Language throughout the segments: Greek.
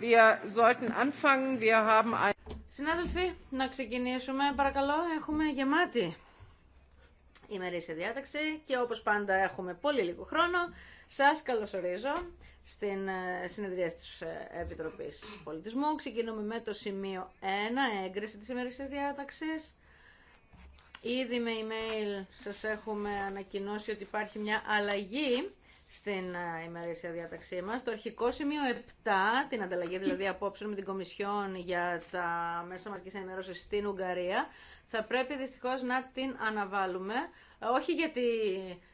Wir Συνάδελφοι, να ξεκινήσουμε παρακαλώ. Έχουμε γεμάτη ημερήσια διάταξη και όπως πάντα έχουμε πολύ λίγο χρόνο. Σας καλωσορίζω στην ε, συνεδρία της ε, Επιτροπής Πολιτισμού. Ξεκινούμε με το σημείο 1, έγκριση της ημερήσιας διάταξης. Ήδη με email σας έχουμε ανακοινώσει ότι υπάρχει μια αλλαγή στην ε, ημερήσια διάταξή μας. Το αρχικό σημείο 7, την ανταλλαγή δηλαδή απόψεων με την Κομισιόν για τα μέσα μαζικής ενημέρωσης στην Ουγγαρία, θα πρέπει δυστυχώς να την αναβάλουμε. Ε, όχι γιατί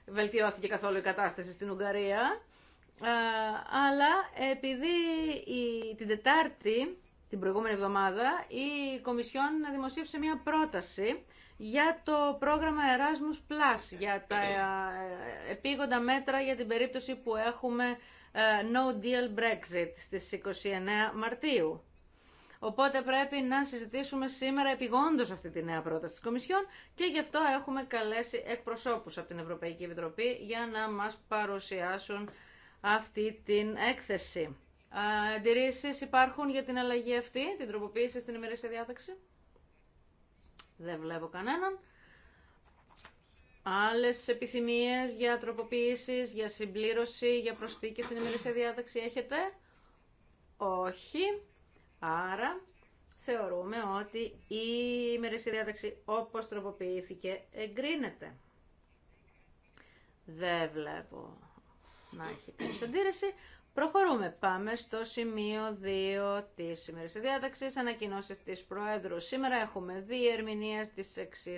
βελτιώθηκε καθόλου η κατάσταση στην Ουγγαρία, ε, αλλά επειδή η, την Τετάρτη, την προηγούμενη εβδομάδα, η Κομισιόν δημοσίευσε μια πρόταση για το πρόγραμμα Erasmus Plus, για τα ε, ε, επίγοντα μέτρα για την περίπτωση που έχουμε ε, no deal Brexit στις 29 Μαρτίου. Οπότε πρέπει να συζητήσουμε σήμερα επιγόντω αυτή τη νέα πρόταση τη Κομισιόν και γι' αυτό έχουμε καλέσει εκπροσώπους από την Ευρωπαϊκή Επιτροπή για να μας παρουσιάσουν αυτή την έκθεση. Αντιρρήσεις υπάρχουν για την αλλαγή αυτή, την τροποποίηση στην ημερήσια διάταξη. Δεν βλέπω κανέναν. Άλλες επιθυμίες για τροποποιήσεις, για συμπλήρωση, για προσθήκη στην ημερήσια διάταξη έχετε. Όχι. Άρα θεωρούμε ότι η ημερήσια διάταξη όπως τροποποιήθηκε εγκρίνεται. Δεν βλέπω να έχει κανείς αντίρρηση. Προχωρούμε. Πάμε στο σημείο 2 της σημερινής διάταξη. Ανακοινώσει τη Προέδρου. Σήμερα έχουμε δύο ερμηνείες της εξή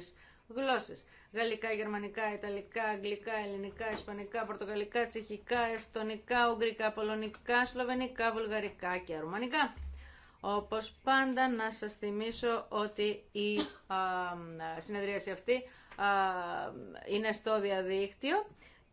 γλώσσες. Γαλλικά, γερμανικά, ιταλικά, αγγλικά, ελληνικά, ισπανικά, πορτογαλικά, τσεχικά, εστονικά, ουγγρικά, πολωνικά, σλοβενικά, βουλγαρικά και ρουμανικά. Όπως πάντα να σα θυμίσω ότι η συνεδρίαση αυτή α, είναι στο διαδίκτυο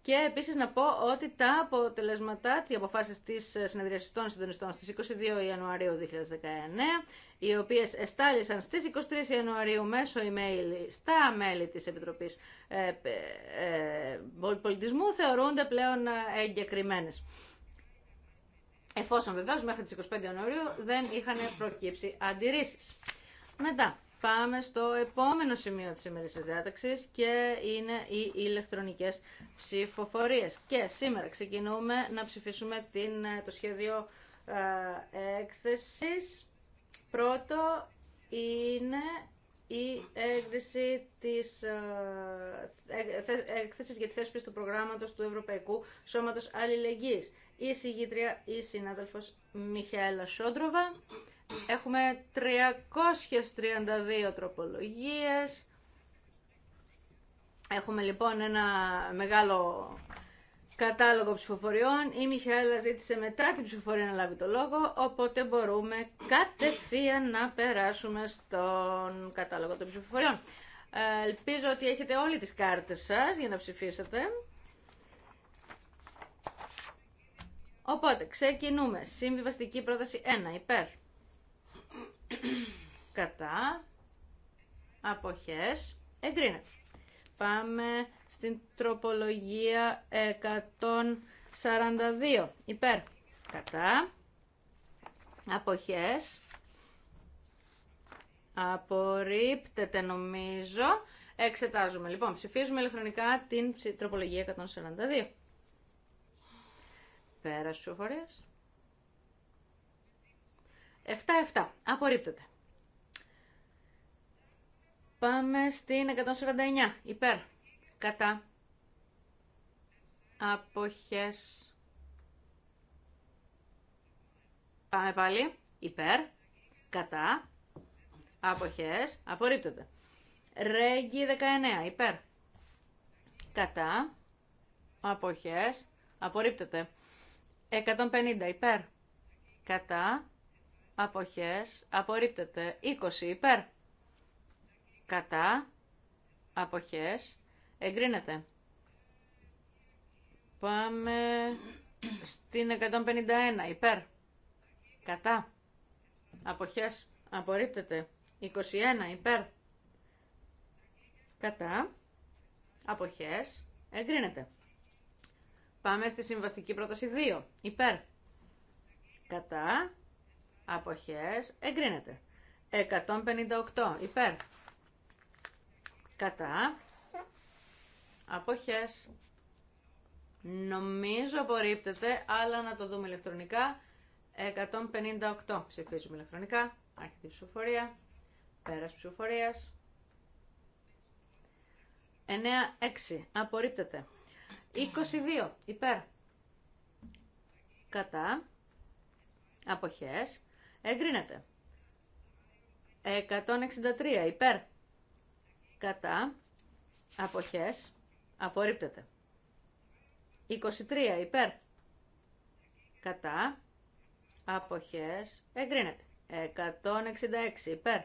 και επίση να πω ότι τα αποτελέσματα, τη αποφάσεις τη ε, συνεδρίασης των συντονιστών στι 22 Ιανουαρίου 2019, οι οποίες εστάλησαν στις 23 Ιανουαρίου μέσω email στα μέλη της Επιτροπής ε, ε, Πολιτισμού, θεωρούνται πλέον εγκεκριμένε. Εφόσον βεβαίως μέχρι τις 25 Ιανουαρίου δεν είχαν προκύψει αντιρρήσει. Μετά, Πάμε στο επόμενο σημείο της σημερινής διάταξης και είναι οι ηλεκτρονικές ψηφοφορίες. Και σήμερα ξεκινούμε να ψηφίσουμε την, ε, το σχέδιο ε, έκθεσης. Πρώτο είναι η έκθεση της ε, ε, έκθεσης για τη θέσπιση του προγράμματος του Ευρωπαϊκού Σώματος Αλληλεγγύης. Η συγγήτρια, η συνάδελφος Μιχαέλα Σόντροβα. Έχουμε 332 τροπολογίες. Έχουμε λοιπόν ένα μεγάλο κατάλογο ψηφοφοριών. Η Μιχαέλα ζήτησε μετά την ψηφοφορία να λάβει το λόγο, οπότε μπορούμε κατευθείαν να περάσουμε στον κατάλογο των ψηφοφοριών. Ε, ελπίζω ότι έχετε όλοι τις κάρτες σας για να ψηφίσετε. Οπότε, ξεκινούμε. Συμβιβαστική πρόταση 1, υπέρ κατά, αποχές, εγκρίνεται. Πάμε στην τροπολογία 142, υπέρ, κατά, αποχές, απορρίπτεται νομίζω, εξετάζουμε. Λοιπόν, ψηφίζουμε ηλεκτρονικά την τροπολογία 142. Πέρας φορέας. 7-7. Απορρίπτεται. Πάμε στην 149. Υπέρ. Κατά. Αποχές. Πάμε πάλι. Υπέρ. Κατά. Αποχές. Απορρίπτεται. Ρέγγι 19. Υπέρ. Κατά. Αποχές. Απορρίπτεται. 150. Υπέρ. Κατά αποχές απορρίπτεται 20 υπέρ κατά αποχές εγκρίνεται πάμε στην 151 υπέρ κατά αποχές απορρίπτεται 21 υπέρ κατά αποχές εγκρίνεται πάμε στη συμβαστική πρόταση 2 υπέρ κατά αποχές εγκρίνεται. 158 υπέρ κατά αποχές νομίζω απορρίπτεται αλλά να το δούμε ηλεκτρονικά 158 ψηφίζουμε ηλεκτρονικά άρχεται ψηφοφορία πέρας ψηφοφορίας 9-6 απορρίπτεται 22 υπέρ κατά αποχές Εγκρίνεται. 163 υπέρ. Κατά. Αποχές. Απορρίπτεται. 23 υπέρ. Κατά. Αποχές. Εγκρίνεται. 166 υπέρ.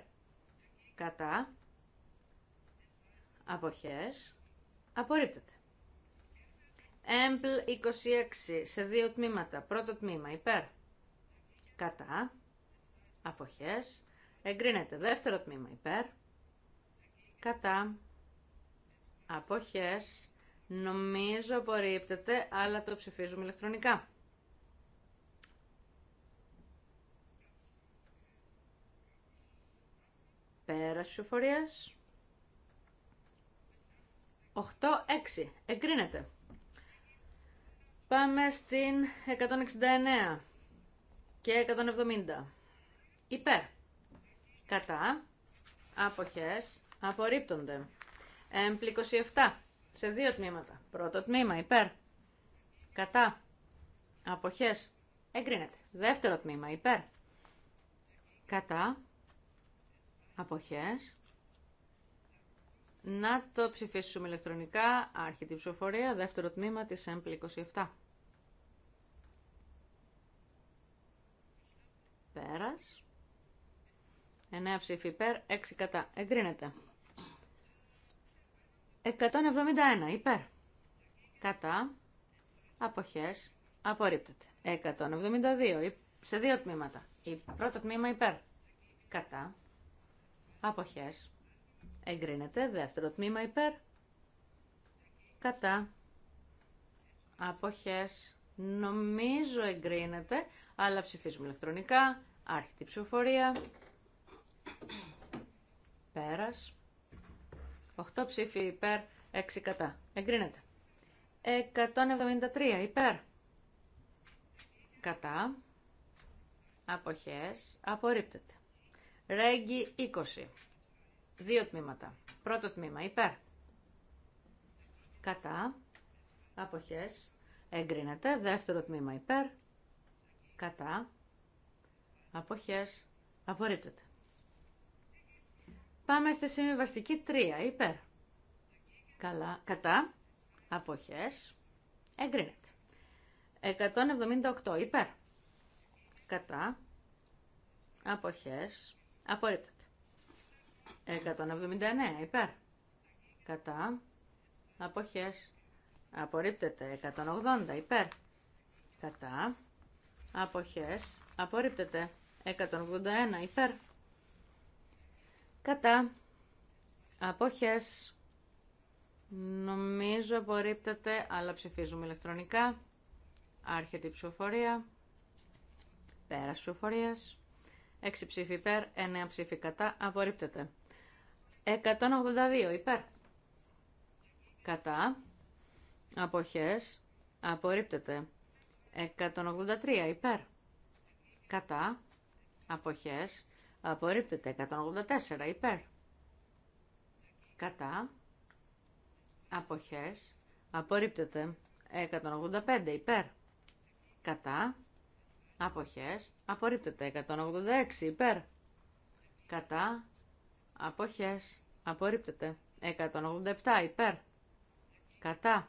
Κατά. Αποχές. Απορρίπτεται. Έμπλ 26 σε δύο τμήματα. Πρώτο τμήμα υπέρ. Κατά αποχές, εγκρίνεται δεύτερο τμήμα υπέρ, κατά, αποχές, νομίζω απορρίπτεται, αλλά το ψηφίζουμε ηλεκτρονικά. Πέρας ψηφοφορίας. 8-6. Εγκρίνεται. Πάμε στην 169 και 170. Υπέρ. Κατά. Αποχές. Απορρίπτονται. Έμπλη 27. Σε δύο τμήματα. Πρώτο τμήμα. Υπέρ. Κατά. Αποχές. Εγκρίνεται. Δεύτερο τμήμα. Υπέρ. Κατά. Αποχές. Να το ψηφίσουμε ηλεκτρονικά. Άρχιτη ψηφοφορία. Δεύτερο τμήμα της ΕΜΠΛ 27. Πέρας. 9 ψήφοι υπέρ, 6 κατά. Εγκρίνεται. 171 υπέρ. Κατά. Αποχές. Απορρίπτεται. 172 σε δύο τμήματα. Η πρώτο τμήμα υπέρ. Κατά. Αποχές. Εγκρίνεται. Δεύτερο τμήμα υπέρ. Κατά. Αποχές. Νομίζω εγκρίνεται, αλλά ψηφίζουμε ηλεκτρονικά. η ψηφοφορία. Πέρα. 8 ψήφοι υπέρ, 6 κατά. Εγκρίνεται. 173 υπέρ. Κατά. Αποχές. Απορρίπτεται. Ρέγγι 20. Δύο τμήματα. Πρώτο τμήμα υπέρ. Κατά. Αποχές. Εγκρίνεται. Δεύτερο τμήμα υπέρ. Κατά. Αποχές. Απορρίπτεται. Πάμε στη συμβιβαστική 3, υπέρ. Καλά, κατά, αποχές, εγκρίνεται. 178, υπέρ. Κατά, αποχές, απορρίπτεται. 179, υπέρ. Κατά, αποχές, απορρίπτεται. 180, υπέρ. Κατά, αποχές, απορρίπτεται. 181, υπέρ κατά αποχές νομίζω απορρίπτεται αλλά ψηφίζουμε ηλεκτρονικά άρχεται η ψηφοφορία πέρας ψηφοφορίας 6 ψηφί, υπέρ, 9 ψηφι κατά, απορρίπτεται. 182 υπέρ. Κατά. Αποχές. Απορρίπτεται. 183 υπέρ. Κατά. Αποχές. Απορρίπτεται. 184 υπέρ. Κατά. Αποχές. Απορρίπτεται. 185 υπέρ. Κατά. Αποχές. Απορρίπτεται. 186 υπέρ. Κατά. Αποχές. Απορρίπτεται. 187 υπέρ. Κατά.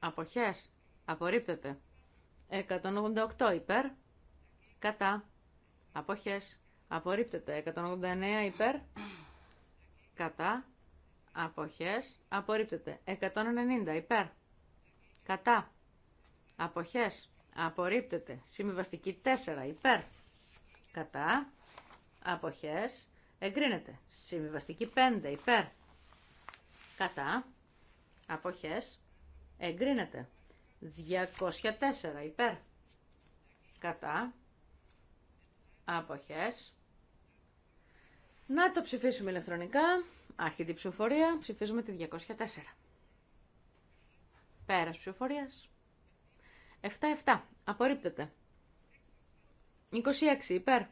Αποχές. Απορρίπτεται. 188 υπέρ. Κατά. Αποχές. Απορρίπτεται. 189 υπέρ. Κατά. Αποχές. Απορρίπτεται. 190 υπέρ. Κατά. Αποχές. Απορρίπτεται. Συμβιβαστική 4 υπέρ. Κατά. Αποχές. Εγκρίνεται. Συμβιβαστική 5 υπέρ. Κατά. Αποχές. Εγκρίνεται. 204 υπέρ. Κατά. Αποχές. Να το ψηφίσουμε ηλεκτρονικά. Αρχιτή ψηφοφορία. Ψηφίζουμε τη 204. Πέρας ψηφοφορίας. 7-7. Απορρίπτεται. 26. Υπέρ.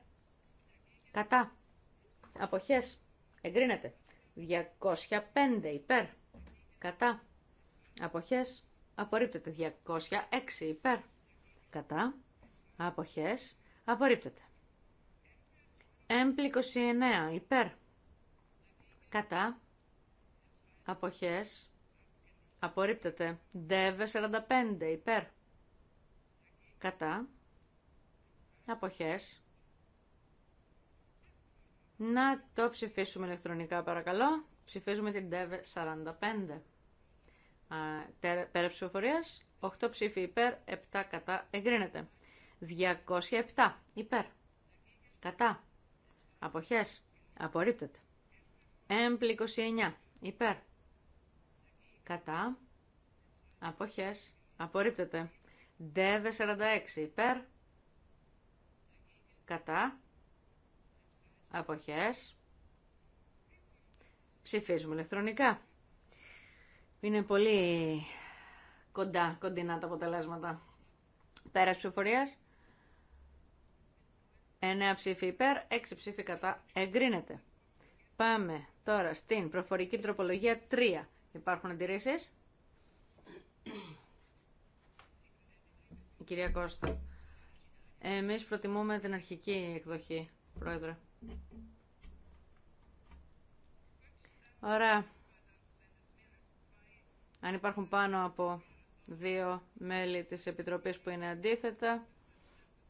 Κατά. Αποχές. Εγκρίνεται. 205. Υπέρ. Κατά. Αποχές. Απορρίπτεται. 206. Υπέρ. Κατά. Αποχές. Απορρίπτεται m 29 υπέρ. Κατά. Αποχές. Απορρίπτεται. Ντεβε 45 υπέρ. Κατά. Αποχές. Να το ψηφίσουμε ηλεκτρονικά παρακαλώ. Ψηφίζουμε την ΤΕΒΕ 45. Πέρα ψηφοφορία, 8 ψήφι υπέρ, 7 κατά εγκρίνεται. 207 υπέρ. Κατά. Αποχές. Απορρίπτεται. Έμπλη 29. Υπέρ. Κατά. Αποχές. Απορρίπτεται. Ντεβε 46. Υπέρ. Κατά. Αποχές. Ψηφίζουμε ηλεκτρονικά. Είναι πολύ κοντά, κοντινά τα αποτελέσματα. Πέρας ψηφοφορίας. 9 ψήφοι υπέρ, 6 ψήφοι κατά εγκρίνεται. Πάμε τώρα στην προφορική τροπολογία 3. Υπάρχουν αντιρρήσεις. Η κυρία Κώστα. Εμείς προτιμούμε την αρχική εκδοχή, πρόεδρε. Ωραία. Αν υπάρχουν πάνω από δύο μέλη της Επιτροπής που είναι αντίθετα,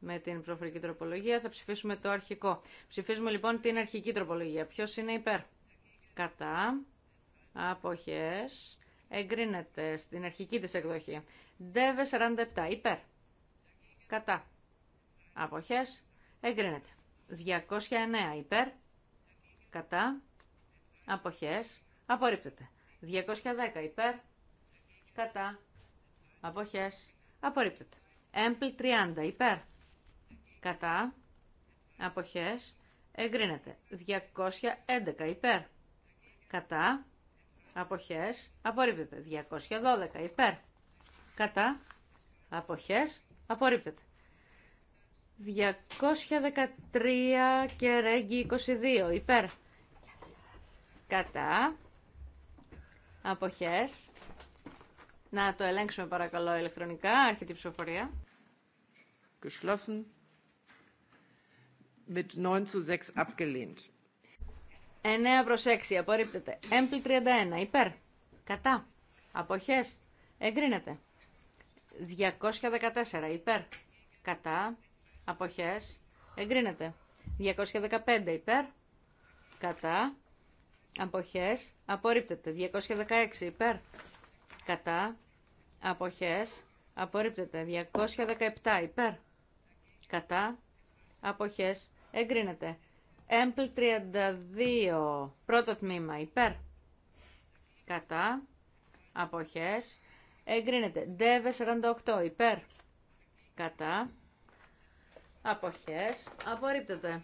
με την προφορική τροπολογία. Θα ψηφίσουμε το αρχικό. Ψηφίζουμε λοιπόν την αρχική τροπολογία. Ποιο είναι υπέρ. Κατά. Αποχές. Εγκρίνεται στην αρχική τη εκδοχή. ΔΕΒΕ 47. Υπέρ. Κατά. Αποχέ. Εγκρίνεται. 209. Υπέρ. Κατά. Αποχέ. Απορρίπτεται. 210. Υπέρ. Κατά. απόχέ. Απορρίπτεται. Έμπλ 30. Υπέρ κατά, αποχές, εγκρίνεται. 211 υπέρ, κατά, αποχές, απορρίπτεται. 212 υπέρ, κατά, αποχές, απορρίπτεται. 213 και ρέγγι 22 υπέρ, κατά, αποχές, να το ελέγξουμε παρακαλώ ηλεκτρονικά, άρχεται η ψηφοφορία. Geschlossen mit 9 zu 6 abgelehnt. 9 ε, 6 απορρίπτεται. Έμπλη 31 υπέρ. Κατά. Αποχές. Εγκρίνεται. 214 υπέρ. Κατά. Αποχές. Εγκρίνεται. 215 υπέρ. Κατά. Αποχές. Απορρίπτεται. 216 υπέρ. Κατά. Αποχές. Απορρίπτεται. 217 υπέρ. Κατά αποχές εγκρίνεται. Έμπλ 32, πρώτο τμήμα, υπέρ, κατά, αποχές, εγκρίνεται. Ντεβε 48, υπέρ, κατά, αποχές, απορρίπτεται.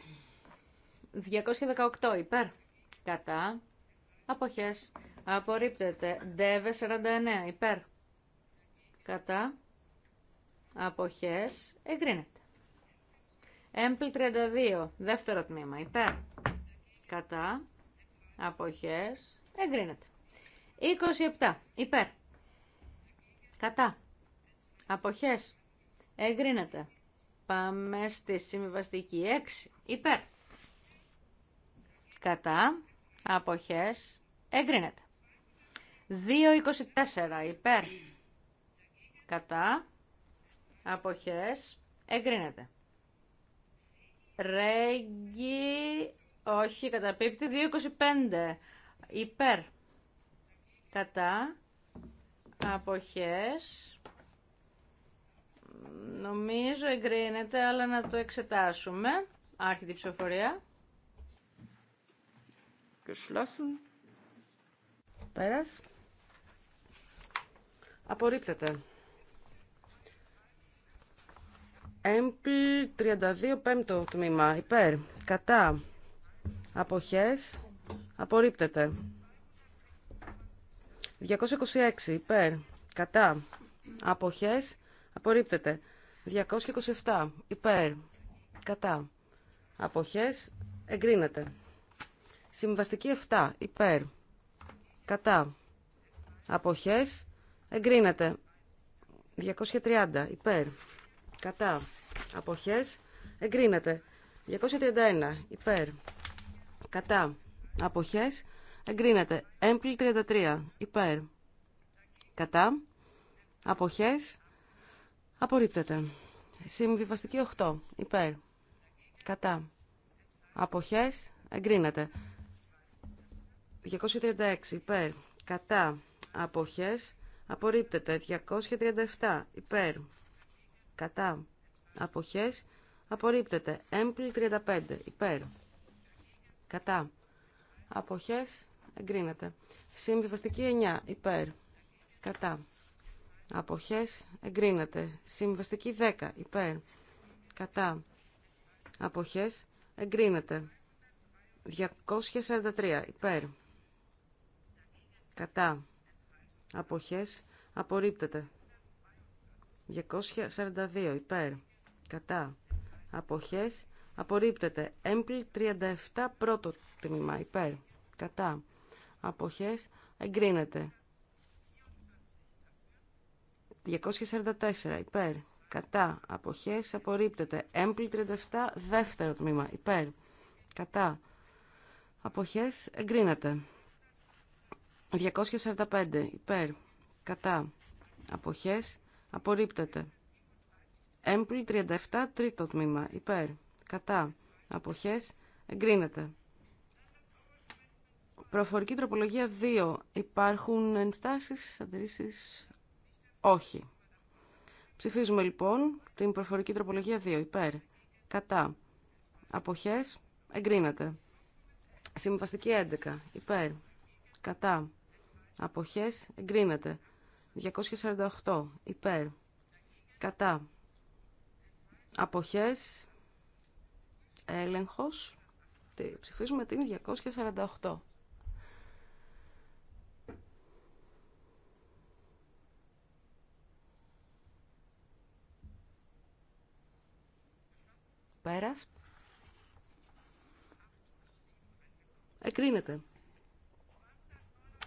218, υπέρ, κατά, αποχές, απορρίπτεται. Ντεβε 49, υπέρ, κατά, αποχές, εγκρίνεται. Έμπλ 32, δεύτερο τμήμα, υπέρ. Κατά. Αποχές. Εγκρίνεται. 27, υπέρ. Κατά. Αποχές. Εγκρίνεται. Πάμε στη συμβιβαστική 6, υπέρ. Κατά. Αποχές. Εγκρίνεται. 2.24, υπέρ. Κατά. Αποχές. Εγκρίνεται. Ρέγγι, όχι, πίπτη, 2.25. Υπέρ. Κατά. Αποχές. Νομίζω εγκρίνεται, αλλά να το εξετάσουμε. Άρχιτη ψηφοφορία. Geschlossen. Πέρας. Απορρίπτεται. Εμπλ 32 πέμπτο τμήμα. Υπέρ. Κατά. Αποχές. Απορρίπτεται. 226. Υπέρ. Κατά. Αποχές. Απορρίπτεται. 227. Υπέρ. Κατά. Αποχές. Εγκρίνεται. Συμβαστική 7. Υπέρ. Κατά. Αποχές. Εγκρίνεται. 230. Υπέρ. Κατά αποχές εγκρίνεται. 231 υπέρ κατά αποχές εγκρίνεται. Έμπλη 33 υπέρ κατά αποχές απορρίπτεται. Συμβιβαστική 8 υπέρ κατά αποχές εγκρίνεται. 236 υπέρ κατά αποχές απορρίπτεται. 237 υπέρ κατά αποχές απορρίπτεται. Έμπλ 35 υπέρ. Κατά. Αποχές εγκρίνεται. Συμβιβαστική 9 υπέρ. Κατά. Αποχές εγκρίνεται. Συμβιβαστική 10 υπέρ. Κατά. Αποχές εγκρίνεται. 243 υπέρ. Κατά. Αποχές απορρίπτεται. 242 υπέρ κατά αποχές απορρίπτεται. Έμπλ 37 πρώτο τμήμα υπέρ κατά αποχές εγκρίνεται. 244 υπέρ κατά αποχές απορρίπτεται. Έμπλ 37 δεύτερο τμήμα υπέρ κατά αποχές εγκρίνεται. 245 υπέρ κατά αποχές απορρίπτεται. Έμπλ 37 τρίτο τμήμα υπέρ. Κατά. Αποχές εγκρίνεται. Προφορική τροπολογία 2. Υπάρχουν ενστάσεις, αντιρρήσεις. Όχι. Ψηφίζουμε λοιπόν την προφορική τροπολογία 2. Υπέρ. Κατά. Αποχές. Εγκρίνεται. Συμβαστική 11. Υπέρ. Κατά. Αποχές. Εγκρίνεται. 248. Υπέρ. Κατά. Αποχές. Έλεγχος. Ψηφίζουμε την 248. Πέρας. Εκρίνεται.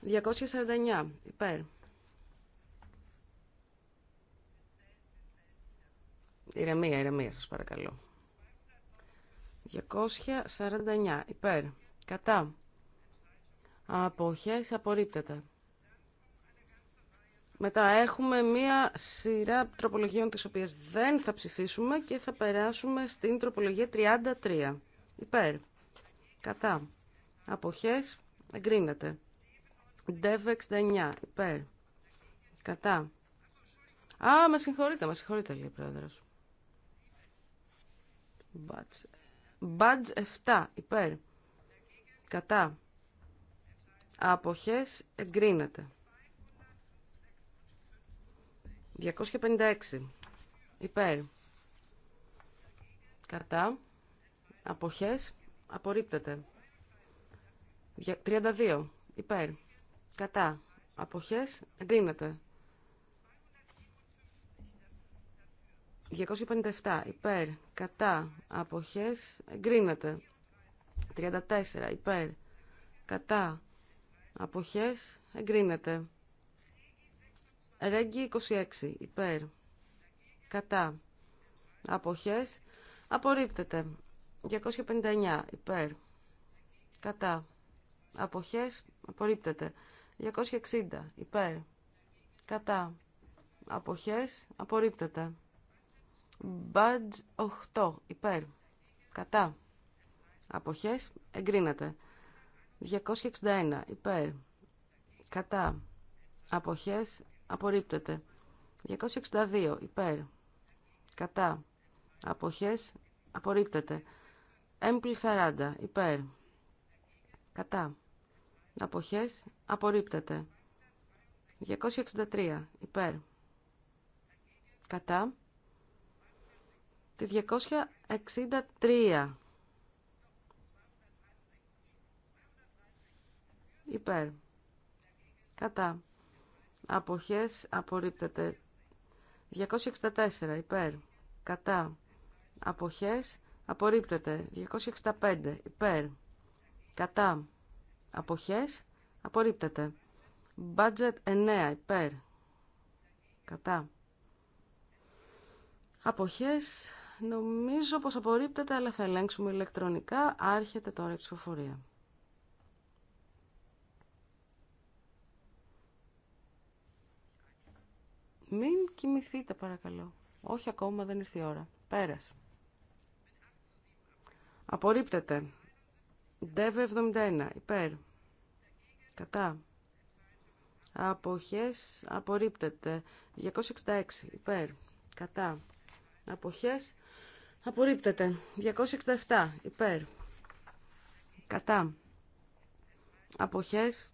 249. Υπέρ. Ηρεμία, ηρεμία σας παρακαλώ. 249 υπέρ. Κατά. Αποχές απορρίπτεται. Μετά έχουμε μία σειρά τροπολογίων τις οποίες δεν θα ψηφίσουμε και θα περάσουμε στην τροπολογία 33. Υπέρ. Κατά. Αποχές. Εγκρίνεται. Dev 69. Υπέρ. Κατά. Α, με συγχωρείτε, με συγχωρείτε, λέει ο πρόεδρος. Μπάτζ. Μπάτζ 7 υπέρ. Κατά. Αποχές εγκρίνεται. 256 υπέρ. Κατά. Αποχές απορρίπτεται. 32 υπέρ. Κατά. Αποχές εγκρίνεται. 257 υπέρ, κατά, αποχές, εγκρίνεται. 34 υπέρ, κατά, αποχές, εγκρίνεται. Ρέγγι 26 υπέρ, κατά, αποχές, απορρίπτεται. 259 υπέρ, κατά, αποχές, απορρίπτεται. 260 υπέρ, κατά, αποχές, απορρίπτεται. Μπάντζ 8 υπέρ. Κατά. Αποχέ εγκρίνεται. 261 υπέρ. Κατά. Αποχέ. απορρίπτεται. 262 υπέρ. Κατά. Αποχέ. απορρίπτεται. Έμπλη 40 υπέρ. Κατά. Αποχέ. απορρίπτεται. 263 υπέρ. Κατά. Τη 263. Υπέρ. Κατά. Αποχές απορρίπτεται. 264. Υπέρ. Κατά. Αποχές απορρίπτεται. 265. Υπέρ. Κατά. Αποχές απορρίπτεται. Budget 9. Υπέρ. Κατά. Αποχές Νομίζω πως απορρίπτεται, αλλά θα ελέγξουμε ηλεκτρονικά. Άρχεται τώρα η ψηφοφορία. Μην κοιμηθείτε παρακαλώ. Όχι ακόμα, δεν ήρθε η ώρα. Πέρας. Απορρίπτεται. ΔΕΒΕ 71. Υπέρ. Κατά. Αποχές. Απορρίπτεται. 266. Υπέρ. Κατά. Αποχές. Απορρίπτεται. 267 υπέρ. Κατά. Αποχές.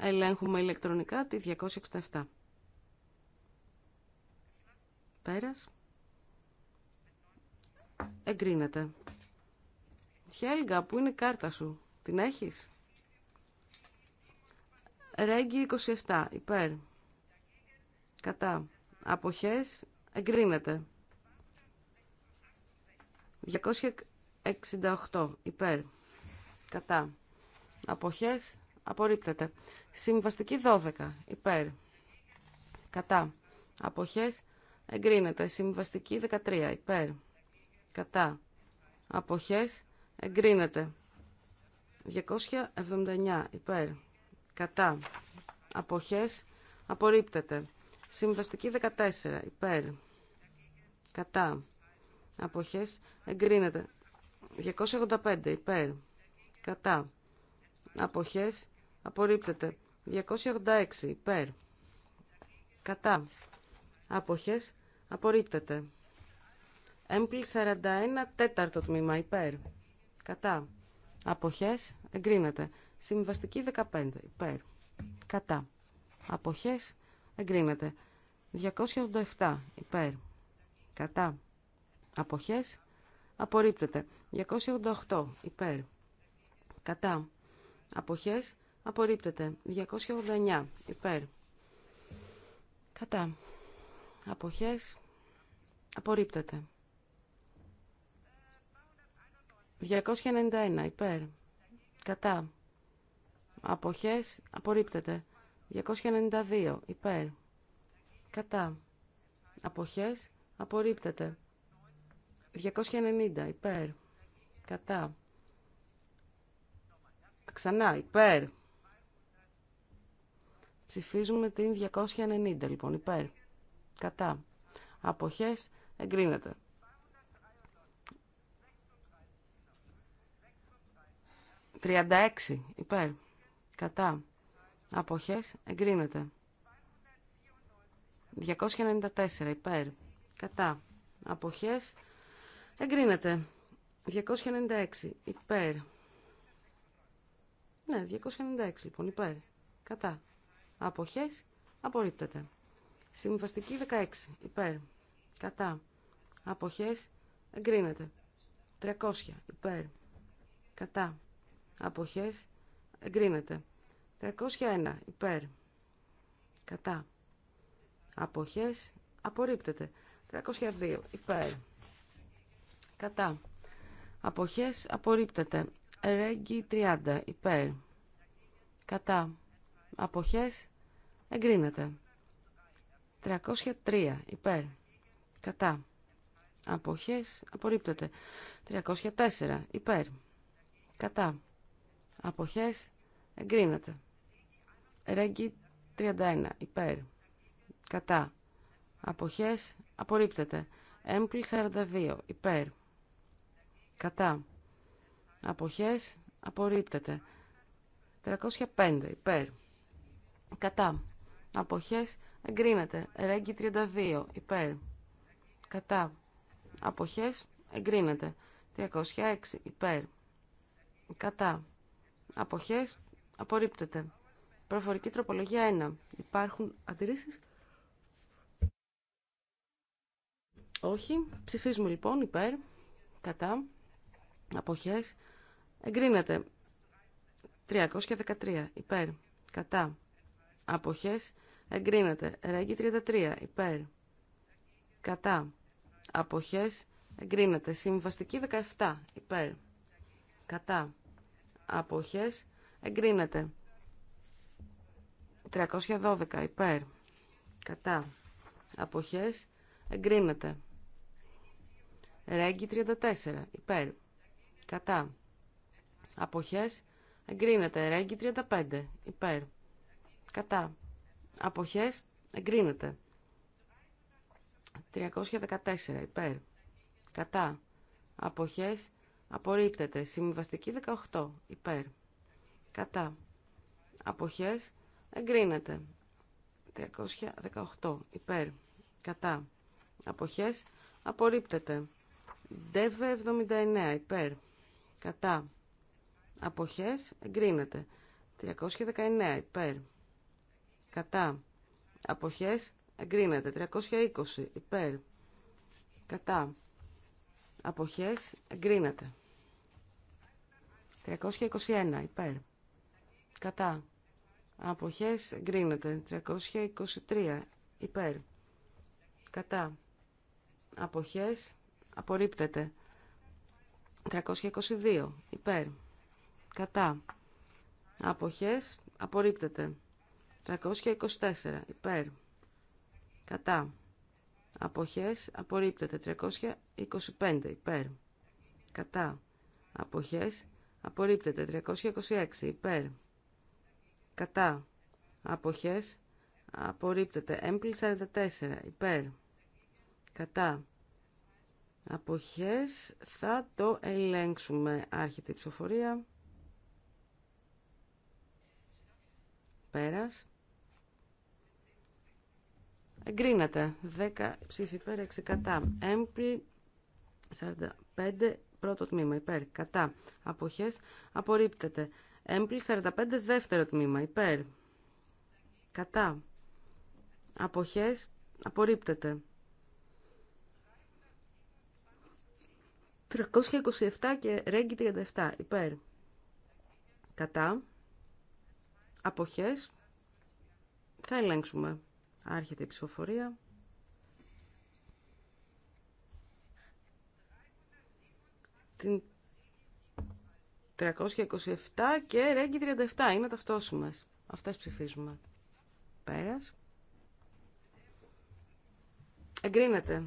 Ελέγχουμε ηλεκτρονικά τη 267. Πέρας. Εγκρίνεται. Χέλγα, πού είναι η κάρτα σου. Την έχεις. Ρέγγι 27. Υπέρ. Κατά. Αποχές. Εγκρίνεται. 268 υπέρ. Κατά. Αποχές απορρίπτεται. Συμβαστική 12 υπέρ. Κατά. Αποχές εγκρίνεται. Συμβαστική 13 υπέρ. Κατά. Αποχές εγκρίνεται. 279 υπέρ. Κατά. Αποχές απορρίπτεται. Συμβαστική 14 υπέρ. Κατά αποχές εγκρίνεται. 285 υπέρ κατά αποχές απορρίπτεται. 286 υπέρ κατά αποχές απορρίπτεται. Έμπλη 41 τέταρτο τμήμα υπέρ κατά αποχές εγκρίνεται. Συμβαστική 15 υπέρ κατά αποχές εγκρίνεται. 287 υπέρ κατά Αποχές. Απορρίπτεται. 288. Υπέρ. Κατά. Αποχές. Απορρίπτεται. 289. Υπέρ. Κατά. Αποχές. Απορρίπτεται. 291. Υπέρ. Κατά. Αποχές. Απορρίπτεται. 292. Υπέρ. Κατά. Αποχές. Απορρίπτεται. 290 υπέρ. Κατά. Ξανά υπέρ. Ψηφίζουμε την 290 λοιπόν υπέρ. Κατά. Αποχές εγκρίνεται. 36 υπέρ. Κατά. Αποχές εγκρίνεται. 294 υπέρ. Κατά. Αποχές Εγκρίνεται. 296 υπέρ. Ναι, 296 λοιπόν υπέρ. Κατά. Αποχές απορρίπτεται. Συμβαστική 16 υπέρ. Κατά. Αποχές εγκρίνεται. 300 υπέρ. Κατά. Αποχές εγκρίνεται. 301 υπέρ. Κατά. Αποχές απορρίπτεται. 302 υπέρ. Κατά. Αποχές απορρίπτεται. Ρέγγι 30. Υπέρ. Κατά. Αποχές εγκρίνεται. 303. Υπέρ. Κατά. Αποχές απορρίπτεται. 304. Υπέρ. Κατά. Αποχές εγκρίνεται. Ρέγγι 31. Υπέρ. Κατά. Αποχές απορρίπτεται. Έμπλη 42. Υπέρ. Κατά. Αποχές. Απορρίπτεται. 305. Υπέρ. Κατά. Αποχές. Εγκρίνεται. Ρέγγι 32. Υπέρ. Κατά. Αποχές. Εγκρίνεται. 306. Υπέρ. Κατά. Αποχές. Απορρίπτεται. Προφορική τροπολογία 1. Υπάρχουν αντιρρήσεις. Όχι. Ψηφίζουμε λοιπόν υπέρ. Κατά αποχές εγκρίνεται 313 υπέρ κατά αποχές εγκρίνεται ρέγγι 33 υπέρ κατά αποχές εγκρίνεται συμβαστική 17 υπέρ κατά αποχές εγκρίνεται 312 υπέρ κατά αποχές εγκρίνεται ρέγγι 34 υπέρ Κατά. Αποχές. Εγκρίνεται. Ρέγγι 35. Υπέρ. Κατά. Αποχές. Εγκρίνεται. 314. Υπέρ. Κατά. Αποχές. Απορρίπτεται. Συμβαστική 18. Υπέρ. Κατά. Αποχές. Εγκρίνεται. 318. Υπέρ. Κατά. Αποχές. Απορρίπτεται. Δέβε 79. Υπέρ κατά αποχές εγκρίνεται. 319 υπέρ κατά αποχές εγκρίνεται. 320 υπέρ κατά αποχές εγκρίνεται. 321 υπέρ κατά αποχές εγκρίνεται. 323 υπέρ κατά αποχές απορρίπτεται. 322 υπέρ κατά αποχές απορρίπτεται 324 υπέρ κατά αποχές απορρίπτεται 325 υπέρ κατά αποχές απορρίπτεται 326 υπέρ κατά αποχές απορρίπτεται έμπλη 44 υπέρ κατά Αποχές θα το ελέγξουμε. Άρχεται η ψηφοφορία. Πέρας. Εγκρίνατε. 10 ψήφι υπέρ, 6 κατά. Έμπλη 45 πρώτο τμήμα υπέρ, κατά. Αποχές απορρίπτεται. Έμπλη 45 δεύτερο τμήμα υπέρ, κατά. Αποχές απορρίπτεται. 327 και ρέγκη 37 υπέρ. Κατά. Αποχές. Θα ελέγξουμε. Άρχεται η ψηφοφορία. 327 και ρέγκη 37. Είναι ταυτόσιμες. Αυτές ψηφίζουμε. Πέρας. Εγκρίνεται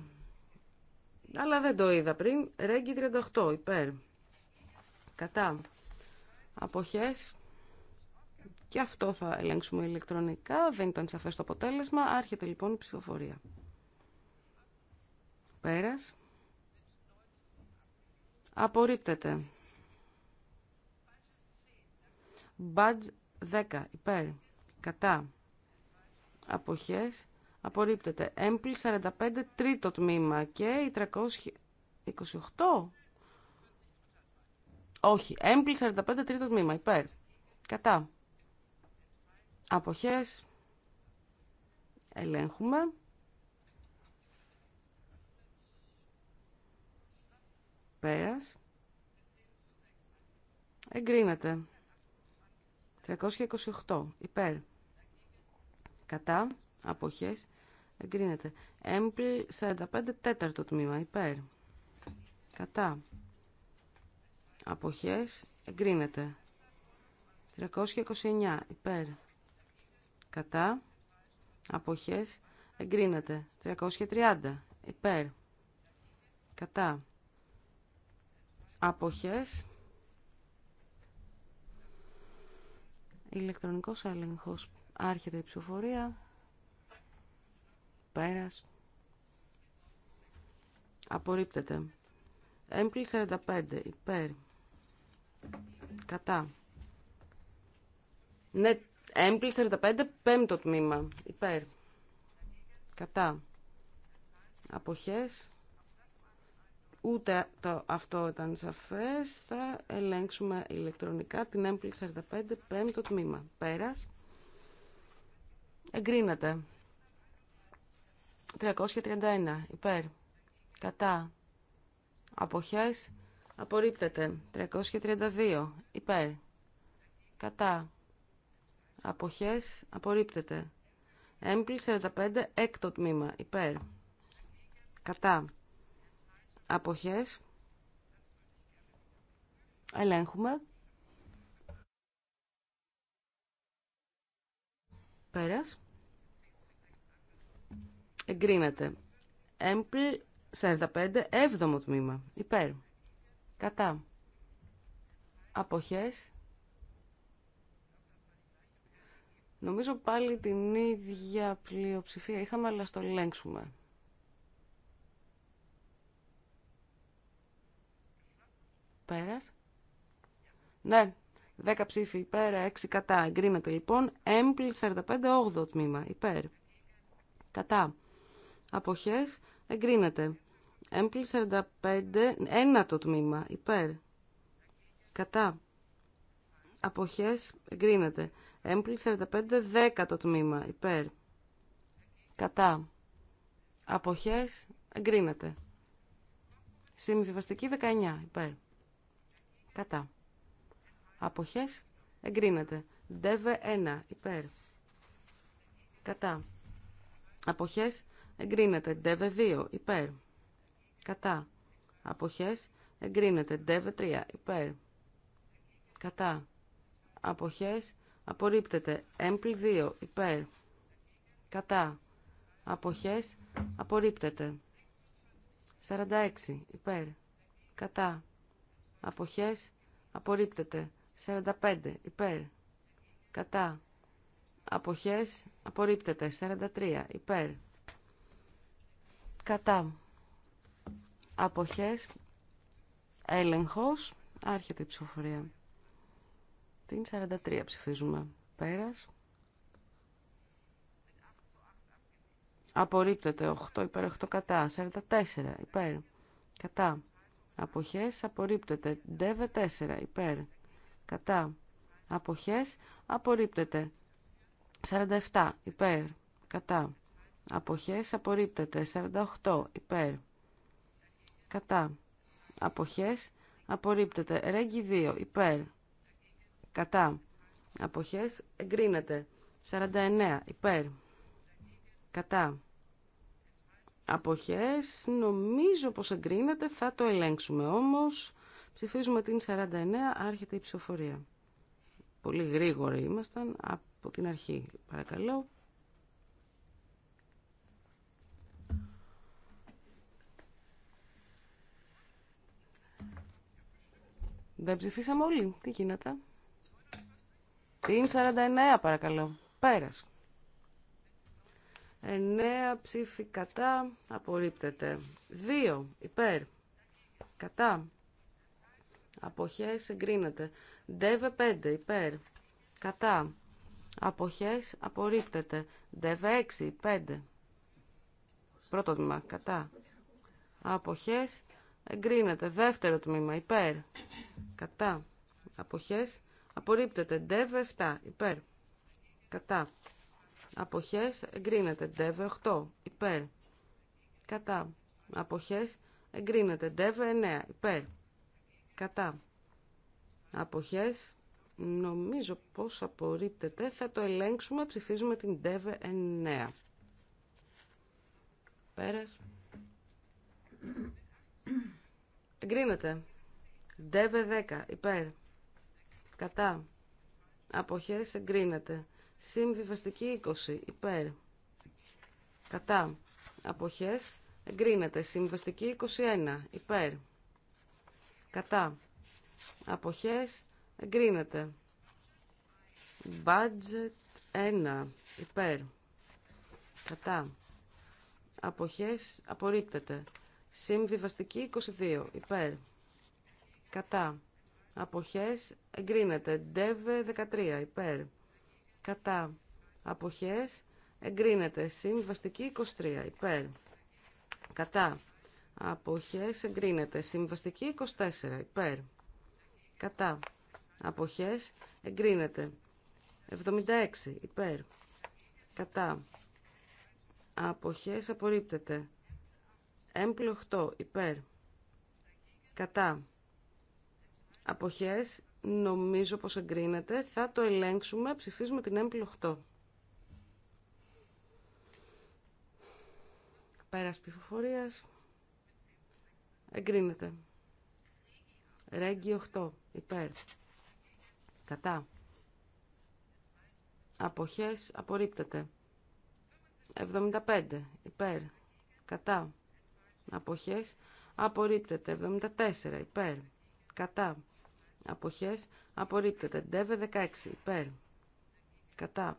αλλά δεν το είδα πριν. Ρέγγι 38, υπέρ. Κατά. Αποχές. Και αυτό θα ελέγξουμε ηλεκτρονικά. Δεν ήταν σαφές το αποτέλεσμα. Άρχεται λοιπόν η ψηφοφορία. Πέρας. Απορρίπτεται. Μπατζ 10, υπέρ. Κατά. Αποχές. Απορρίπτεται. Έμπλη 45 τρίτο τμήμα και η 328. Όχι. Έμπλη 45 τρίτο τμήμα. Υπέρ. Κατά. Αποχές. Ελέγχουμε. Πέρας. Εγκρίνεται. 328. Υπέρ. Κατά αποχές εγκρίνεται. Έμπλ 45 τέταρτο τμήμα υπέρ. Κατά. Αποχές εγκρίνεται. 329 υπέρ. Κατά. Αποχές εγκρίνεται. 330 υπέρ. Κατά. Αποχές. Ηλεκτρονικός έλεγχος. Άρχεται η ψηφοφορία. Πέρας. Απορρίπτεται. Έμπλη 45. Υπέρ. Κατά. Ναι, έμπλη 45. Πέμπτο τμήμα. Υπέρ. Κατά. Αποχές. Ούτε το, αυτό ήταν σαφές. Θα ελέγξουμε ηλεκτρονικά την έμπλη 45. Πέμπτο τμήμα. πέρα. Εγκρίνεται. 331 υπέρ. Κατά. Αποχές. Απορρίπτεται. 332 υπέρ. Κατά. Αποχές. Απορρίπτεται. Έμπλη 45 έκτο τμήμα υπέρ. Κατά. Αποχές. Ελέγχουμε. Πέρας. Εγκρίνεται. Έμπλ 45, 7ο τμήμα. Υπέρ. Κατά. Αποχές. Νομίζω πάλι την ίδια πλειοψηφία είχαμε, αλλά στο ελέγξουμε. Πέρας. Ναι, 10 ψήφοι υπέρ, 6 κατά. Εγκρίνεται λοιπόν. Έμπλ 45, 8 τμήμα. Υπέρ. Κατά αποχές εγκρίνεται. Έμπλη 45, ένα το τμήμα, υπέρ, κατά, αποχές εγκρίνεται. Έμπλη 45, το τμήμα, υπέρ, κατά, αποχές εγκρίνεται. Συμβιβαστική 19, υπέρ, κατά, αποχές εγκρίνεται. Δεύε 1, υπέρ, κατά, αποχές εγκρίνεται. Ντεβε 2 υπέρ. Κατά. Αποχές εγκρίνεται. Ντεβε 3 υπέρ. Κατά. Αποχές απορρίπτεται. Έμπλ 2 υπέρ. Κατά. Αποχές απορρίπτεται. 46 υπέρ. Κατά. Αποχές απορρίπτεται. 45 υπέρ. Κατά. Αποχές απορρίπτεται. 43 υπέρ κατά αποχές έλεγχος άρχεται η ψηφοφορία την 43 ψηφίζουμε πέρας απορρίπτεται 8 υπέρ 8 κατά 44 υπέρ κατά αποχές απορρίπτεται ντεβε 4 υπέρ κατά αποχές απορρίπτεται 47 υπέρ κατά Αποχές απορρίπτεται. 48 υπέρ. Κατά. Αποχές απορρίπτεται. Ρέγγι 2 υπέρ. Κατά. Αποχές εγκρίνεται. 49 υπέρ. Κατά. Αποχές νομίζω πως εγκρίνεται. Θα το ελέγξουμε όμως. Ψηφίζουμε την 49. Άρχεται η ψηφοφορία. Πολύ γρήγοροι ήμασταν από την αρχή. Παρακαλώ. Δεν ψηφίσαμε όλοι. Τι γίνεται. Την 49 παρακαλώ. Πέρας. 9 ψήφι κατά. Απορρίπτεται. 2 υπέρ. Κατά. Αποχές εγκρίνεται. Ντεβε 5 υπέρ. Κατά. Αποχές απορρίπτεται. Δέβε 6 5. Πρώτο τμήμα. Κατά. Αποχές εγκρίνεται. Δεύτερο τμήμα, υπέρ. Κατά. Αποχές, απορρίπτεται. Δεύ 7, υπέρ. Κατά. Αποχές, εγκρίνεται. Δεύ 8, υπέρ. Κατά. Αποχές, εγκρίνεται. Ντεβ 9, υπέρ. Κατά. Αποχές, νομίζω πως απορρίπτεται. Θα το ελέγξουμε, ψηφίζουμε την DEV 9. Πέρας. Εγκρίνεται. ΔΕΒΕ 10. Υπέρ. Κατά. Αποχές εγκρίνεται. Συμβιβαστική 20. Υπέρ. Κατά. Αποχές εγκρίνεται. Συμβιβαστική 21. Υπέρ. Κατά. Αποχές εγκρίνεται. Budget 1. Υπέρ. Κατά. Αποχές απορρίπτεται. Συμβιβαστική 22. Υπέρ. Κατά. Αποχές εγκρίνεται. Ντεβε 13. Υπέρ. Κατά. Αποχές εγκρίνεται. Συμβιβαστική 23. Υπέρ. Κατά. Αποχές εγκρίνεται. Συμβιβαστική 24. Υπέρ. Κατά. Αποχές εγκρίνεται. 76. Υπέρ. Κατά. Αποχές απορρίπτεται. Έμπλ 8 υπέρ. Κατά. Αποχές νομίζω πως εγκρίνεται. Θα το ελέγξουμε. Ψηφίζουμε την έμπλ 8. Πέρας ψηφοφορίας. Εγκρίνεται. Ρέγγι 8 υπέρ. Κατά. Αποχές απορρίπτεται. 75 υπέρ. Κατά αποχές απορρίπτεται 74 υπέρ κατά αποχές απορρίπτεται ντεβε 16 υπέρ κατά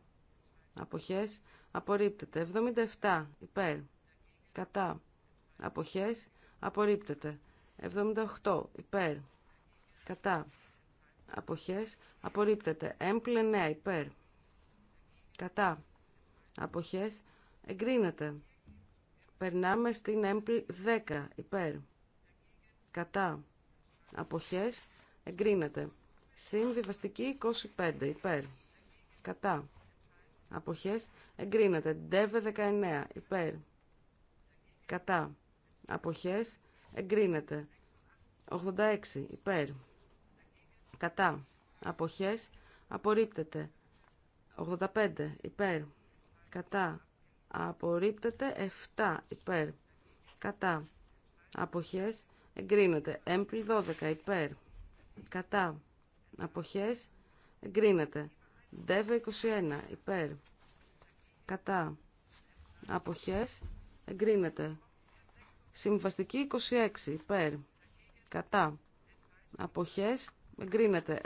αποχές απορρίπτεται 77 υπέρ κατά αποχές απορρίπτεται 78 υπέρ κατά αποχές απορρίπτεται έμπλε 9 υπέρ κατά αποχές εγκρίνεται Περνάμε στην έμπλη 10 υπέρ. Κατά. Αποχές εγκρίνεται. Συμβιβαστική 25 υπέρ. Κατά. Αποχές εγκρίνεται. Ντεβε 19 υπέρ. Κατά. Αποχές εγκρίνεται. 86 υπέρ. Κατά. Αποχές απορρίπτεται. 85 υπέρ. Κατά απορρίπτεται 7 υπέρ κατά αποχές εγκρίνεται έμπλη 12 υπέρ κατά αποχές εγκρίνεται δεύε 21 υπέρ κατά αποχές εγκρίνεται συμβαστική 26 υπέρ κατά αποχές εγκρίνεται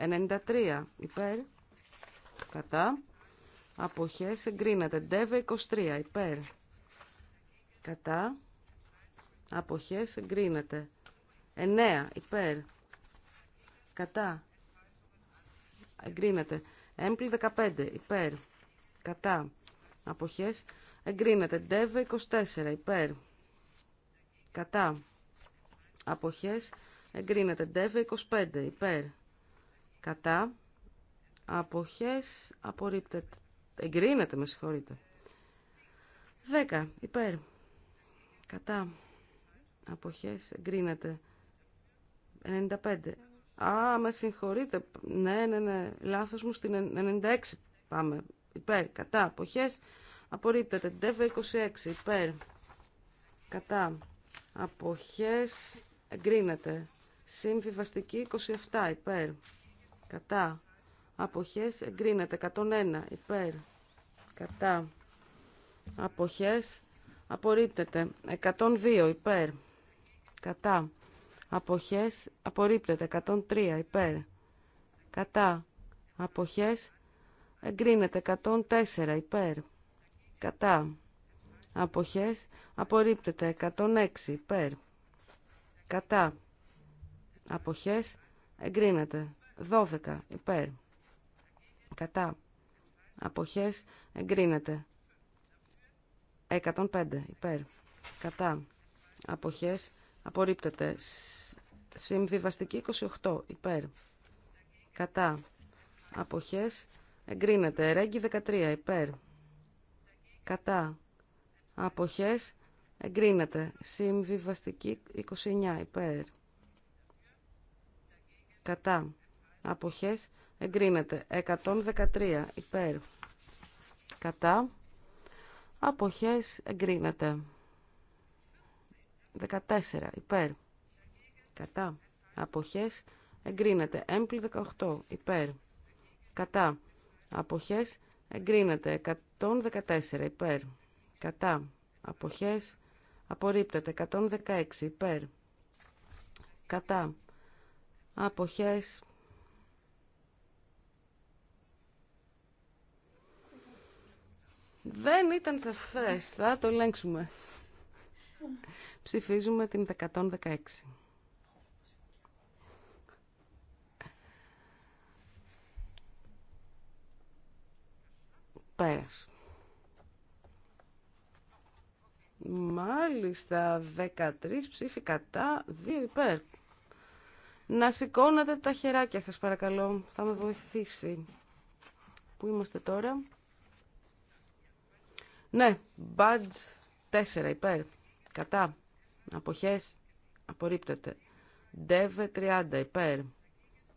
93 υπέρ κατά αποχές εγκρίνεται. Ντεβε 23 υπέρ κατά αποχές εγκρίνεται. 9 υπέρ κατά εγκρίνεται. Έμπλη 15 υπέρ κατά αποχές εγκρίνεται. Ντεβε 24 υπέρ κατά αποχές εγκρίνεται. Ντεβε 25 υπέρ κατά αποχές απορρίπτεται. Εγκρίνεται, με συγχωρείτε. 10. Υπέρ. Κατά. Αποχές. Εγκρίνεται. 95. Α, με συγχωρείτε. Ναι, ναι, ναι. Λάθος μου στην 96 πάμε. Υπέρ. Κατά. Αποχές. Απορρίπτεται. Ντεβε 26. Υπέρ. Κατά. Αποχές. Εγκρίνεται. Συμβιβαστική 27. Υπέρ. Κατά αποχές εγκρίνεται 101 υπέρ κατά αποχές απορρίπτεται 102 υπέρ κατά αποχές απορρίπτεται 103 υπέρ κατά αποχές εγκρίνεται 104 υπέρ κατά αποχές απορρίπτεται 106 υπέρ κατά αποχές εγκρίνεται 12 υπέρ κατά αποχές εγκρίνεται 105 υπέρ κατά αποχές απορρίπτεται συμβιβαστική 28 υπέρ κατά αποχές εγκρίνεται ρέγγι 13 υπέρ κατά αποχές εγκρίνεται συμβιβαστική 29 υπέρ κατά αποχές εγκρίνεται 113 υπέρ κατά αποχές εγκρίνεται 14 υπέρ κατά αποχές εγκρίνεται έμπλη 18 υπέρ κατά αποχές εγκρίνεται 114 υπέρ κατά αποχές απορρίπτεται 116 υπέρ κατά αποχές Δεν ήταν σαφέ. Θα το ελέγξουμε. Ψηφίζουμε την 116. Πέρας. Μάλιστα, 13 ψήφοι κατά, 2 υπέρ. Να σηκώνατε τα χεράκια σας παρακαλώ, θα με βοηθήσει. Πού είμαστε τώρα. Ναι, badge 4 υπέρ. Κατά. Αποχές. Απορρίπτεται. Dev 30 υπέρ.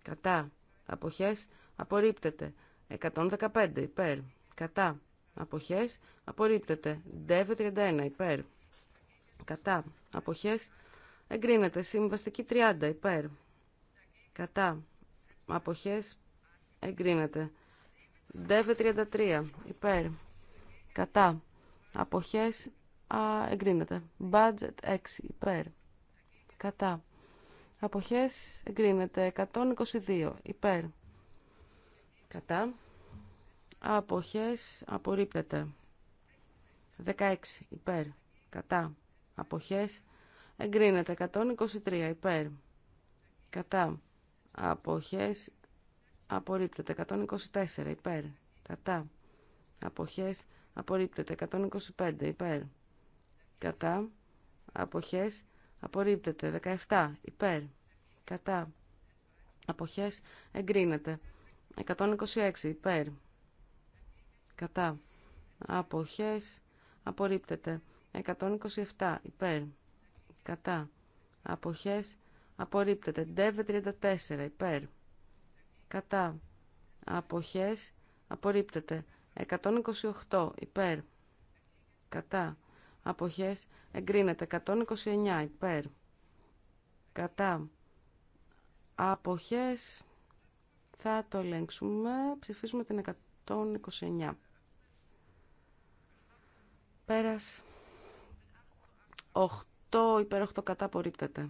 Κατά. Αποχές. Απορρίπτεται. 115 υπέρ. Κατά. Αποχές. Απορρίπτεται. Dev 31 υπέρ. Κατά. Αποχές. Εγκρίνεται. Συμβαστική 30 υπέρ. Κατά. Αποχές. Εγκρίνεται. Dev 33 υπέρ. Κατά αποχές α, εγκρίνεται. Budget 6 υπέρ. Κατά. Αποχές εγκρίνεται. 122 υπέρ. Κατά. Αποχές απορρίπτεται. 16 υπέρ. Κατά. Αποχές εγκρίνεται. 123 υπέρ. Κατά. Αποχές απορρίπτεται. 124 υπέρ. Κατά. Αποχές απορρίπτεται. 125 υπέρ. Κατά αποχές απορρίπτεται. 17 υπέρ. Κατά αποχές εγκρίνεται. 126 υπέρ. Κατά αποχές απορρίπτεται. 127 υπέρ. Κατά αποχές απορρίπτεται. Ντεβε 34 υπέρ. Κατά αποχές απορρίπτεται. 128 υπέρ κατά αποχές εγκρίνεται 129 υπέρ κατά αποχές θα το ελέγξουμε ψηφίζουμε την 129 πέρας 8 υπέρ 8 κατά απορρίπτεται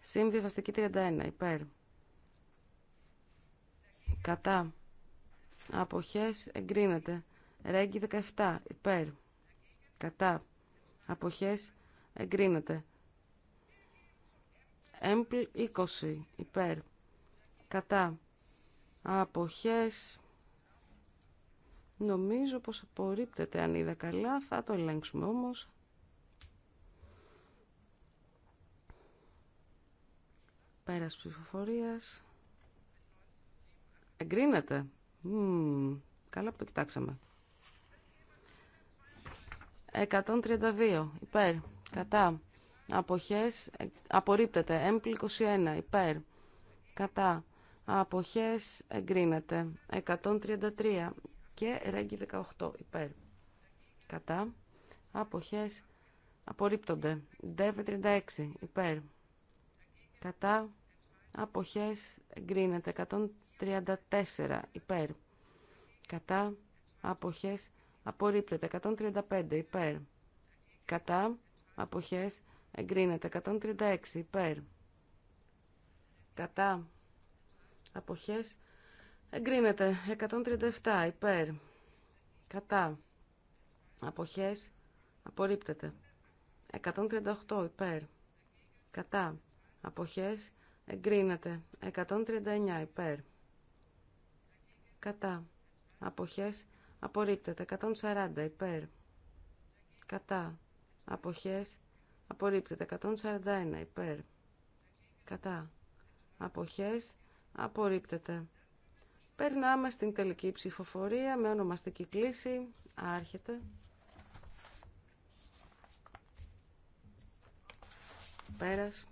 συμβιβαστική 31 υπέρ κατά Αποχές εγκρίνεται. Ρέγγι 17. Υπέρ. Κατά. Αποχές εγκρίνεται. Έμπλ 20. Υπέρ. Κατά. Αποχές. Νομίζω πως απορρίπτεται αν είδα καλά. Θα το ελέγξουμε όμως. Πέρας ψηφοφορίας. Εγκρίνεται καλά που το κοιτάξαμε. 132 υπέρ. Κατά. Αποχές ε, απορρίπτεται. απορρίπτεται, 21 υπέρ. Κατά. Αποχές εγκρίνεται. 133 και ρέγγι 18 υπέρ. Κατά. Αποχές απορρίπτονται. d 36 υπέρ. Κατά. Αποχές εγκρίνεται. 134 υπέρ. Κατά αποχές απορρίπτεται. 135 υπέρ. Κατά αποχές εγκρίνεται. 136 υπέρ. Κατά αποχές εγκρίνεται. 137 υπέρ. Κατά αποχές απορρίπτεται. 138 υπέρ. Κατά αποχές εγκρίνεται. 139 υπέρ κατά αποχές απορρίπτεται 140 υπέρ κατά αποχές απορρίπτεται 141 υπέρ κατά αποχές απορρίπτεται Περνάμε στην τελική ψηφοφορία με ονομαστική κλίση. Άρχεται. Πέρας.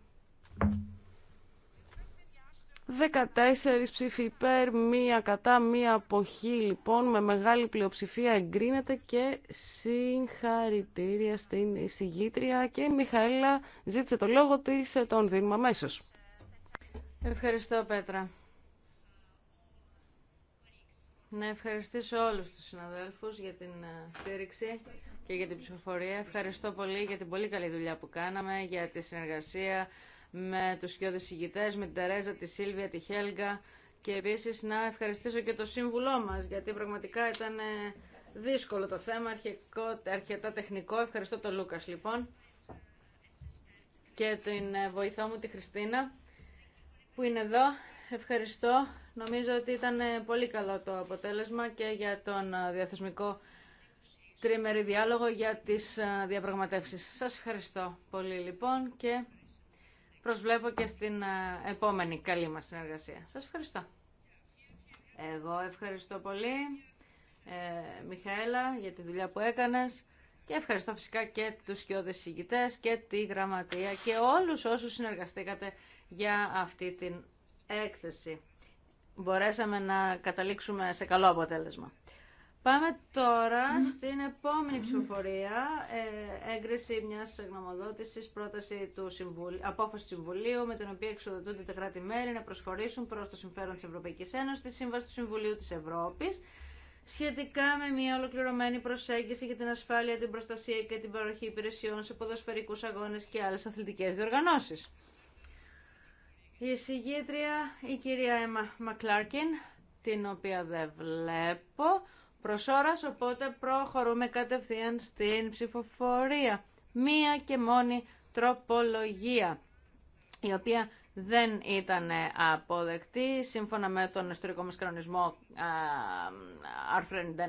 14 ψήφοι υπέρ, μία κατά, μία αποχή λοιπόν, με μεγάλη πλειοψηφία εγκρίνεται και συγχαρητήρια στην εισηγήτρια και η Μιχαήλα ζήτησε το λόγο της, ε, τον δίνουμε αμέσω. Ευχαριστώ Πέτρα. Να ευχαριστήσω όλους τους συναδέλφους για την ε, στήριξη και για την ψηφοφορία. Ευχαριστώ πολύ για την πολύ καλή δουλειά που κάναμε, για τη συνεργασία με τους σκιώδε ηγητέ, με την Τερέζα, τη Σίλβια, τη Χέλγκα και επίσης να ευχαριστήσω και το σύμβουλό μας γιατί πραγματικά ήταν ε, δύσκολο το θέμα, αρχικό, αρκετά τεχνικό. Ευχαριστώ τον Λουκά, λοιπόν και την ε, βοηθό μου τη Χριστίνα που είναι εδώ. Ευχαριστώ. Νομίζω ότι ήταν ε, πολύ καλό το αποτέλεσμα και για τον διαθεσμικό τριμερή διάλογο για τις διαπραγματεύσεις. Σας ευχαριστώ πολύ λοιπόν και προσβλέπω και στην ε, επόμενη καλή μας συνεργασία. Σας ευχαριστώ. Εγώ ευχαριστώ πολύ, ε, Μιχαέλα, για τη δουλειά που έκανες και ευχαριστώ φυσικά και τους σκιώδες συγκητές και τη γραμματεία και όλους όσους συνεργαστήκατε για αυτή την έκθεση. Μπορέσαμε να καταλήξουμε σε καλό αποτέλεσμα. Πάμε τώρα στην επόμενη ψηφοφορία, ε, έγκριση μια γνωμοδότηση, πρόταση του Συμβουλίου, απόφαση Συμβουλίου, με την οποία εξοδοτούνται τα κράτη-μέλη να προσχωρήσουν προ το συμφέρον τη Ευρωπαϊκή Ένωση, τη Σύμβαση του Συμβουλίου τη Ευρώπη σχετικά με μια ολοκληρωμένη προσέγγιση για την ασφάλεια, την προστασία και την παροχή υπηρεσιών σε ποδοσφαιρικούς αγώνε και άλλε αθλητικέ διοργανώσει. Η εισηγήτρια, η κυρία Έμα Μακλάρκιν, την οποία δεν βλέπω, προς οπότε προχωρούμε κατευθείαν στην ψηφοφορία. Μία και μόνη τροπολογία, η οποία δεν ήταν αποδεκτή σύμφωνα με τον ιστορικό μας κανονισμό άρθρο 99.1,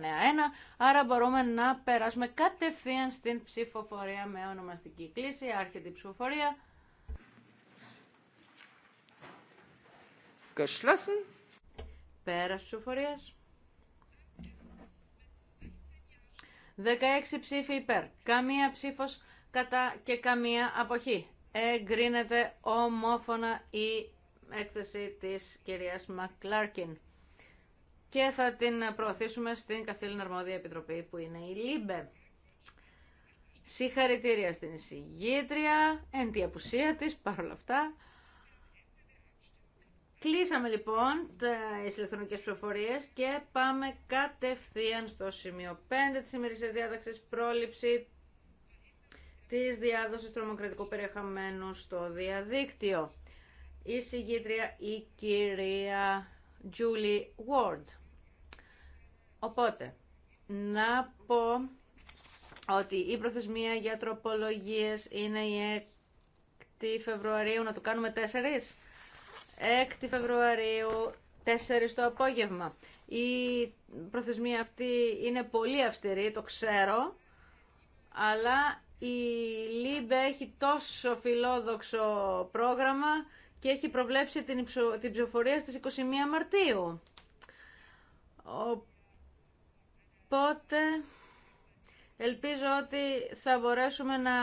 άρα μπορούμε να περάσουμε κατευθείαν στην ψηφοφορία με ονομαστική κλίση, άρχεται η ψηφοφορία. Geschlossen. Πέρας ψηφοφορίας. 16 ψήφοι υπέρ, καμία ψήφος κατά και καμία αποχή. Εγκρίνεται ομόφωνα η έκθεση της κυρίας Μακλάρκιν. Και θα την προωθήσουμε στην καθήλυνα αρμόδια επιτροπή που είναι η ΛΥΜΠΕ. Συγχαρητήρια στην εισηγήτρια, εν τη απουσία της παρόλα αυτά. Κλείσαμε λοιπόν τις ηλεκτρονικές πληροφορίε και πάμε κατευθείαν στο σημείο 5 τη ημερήσια διάταξη πρόληψη της διάδοσης τρομοκρατικού περιεχομένου στο διαδίκτυο. Η συγκίτρια η κυρία Julie Ward. Οπότε, να πω ότι η προθεσμία για τροπολογίες είναι η 6 Φεβρουαρίου, να το κάνουμε 4. 6 Φεβρουαρίου 4 το απόγευμα. Η προθεσμία αυτή είναι πολύ αυστηρή, το ξέρω, αλλά η ΛΥΜΠΕ έχει τόσο φιλόδοξο πρόγραμμα και έχει προβλέψει την, υψο... την ψηφοφορία στις 21 Μαρτίου. Οπότε... Ελπίζω ότι θα μπορέσουμε να,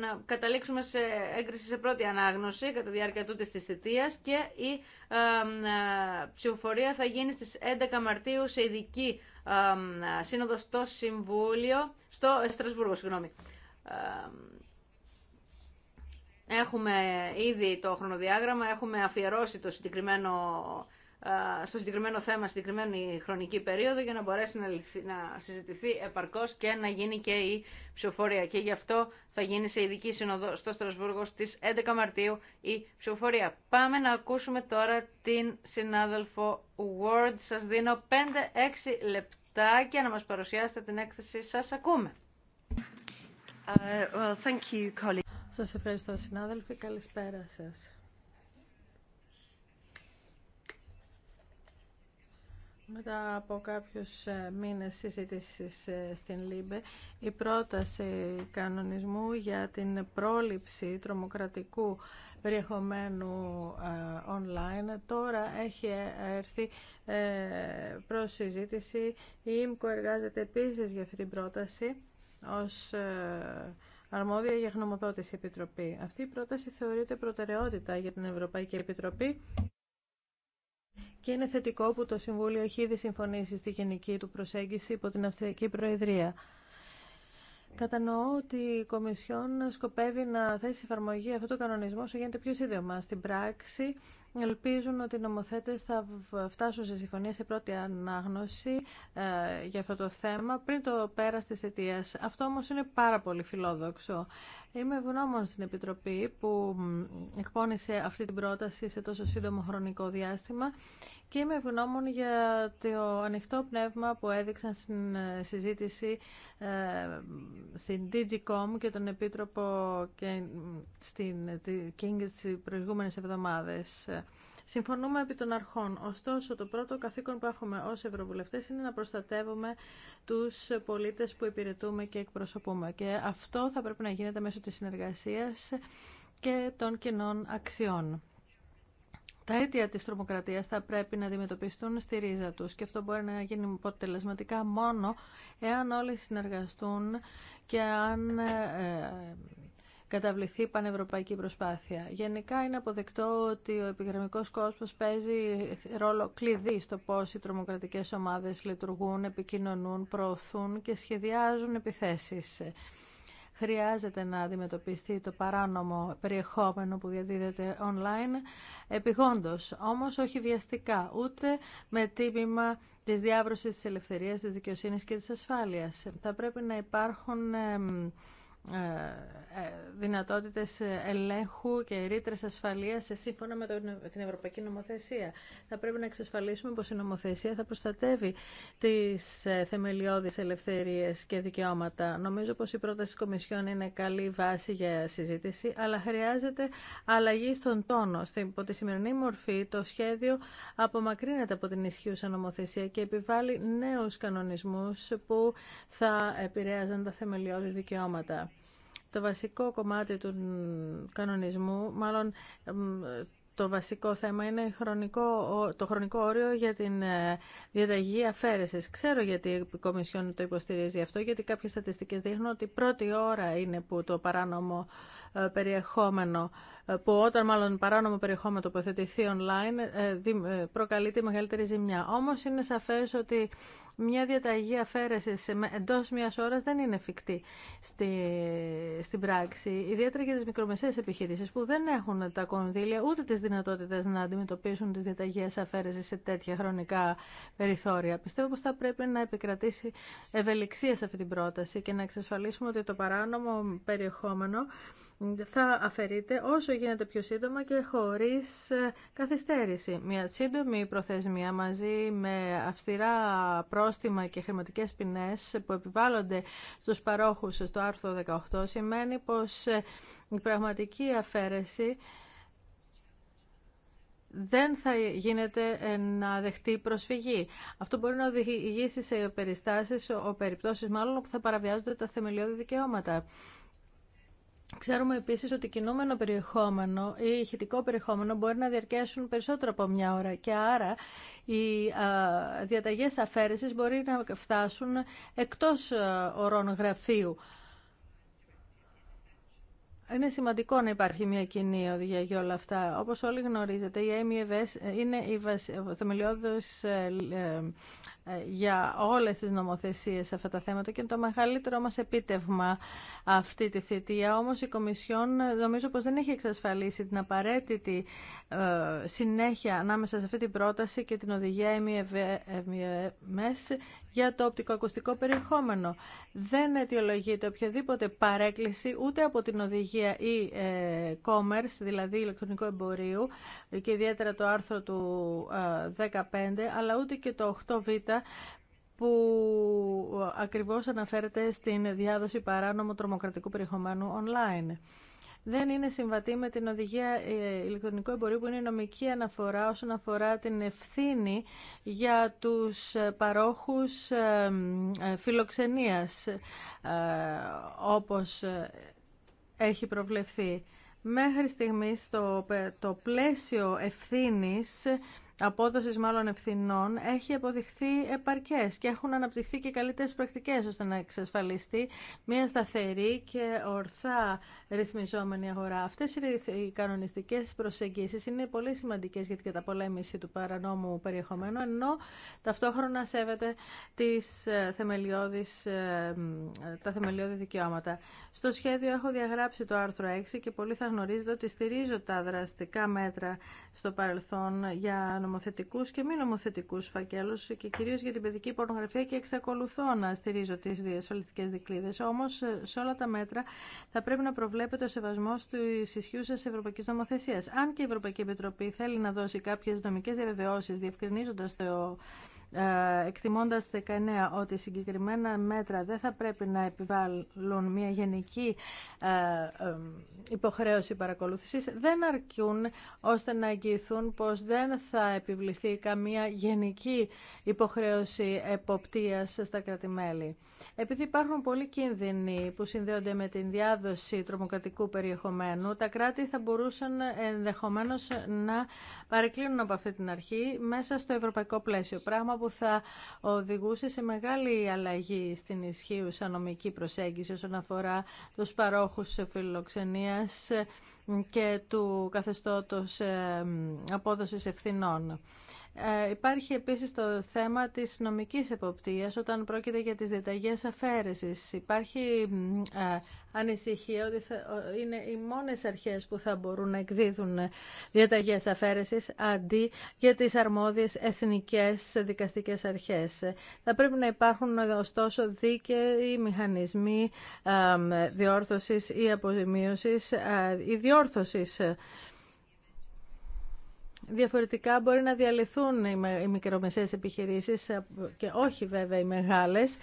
να καταλήξουμε σε έγκριση σε πρώτη ανάγνωση κατά τη διάρκεια τούτη τη θητεία και η ε, ψηφοφορία θα γίνει στις 11 Μαρτίου σε ειδική σύνοδο στο Συμβούλιο, στο ε, Στρασβούργο, συγγνώμη. Έχουμε ήδη το χρονοδιάγραμμα, έχουμε αφιερώσει το συγκεκριμένο στο συγκεκριμένο θέμα, συγκεκριμένη χρονική περίοδο για να μπορέσει να, συζητηθεί επαρκώς και να γίνει και η ψηφοφορία. Και γι' αυτό θα γίνει σε ειδική σύνοδο στο Στρασβούργο στις 11 Μαρτίου η ψηφοφορία. Πάμε να ακούσουμε τώρα την συνάδελφο Word. Σας δίνω 5-6 λεπτά και να μας παρουσιάσετε την έκθεση. Σας ακούμε. Uh, thank you, Σας ευχαριστώ συνάδελφοι. Καλησπέρα σας. Μετά από κάποιους ε, μήνες συζήτησης ε, στην ΛΥΜΠΕ, η πρόταση κανονισμού για την πρόληψη τρομοκρατικού περιεχομένου ε, online τώρα έχει έρθει προς συζήτηση. Η ΙΜΚΟ εργάζεται επίσης για αυτή την πρόταση ως αρμόδια για γνωμοδότηση επιτροπή. Αυτή η πρόταση θεωρείται προτεραιότητα για την Ευρωπαϊκή Επιτροπή και είναι θετικό που το Συμβούλιο έχει ήδη συμφωνήσει στη γενική του προσέγγιση υπό την Αυστριακή Προεδρία. Κατανοώ ότι η Κομισιόν σκοπεύει να θέσει εφαρμογή αυτό το κανονισμό όσο γίνεται πιο σύντομα. Στην πράξη, ελπίζουν ότι οι νομοθέτες θα φτάσουν σε συμφωνία σε πρώτη ανάγνωση ε, για αυτό το θέμα πριν το πέρα τη θητεία. Αυτό όμω είναι πάρα πολύ φιλόδοξο. Είμαι ευγνώμων στην Επιτροπή που εκπώνησε αυτή την πρόταση σε τόσο σύντομο χρονικό διάστημα και είμαι ευγνώμων για το ανοιχτό πνεύμα που έδειξαν στην ε, συζήτηση ε, στην DigiCom και τον Επίτροπο και στην King στις προηγούμενες εβδομάδες. Συμφωνούμε επί των αρχών. Ωστόσο, το πρώτο καθήκον που έχουμε ω ευρωβουλευτέ είναι να προστατεύουμε τους πολίτες που υπηρετούμε και εκπροσωπούμε. Και αυτό θα πρέπει να γίνεται μέσω της συνεργασίας και των κοινών αξιών. Τα αίτια της τρομοκρατίας θα πρέπει να αντιμετωπιστούν στη ρίζα τους και αυτό μπορεί να γίνει αποτελεσματικά μόνο εάν όλοι συνεργαστούν και αν ε, καταβληθεί πανευρωπαϊκή προσπάθεια. Γενικά είναι αποδεκτό ότι ο επιγραμμικός κόσμος παίζει ρόλο κλειδί στο πώς οι τρομοκρατικές ομάδες λειτουργούν, επικοινωνούν, προωθούν και σχεδιάζουν επιθέσεις. Χρειάζεται να αντιμετωπιστεί το παράνομο περιεχόμενο που διαδίδεται online επιγόντως, όμως όχι βιαστικά, ούτε με τίμημα της διάβρωσης της ελευθερίας, της δικαιοσύνης και της ασφάλειας. Θα πρέπει να υπάρχουν ε, ε, δυνατότητες ελέγχου και ρήτρε ασφαλείας σύμφωνα με την Ευρωπαϊκή Νομοθεσία. Θα πρέπει να εξασφαλίσουμε πως η νομοθεσία θα προστατεύει τις ε, θεμελιώδεις ελευθερίες και δικαιώματα. Νομίζω πως η πρόταση Κομισιόν είναι καλή βάση για συζήτηση, αλλά χρειάζεται αλλαγή στον τόνο. Στην τη σημερινή μορφή το σχέδιο απομακρύνεται από την ισχύουσα νομοθεσία και επιβάλλει νέους κανονισμούς που θα επηρέαζαν τα θεμελιώδη δικαιώματα. Το βασικό κομμάτι του κανονισμού, μάλλον το βασικό θέμα είναι χρονικό, το χρονικό όριο για την ε, διαταγή αφαίρεση. Ξέρω γιατί η Κομισιόν το υποστηρίζει αυτό, γιατί κάποιε στατιστικέ δείχνουν ότι πρώτη ώρα είναι που το παράνομο ε, περιεχόμενο ε, που όταν μάλλον παράνομο περιεχόμενο τοποθετηθεί online ε, προκαλεί τη μεγαλύτερη ζημιά. Όμως είναι σαφές ότι μια διαταγή αφαίρεσης εντός μιας ώρας δεν είναι εφικτή στη, στην πράξη, ιδιαίτερα για τις μικρομεσαίες επιχειρήσεις που δεν έχουν τα κονδύλια ούτε τις δυνατότητες να αντιμετωπίσουν τις διαταγές αφαίρεσης σε τέτοια χρονικά περιθώρια. Πιστεύω πως θα πρέπει να επικρατήσει ευελιξία σε αυτή την πρόταση και να εξασφαλίσουμε ότι το παράνομο περιεχόμενο θα αφαιρείται όσο γίνεται πιο σύντομα και χωρίς ε, καθυστέρηση. Μια σύντομη προθεσμία μαζί με αυστηρά πρόστιμα και χρηματικές ποινές που επιβάλλονται στους παρόχους στο άρθρο 18 σημαίνει πως ε, η πραγματική αφαίρεση δεν θα γίνεται ε, να δεχτεί προσφυγή. Αυτό μπορεί να οδηγήσει σε περιστάσεις, ο περιπτώσεις μάλλον που θα παραβιάζονται τα θεμελιώδη δικαιώματα. Ξέρουμε επίσης ότι κινούμενο περιεχόμενο ή ηχητικό περιεχόμενο μπορεί να διαρκέσουν περισσότερο από μια ώρα και άρα οι διαταγές αφαίρεσης μπορεί να φτάσουν εκτός ορών γραφείου. Είναι σημαντικό να υπάρχει μια κοινή οδηγία για όλα αυτά. Όπως όλοι γνωρίζετε, η AMEVS είναι η θεμελιώδη ε, ε, για όλες τις νομοθεσίες σε αυτά τα θέματα και είναι το μεγαλύτερο μας επίτευγμα αυτή τη θητεία. Όμως η Κομισιόν ε, νομίζω πως δεν έχει εξασφαλίσει την απαραίτητη ε, συνέχεια ανάμεσα σε αυτή την πρόταση και την οδηγία MES e για το οπτικοακουστικό περιεχόμενο. Δεν αιτιολογείται οποιαδήποτε παρέκκληση ούτε από την οδηγία e-commerce, δηλαδή ηλεκτρονικού εμπορίου και ιδιαίτερα το άρθρο του 15, αλλά ούτε και το 8β που ακριβώς αναφέρεται στην διάδοση παράνομου τρομοκρατικού περιεχομένου online. Δεν είναι συμβατή με την οδηγία ε, ηλεκτρονικού εμπορίου που είναι η νομική αναφορά όσον αφορά την ευθύνη για τους ε, παρόχους ε, φιλοξενίας όπως έχει προβλεφθεί. Μέχρι στιγμής το, το πλαίσιο ευθύνης Απόδοση μάλλον ευθυνών έχει αποδειχθεί επαρκές και έχουν αναπτυχθεί και καλύτερες πρακτικές ώστε να εξασφαλιστεί μια σταθερή και ορθά ρυθμιζόμενη αγορά. Αυτές οι κανονιστικές προσεγγίσεις είναι πολύ σημαντικές για την καταπολέμηση του παρανόμου περιεχομένου ενώ ταυτόχρονα σέβεται τις ε, θεμελιώδεις, ε, τα θεμελιώδη δικαιώματα. Στο σχέδιο έχω διαγράψει το άρθρο 6 και πολλοί θα γνωρίζετε ότι στηρίζω τα δραστικά μέτρα στο παρελθόν για νομοθετικού και μη νομοθετικού φακέλους και κυρίως για την παιδική πορνογραφία και εξακολουθώ να στηρίζω τις διασφαλιστικέ δικλείδε. Όμως ε, σε όλα τα μέτρα θα πρέπει να προβλέπεται ο σεβασμός της ισχύουσα ευρωπαϊκή Νομοθεσία. Αν και η Ευρωπαϊκή Επιτροπή θέλει να δώσει κάποιες νομικές διαβεβαιώσεις διευκρινίζοντα το ε, εκτιμώντας 19 ότι συγκεκριμένα μέτρα δεν θα πρέπει να επιβάλλουν μια γενική ε, ε, υποχρέωση παρακολούθησης, δεν αρκούν ώστε να εγγυηθούν πως δεν θα επιβληθεί καμία γενική υποχρέωση εποπτείας στα κρατημέλη. Επειδή υπάρχουν πολλοί κίνδυνοι που συνδέονται με την διάδοση τρομοκρατικού περιεχομένου, τα κράτη θα μπορούσαν ενδεχομένως να παρεκκλίνουν από αυτή την αρχή μέσα στο ευρωπαϊκό πλαίσιο, πράγμα που θα οδηγούσε σε μεγάλη αλλαγή στην ισχύουσα νομική προσέγγιση όσον αφορά τους παρόχους φιλοξενίας και του καθεστώτος ε, απόδοσης ευθυνών. Ε, υπάρχει επίσης το θέμα της νομικής εποπτείας όταν πρόκειται για τις διαταγές αφαίρεσης. Υπάρχει ε, ανησυχία ότι είναι οι μόνες αρχές που θα μπορούν να εκδίδουν διαταγές αφαίρεσης αντί για τις αρμόδιες εθνικές δικαστικές αρχές. Θα πρέπει να υπάρχουν ωστόσο δίκαιοι μηχανισμοί ε, διόρθωσης ή αποζημίωσης ή διόρθωσης Διαφορετικά μπορεί να διαλυθούν οι μικρομεσαίες επιχειρήσεις ε, και όχι βέβαια οι μεγάλες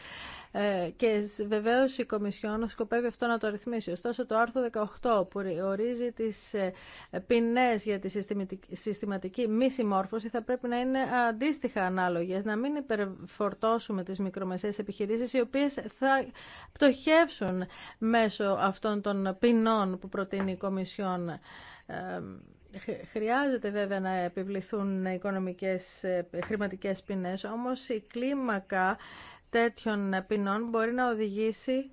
ε, και βεβαίω η Κομισιόν σκοπεύει αυτό να το ρυθμίσει. Ωστόσο, το άρθρο 18 που ορίζει τι ε, ποινέ για τη συστηματική μη συμμόρφωση θα πρέπει να είναι αντίστοιχα ανάλογε, να μην υπερφορτώσουμε τι μικρομεσαίε επιχειρήσει, οι οποίε θα πτωχεύσουν μέσω αυτών των ποινών που προτείνει η Κομισιόν. Χρειάζεται βέβαια να επιβληθούν οικονομικές χρηματικές ποινές, όμως η κλίμακα τέτοιων ποινών μπορεί να οδηγήσει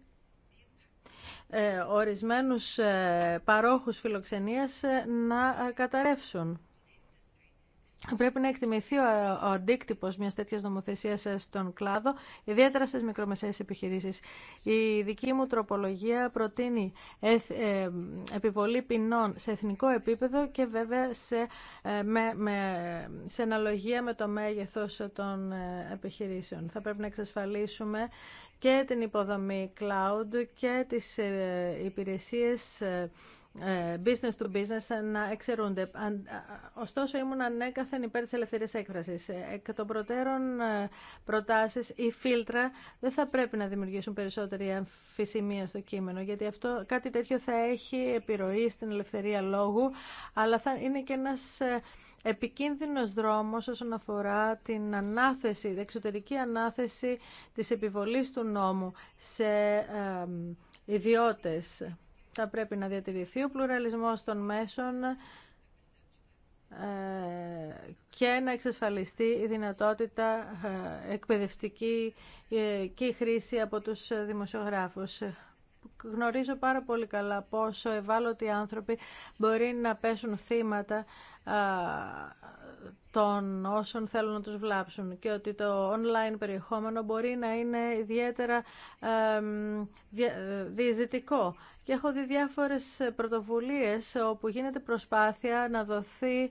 ε, ορισμένους ε, παρόχους φιλοξενίας ε, να καταρρεύσουν. Πρέπει να εκτιμηθεί ο αντίκτυπο μια τέτοια νομοθεσία ε, στον κλάδο, ιδιαίτερα στι μικρομεσαίε επιχειρήσει. Η δική μου τροπολογία προτείνει ε, ε, επιβολή ποινών σε εθνικό επίπεδο και βέβαια σε, με, με, σε αναλογία με το μέγεθο των επιχειρήσεων. Θα πρέπει να εξασφαλίσουμε και την υποδομή cloud και τις υπηρεσίες ε, business to business να εξαιρούνται. Ωστόσο, ήμουν ανέκαθεν υπέρ τη ελευθερία έκφρασης. Ε, εκ των προτέρων ε, προτάσεις ή φίλτρα δεν θα πρέπει να δημιουργήσουν περισσότερη αμφισημία στο κείμενο, γιατί αυτό, κάτι τέτοιο θα έχει επιρροή στην ελευθερία λόγου, αλλά θα είναι και ένας επικίνδυνος δρόμος όσον αφορά την ανάθεση, την εξωτερική ανάθεση της επιβολής του νόμου σε ιδιώτες θα πρέπει να διατηρηθεί ο πλουραλισμός των μέσων ε, και να εξασφαλιστεί η δυνατότητα ε, εκπαιδευτική ε, και η χρήση από τους δημοσιογράφους. Γνωρίζω πάρα πολύ καλά πόσο ευάλωτοι άνθρωποι μπορεί να πέσουν θύματα των όσων θέλουν να τους βλάψουν και ότι το online περιεχόμενο μπορεί να είναι ιδιαίτερα διαζητικό. Και έχω δει διάφορες πρωτοβουλίες όπου γίνεται προσπάθεια να δοθεί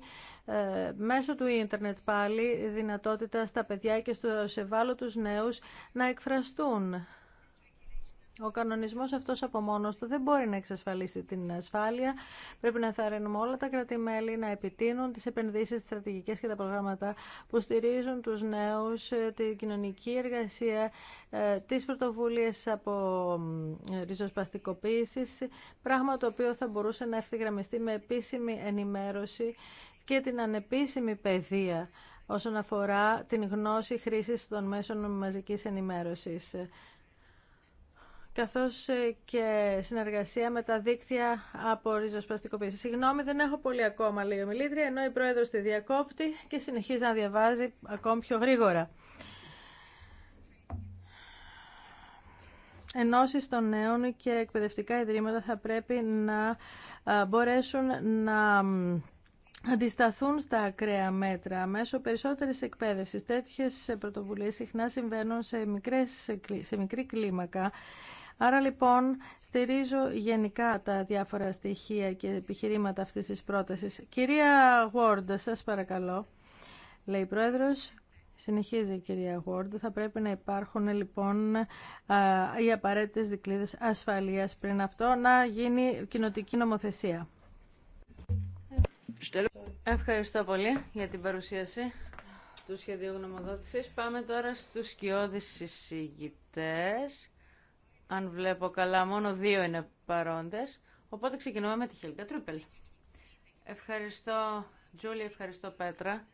ε, μέσω του ίντερνετ πάλι δυνατότητα στα παιδιά και στους ευάλωτους νέους να εκφραστούν. Ο κανονισμός αυτός από μόνος του δεν μπορεί να εξασφαλίσει την ασφάλεια. Πρέπει να θαρρύνουμε όλα τα κρατημέλη να επιτείνουν τις επενδύσεις, τις στρατηγικές και τα προγράμματα που στηρίζουν τους νέους, ε, την κοινωνική εργασία, ε, τις πρωτοβουλίες από ριζοσπαστικοποίηση, πράγμα το οποίο θα μπορούσε να ευθυγραμμιστεί με επίσημη ενημέρωση και την ανεπίσημη παιδεία όσον αφορά την γνώση χρήσης των μέσων μαζικής ενημέρωσης καθώς ε, και συνεργασία με τα δίκτυα από ριζοσπαστικοποίηση. Συγγνώμη, δεν έχω πολύ ακόμα, λέει ο Μιλήτρια, ενώ η Πρόεδρος τη διακόπτει και συνεχίζει να διαβάζει ακόμη πιο γρήγορα. Ενώσει των νέων και εκπαιδευτικά ιδρύματα θα πρέπει να μπορέσουν να αντισταθούν στα ακραία μέτρα μέσω περισσότερης εκπαίδευσης. Τέτοιες πρωτοβουλίες συχνά συμβαίνουν σε, μικρές, σε μικρή κλίμακα Άρα λοιπόν στηρίζω γενικά τα διάφορα στοιχεία και επιχειρήματα αυτής της πρότασης. Κυρία Γουόρντ, σας παρακαλώ, λέει η Πρόεδρος. Συνεχίζει η κυρία Γουόρντ, Θα πρέπει να υπάρχουν λοιπόν οι απαραίτητες δικλείδες ασφαλείας πριν αυτό να γίνει κοινοτική νομοθεσία. Ευχαριστώ πολύ για την παρουσίαση του σχεδίου γνωμοδότησης. Πάμε τώρα στους σκιώδεις συζητητές αν βλέπω καλά, μόνο δύο είναι παρόντες. Οπότε ξεκινούμε με τη Χέλγα Τρούπελ. Ευχαριστώ, Τζούλη, ευχαριστώ, Πέτρα.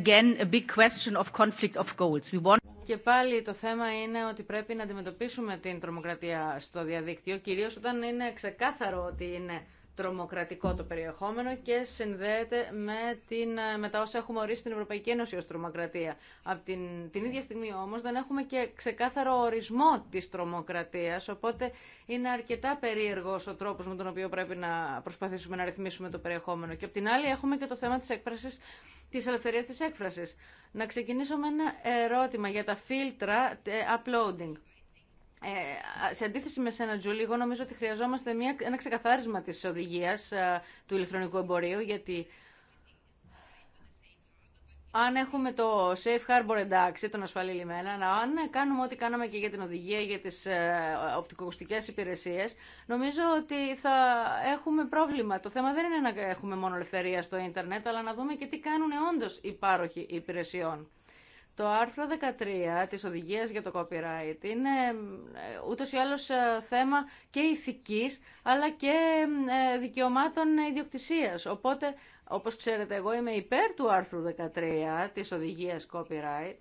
Again, a big question of conflict of goals. We want... Και πάλι το θέμα είναι ότι πρέπει να αντιμετωπίσουμε την τρομοκρατία στο διαδίκτυο, κυρίως όταν είναι ξεκάθαρο ότι είναι τρομοκρατικό το περιεχόμενο και συνδέεται με, την, ε, με τα όσα έχουμε ορίσει στην Ευρωπαϊκή Ένωση ως τρομοκρατία. Από την, την ίδια στιγμή όμως δεν έχουμε και ξεκάθαρο ορισμό της τρομοκρατίας, οπότε είναι αρκετά περίεργος ο τρόπος με τον οποίο πρέπει να προσπαθήσουμε να ρυθμίσουμε το περιεχόμενο. Και από την άλλη έχουμε και το θέμα της έκφρασης τη ελευθερία της έκφρασης. Να ξεκινήσω με ένα ερώτημα για τα φίλτρα ε, uploading. Ε, σε αντίθεση με σένα, Τζούλη, εγώ νομίζω ότι χρειαζόμαστε μια, ένα ξεκαθάρισμα τη οδηγία ε, του ηλεκτρονικού εμπορίου, γιατί αν έχουμε το safe harbor εντάξει, τον ασφαλή λιμένα, αν κάνουμε ό,τι κάναμε και για την οδηγία για τις ε, οπτικοακουστικές υπηρεσίες, νομίζω ότι θα έχουμε πρόβλημα. Το θέμα δεν είναι να έχουμε μόνο ελευθερία στο ίντερνετ, αλλά να δούμε και τι κάνουν όντω οι πάροχοι υπηρεσιών. Το άρθρο 13 της οδηγίας για το copyright είναι ε, ούτως ή άλλως ε, θέμα και ηθικής αλλά και ε, δικαιωμάτων ιδιοκτησίας. Οπότε, όπως ξέρετε, εγώ είμαι υπέρ του άρθρου 13 της οδηγίας copyright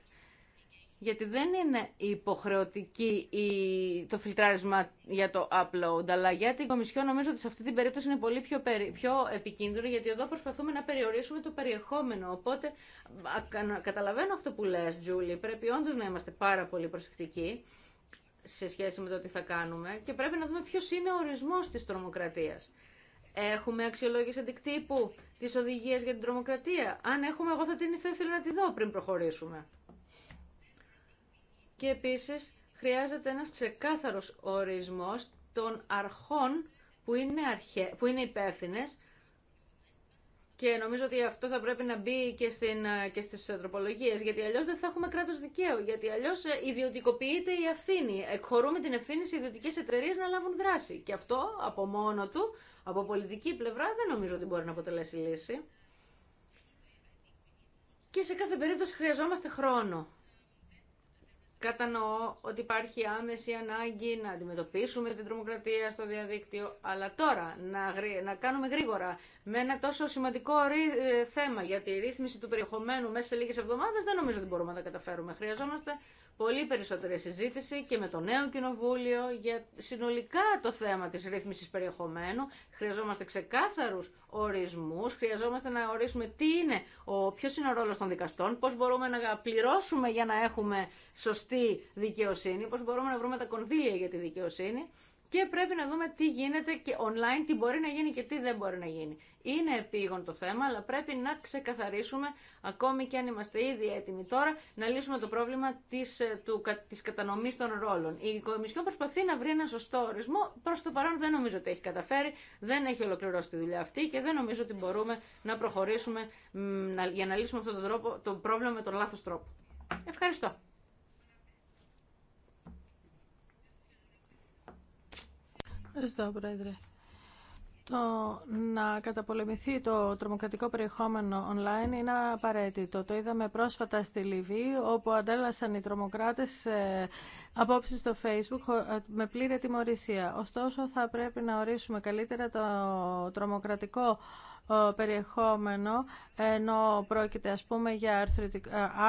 γιατί δεν είναι υποχρεωτική η, το φιλτράρισμα για το upload, αλλά για την Κομισιόν νομίζω ότι σε αυτή την περίπτωση είναι πολύ πιο, πιο επικίνδυνο, γιατί εδώ προσπαθούμε να περιορίσουμε το περιεχόμενο. Οπότε καταλαβαίνω αυτό που λες, Τζούλη, πρέπει όντω να είμαστε πάρα πολύ προσεκτικοί σε σχέση με το τι θα κάνουμε και πρέπει να δούμε ποιο είναι ο ορισμός της τρομοκρατίας. Έχουμε αξιολόγηση αντικτύπου, τις οδηγίες για την τρομοκρατία. Αν έχουμε, εγώ θα την ήθελα να τη δω πριν προχωρήσουμε και επίσης χρειάζεται ένας ξεκάθαρος ορισμός των αρχών που είναι, αρχέ, που είναι υπεύθυνες και νομίζω ότι αυτό θα πρέπει να μπει και, στην, και στις τροπολογίες, γιατί αλλιώς δεν θα έχουμε κράτος δικαίου, γιατί αλλιώς ε, ιδιωτικοποιείται η ευθύνη. Εκχωρούμε την ευθύνη σε ιδιωτικές εταιρείε να λάβουν δράση. Και αυτό από μόνο του, από πολιτική πλευρά, δεν νομίζω ότι μπορεί να αποτελέσει λύση. Και σε κάθε περίπτωση χρειαζόμαστε χρόνο. Κατανοώ ότι υπάρχει άμεση ανάγκη να αντιμετωπίσουμε την τρομοκρατία στο διαδίκτυο, αλλά τώρα να, να κάνουμε γρήγορα με ένα τόσο σημαντικό ε, θέμα για τη ρύθμιση του περιεχομένου μέσα σε λίγες εβδομάδες, δεν νομίζω ότι μπορούμε να τα καταφέρουμε. Χρειαζόμαστε πολύ περισσότερη συζήτηση και με το νέο κοινοβούλιο για συνολικά το θέμα της ρύθμισης περιεχομένου. Χρειαζόμαστε ξεκάθαρους ορισμούς, χρειαζόμαστε να ορίσουμε τι είναι, ο, ποιος είναι ο ρόλος των δικαστών, πώς μπορούμε να πληρώσουμε για να έχουμε σωστή δικαιοσύνη, πώς μπορούμε να βρούμε τα κονδύλια για τη δικαιοσύνη. Και πρέπει να δούμε τι γίνεται και online, τι μπορεί να γίνει και τι δεν μπορεί να γίνει. Είναι επίγον το θέμα, αλλά πρέπει να ξεκαθαρίσουμε, ακόμη και αν είμαστε ήδη έτοιμοι τώρα, να λύσουμε το πρόβλημα της, ε, του, της κατανομής των ρόλων. Η Κομισιόν προσπαθεί να βρει ένα σωστό ορισμό, προς το παρόν δεν νομίζω ότι έχει καταφέρει, δεν έχει ολοκληρώσει τη δουλειά αυτή και δεν νομίζω ότι μπορούμε να προχωρήσουμε για να λύσουμε αυτόν τον τρόπο το πρόβλημα με τον λάθος τρόπο. Ευχαριστώ. Ευχαριστώ, Πρόεδρε. Το να καταπολεμηθεί το τρομοκρατικό περιεχόμενο online είναι απαραίτητο. Το είδαμε πρόσφατα στη Λιβύη, όπου αντέλασαν οι τρομοκράτες ε, απόψεις στο Facebook ε, με πλήρη τιμωρησία. Ωστόσο, θα πρέπει να ορίσουμε καλύτερα το τρομοκρατικό ε, περιεχόμενο ενώ πρόκειται ας πούμε για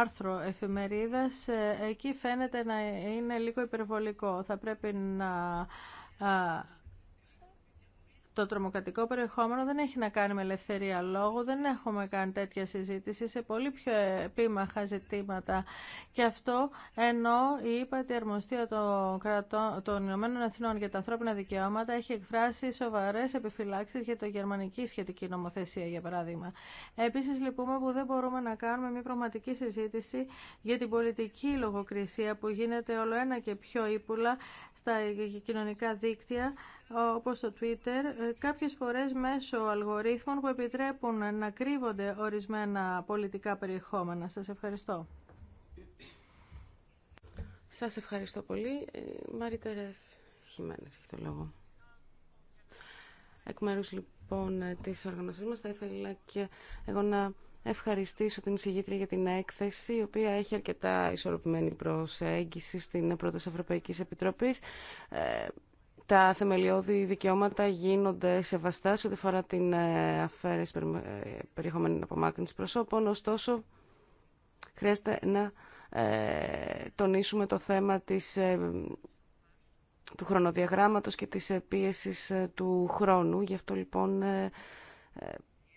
άρθρο εφημερίδας εκεί φαίνεται να είναι λίγο υπερβολικό θα πρέπει να το τρομοκρατικό περιεχόμενο δεν έχει να κάνει με ελευθερία λόγου, δεν έχουμε κάνει τέτοια συζήτηση σε πολύ πιο επίμαχα ζητήματα. Και αυτό ενώ η ύπατη αρμοστία των, Ηνωμένων Εθνών για τα ανθρώπινα δικαιώματα έχει εκφράσει σοβαρέ επιφυλάξει για το γερμανική σχετική νομοθεσία, για παράδειγμα. Επίση, λυπούμε που δεν μπορούμε να κάνουμε μια πραγματική συζήτηση για την πολιτική λογοκρισία που γίνεται όλο ένα και πιο ύπουλα στα κοινωνικά δίκτυα όπως το Twitter, ε, κάποιες φορές μέσω αλγορίθμων που επιτρέπουν να κρύβονται ορισμένα πολιτικά περιεχόμενα. Σας ευχαριστώ. Σας ευχαριστώ πολύ. Ε, Μαρίτερες Τερές Χιμένες έχει το λόγο. Εκ μέρους λοιπόν της οργανωσής μας θα ήθελα και εγώ να ευχαριστήσω την εισηγήτρια για την έκθεση, η οποία έχει αρκετά ισορροπημένη προσέγγιση στην πρόταση Ευρωπαϊκής Επιτροπής. Ε, τα θεμελιώδη δικαιώματα γίνονται σεβαστά σε ό,τι φορά την ε, αφαίρεση ε, περιεχομένη απομάκρυνση προσώπων. Ωστόσο, χρειάζεται να ε, τονίσουμε το θέμα της, του χρονοδιαγράμματος και της πίεσης του χρόνου. Γι' αυτό, λοιπόν,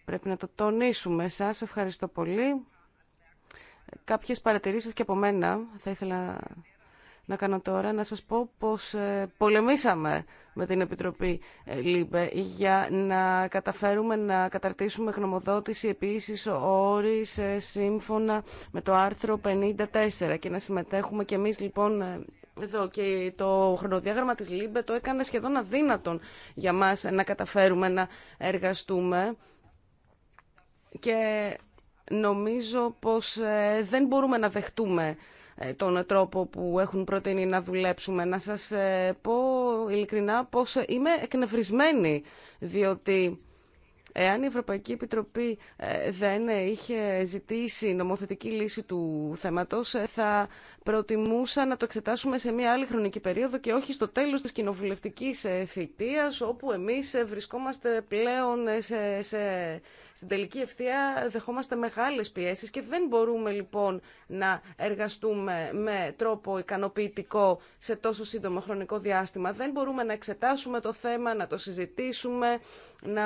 πρέπει να το τονίσουμε. Σας ευχαριστώ πολύ. Κάποιες παρατηρήσεις και από μένα θα ήθελα να κάνω τώρα, να σας πω πως ε, πολεμήσαμε με την Επιτροπή ε, ΛΥΜΠΕ για να καταφέρουμε να καταρτήσουμε γνωμοδότηση επίσης ε, σύμφωνα με το άρθρο 54 και να συμμετέχουμε και εμείς λοιπόν ε, εδώ και το χρονοδιάγραμμα της ΛΥΜΠΕ το έκανε σχεδόν αδύνατον για μας να καταφέρουμε να εργαστούμε και νομίζω πως δεν μπορούμε να δεχτούμε ε, τον τρόπο που έχουν προτείνει να δουλέψουμε. Να σας ε, πω ειλικρινά πως είμαι εκνευρισμένη, διότι εάν η Ευρωπαϊκή Επιτροπή ε, δεν είχε ζητήσει νομοθετική λύση του θέματος, θα προτιμούσα να το εξετάσουμε σε μια άλλη χρονική περίοδο και όχι στο τέλος της κοινοβουλευτικής ε, θητείας όπου εμείς ε, βρισκόμαστε πλέον ε, σε, σε, στην τελική ευθεία δεχόμαστε μεγάλες πιέσεις και δεν μπορούμε λοιπόν να εργαστούμε με τρόπο ικανοποιητικό σε τόσο σύντομο χρονικό διάστημα. Δεν μπορούμε να εξετάσουμε το θέμα, να το συζητήσουμε, να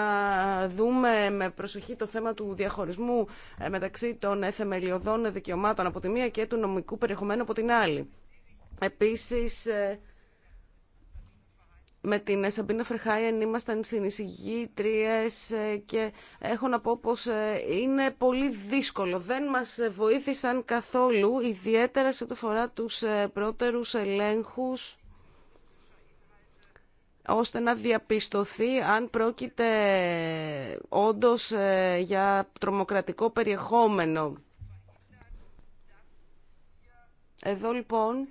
δούμε με προσοχή το θέμα του διαχωρισμού μεταξύ των θεμελιωδών δικαιωμάτων από τη μία και του νομικού περιεχομένου από την άλλη. Επίσης, ε, με την Σαμπίνα Φερχάιεν ήμασταν συνεισηγήτριες ε, και έχω να πω πως ε, είναι πολύ δύσκολο. Δεν μας βοήθησαν καθόλου, ιδιαίτερα σε το φορά τους πρώτερους ελέγχους ώστε να διαπιστωθεί αν πρόκειται όντως για τρομοκρατικό περιεχόμενο εδώ λοιπόν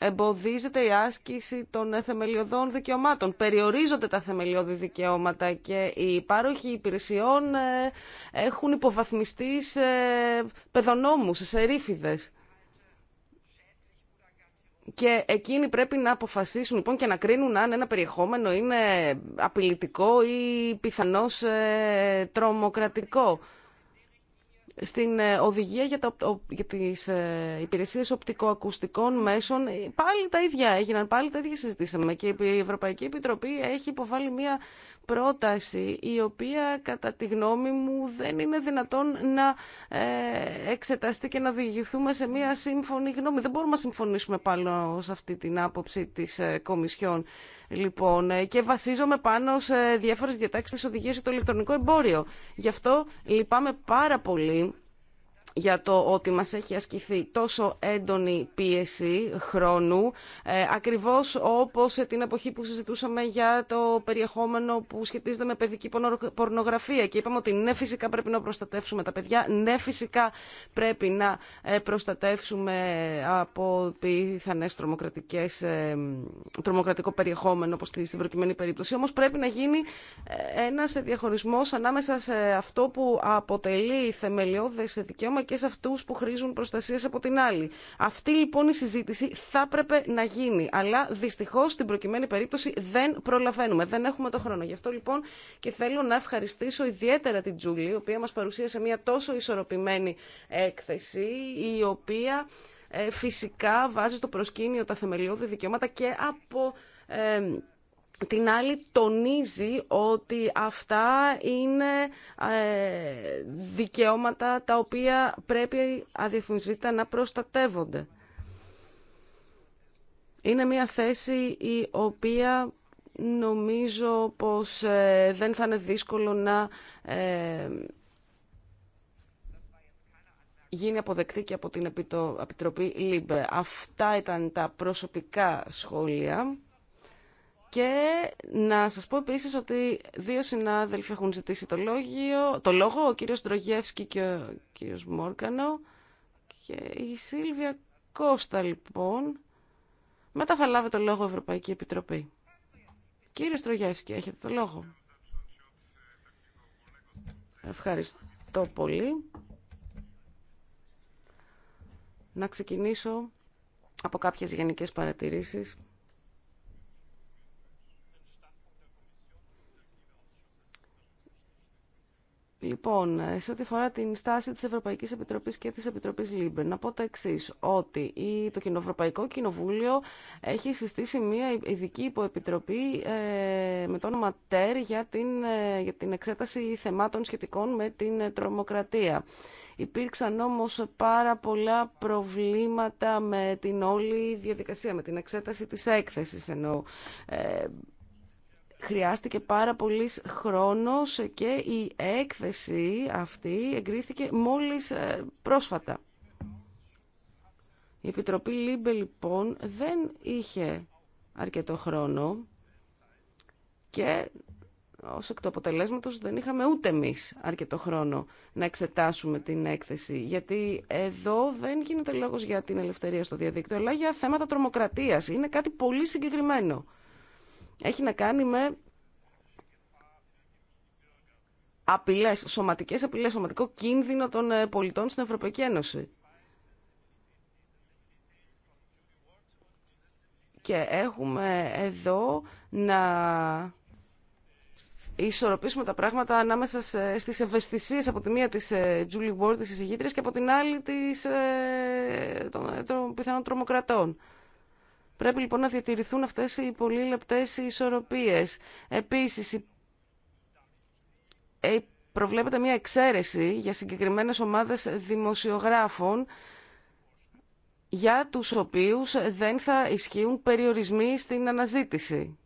εμποδίζεται η άσκηση των θεμελιωδών δικαιωμάτων. Περιορίζονται τα θεμελιώδη δικαιώματα και οι πάροχοι υπηρεσιών ε, έχουν υποβαθμιστεί σε παιδονόμους, σε ρήφιδες. Και εκείνοι πρέπει να αποφασίσουν λοιπόν και να κρίνουν αν ένα περιεχόμενο είναι απειλητικό ή πιθανώς ε, τρομοκρατικό στην ε, οδηγία για, τα, για τις ε, υπηρεσίες οπτικοακουστικών μέσων ε, πάλι τα ίδια έγιναν, πάλι τα ίδια συζητήσαμε και η Ευρωπαϊκή Επιτροπή έχει υποβάλει μια πρόταση η οποία κατά τη γνώμη μου δεν είναι δυνατόν να εξεταστεί και να διηγηθούμε σε μια σύμφωνη γνώμη. Δεν μπορούμε να συμφωνήσουμε πάλι σε αυτή την άποψη της Κομισιόν λοιπόν, ε, και βασίζομαι πάνω σε διάφορες διατάξει τη οδηγία για το ηλεκτρονικό εμπόριο. Γι' αυτό λυπάμαι πάρα πολύ για το ότι μας έχει ασκηθεί τόσο έντονη πίεση χρόνου, ε, ακριβώς όπως την εποχή που συζητούσαμε για το περιεχόμενο που σχετίζεται με παιδική πορνογραφία και είπαμε ότι ναι φυσικά πρέπει να προστατεύσουμε τα παιδιά, ναι φυσικά πρέπει να ε, προστατεύσουμε από πιθανές τρομοκρατικές, ε, τρομοκρατικό περιεχόμενο όπως στην προκειμένη περίπτωση, όμως πρέπει να γίνει ε, ένας διαχωρισμός ανάμεσα σε αυτό που αποτελεί θεμελιώδες δικαίωμα και σε αυτούς που χρήζουν προστασία από την άλλη. Αυτή λοιπόν η συζήτηση θα έπρεπε να γίνει, αλλά δυστυχώς στην προκειμένη περίπτωση δεν προλαβαίνουμε, δεν έχουμε το χρόνο. Γι' αυτό λοιπόν και θέλω να ευχαριστήσω ιδιαίτερα την Τζούλη, η οποία μας παρουσίασε μια τόσο ισορροπημένη έκθεση, η οποία ε, φυσικά βάζει στο προσκήνιο τα θεμελιώδη δικαιώματα και από ε, την άλλη τονίζει ότι αυτά είναι ε, δικαιώματα τα οποία πρέπει αδιαφημισβήτητα να προστατεύονται. Είναι μια θέση η οποία νομίζω πως ε, δεν θα είναι δύσκολο να ε, γίνει αποδεκτή και από την Επιτροπή ΛΥΜΠΕ. Αυτά ήταν τα προσωπικά σχόλια. Και να σας πω επίσης ότι δύο συνάδελφοι έχουν ζητήσει το, λόγιο, το λόγο, ο κύριος Ντρογεύσκη και ο κύριος Μόρκανο και η Σίλβια Κώστα λοιπόν. Μετά θα λάβει το λόγο Ευρωπαϊκή Επιτροπή. Κύριε Στρογεύσκη, έχετε το λόγο. Ευχαριστώ πολύ. Να ξεκινήσω από κάποιες γενικές παρατηρήσεις. Λοιπόν, ε, σε ό,τι αφορά την στάση της Ευρωπαϊκής Επιτροπής και της Επιτροπής Λίμπερ, να πω τα εξή ότι το Ευρωπαϊκό Κοινοβούλιο έχει συστήσει μια ειδική υποεπιτροπή ε, με το όνομα ΤΕΡ για την, ε, για την εξέταση θεμάτων σχετικών με την τρομοκρατία. Υπήρξαν όμως πάρα πολλά προβλήματα με την όλη διαδικασία, με την εξέταση της έκθεσης εννοώ. Χρειάστηκε πάρα πολύ χρόνος και η έκθεση αυτή εγκρίθηκε μόλις ε, πρόσφατα. Η Επιτροπή Λίμπε λοιπόν δεν είχε αρκετό χρόνο και ως εκ του αποτελέσματος δεν είχαμε ούτε εμεί αρκετό χρόνο να εξετάσουμε την έκθεση. Γιατί εδώ δεν γίνεται λόγος για την ελευθερία στο διαδίκτυο, αλλά για θέματα τρομοκρατίας. Είναι κάτι πολύ συγκεκριμένο έχει να κάνει με απειλές, σωματικές απειλές, σωματικό κίνδυνο των ε, πολιτών στην Ευρωπαϊκή Ένωση. Και έχουμε εδώ να ισορροπήσουμε τα πράγματα ανάμεσα στις ευαισθησίες από τη μία της ε, Julie Ward, της εισηγήτριας, και από την άλλη της, ε, των, των πιθανών τρομοκρατών. Πρέπει λοιπόν να διατηρηθούν αυτές οι πολύ λεπτές ισορροπίες. Επίσης, ε, προβλέπεται μια εξαίρεση για συγκεκριμένες ομάδες δημοσιογράφων για τους οποίους δεν θα ισχύουν περιορισμοί στην αναζήτηση.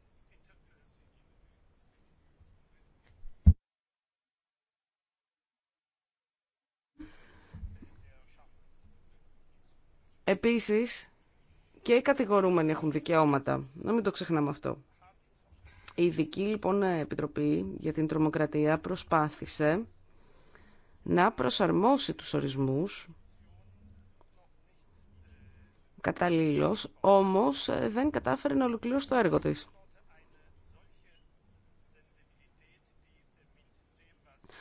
Επίσης, και οι κατηγορούμενοι έχουν δικαιώματα. Να μην το ξεχνάμε αυτό. Η ειδική λοιπόν επιτροπή για την τρομοκρατία προσπάθησε να προσαρμόσει τους ορισμούς καταλήλως, όμως ε, δεν κατάφερε να ολοκληρώσει το έργο της.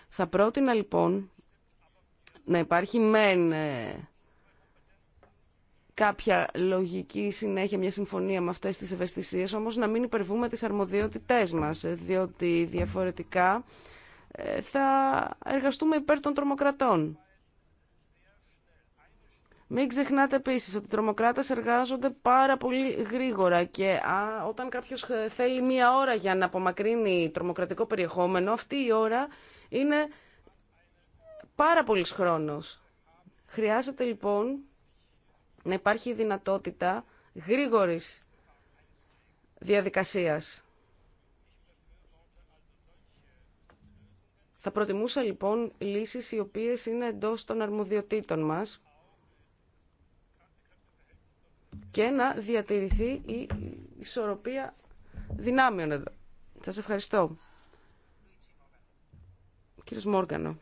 Θα πρότεινα λοιπόν να υπάρχει μεν ε, κάποια λογική συνέχεια, μια συμφωνία με αυτές τις ευαισθησίες, όμως να μην υπερβούμε τις αρμοδιότητές μας, ε, διότι διαφορετικά ε, θα εργαστούμε υπέρ των τρομοκρατών. Μην ξεχνάτε επίση ότι οι τρομοκράτε εργάζονται πάρα πολύ γρήγορα και α, όταν κάποιο ε, θέλει μία ώρα για να απομακρύνει τρομοκρατικό περιεχόμενο, αυτή η ώρα είναι πάρα πολύ χρόνο. Χρειάζεται λοιπόν να υπάρχει δυνατότητα γρήγορης διαδικασίας. Θα προτιμούσα λοιπόν λύσεις οι οποίες είναι εντός των αρμοδιοτήτων μας και να διατηρηθεί η ισορροπία δυνάμεων εδώ. Σας ευχαριστώ. Κύριος Μόργανο.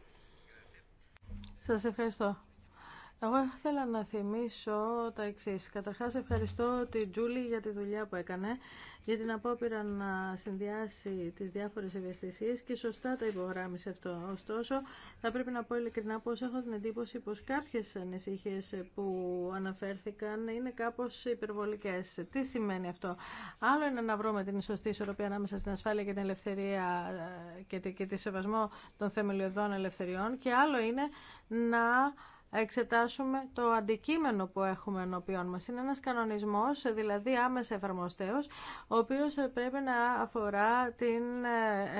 Σας ευχαριστώ. Εγώ ήθελα να θυμίσω τα εξή. Καταρχά, ευχαριστώ την Τζούλη για τη δουλειά που έκανε, για την απόπειρα να συνδυάσει τι διάφορε ευαισθησίε και σωστά τα υπογράμμισε αυτό. Ωστόσο, θα πρέπει να πω ειλικρινά πω έχω την εντύπωση πω κάποιε ανησυχίε που αναφέρθηκαν είναι κάπω υπερβολικέ. Τι σημαίνει αυτό. Άλλο είναι να βρούμε την σωστή ισορροπία ανάμεσα στην ασφάλεια και την ελευθερία ε, και τη σεβασμό των θεμελιωδών ελευθεριών και άλλο είναι να εξετάσουμε το αντικείμενο που έχουμε ενώπιόν μας. Είναι ένας κανονισμός, δηλαδή άμεσα εφαρμοστέως, ο οποίος πρέπει να αφορά την,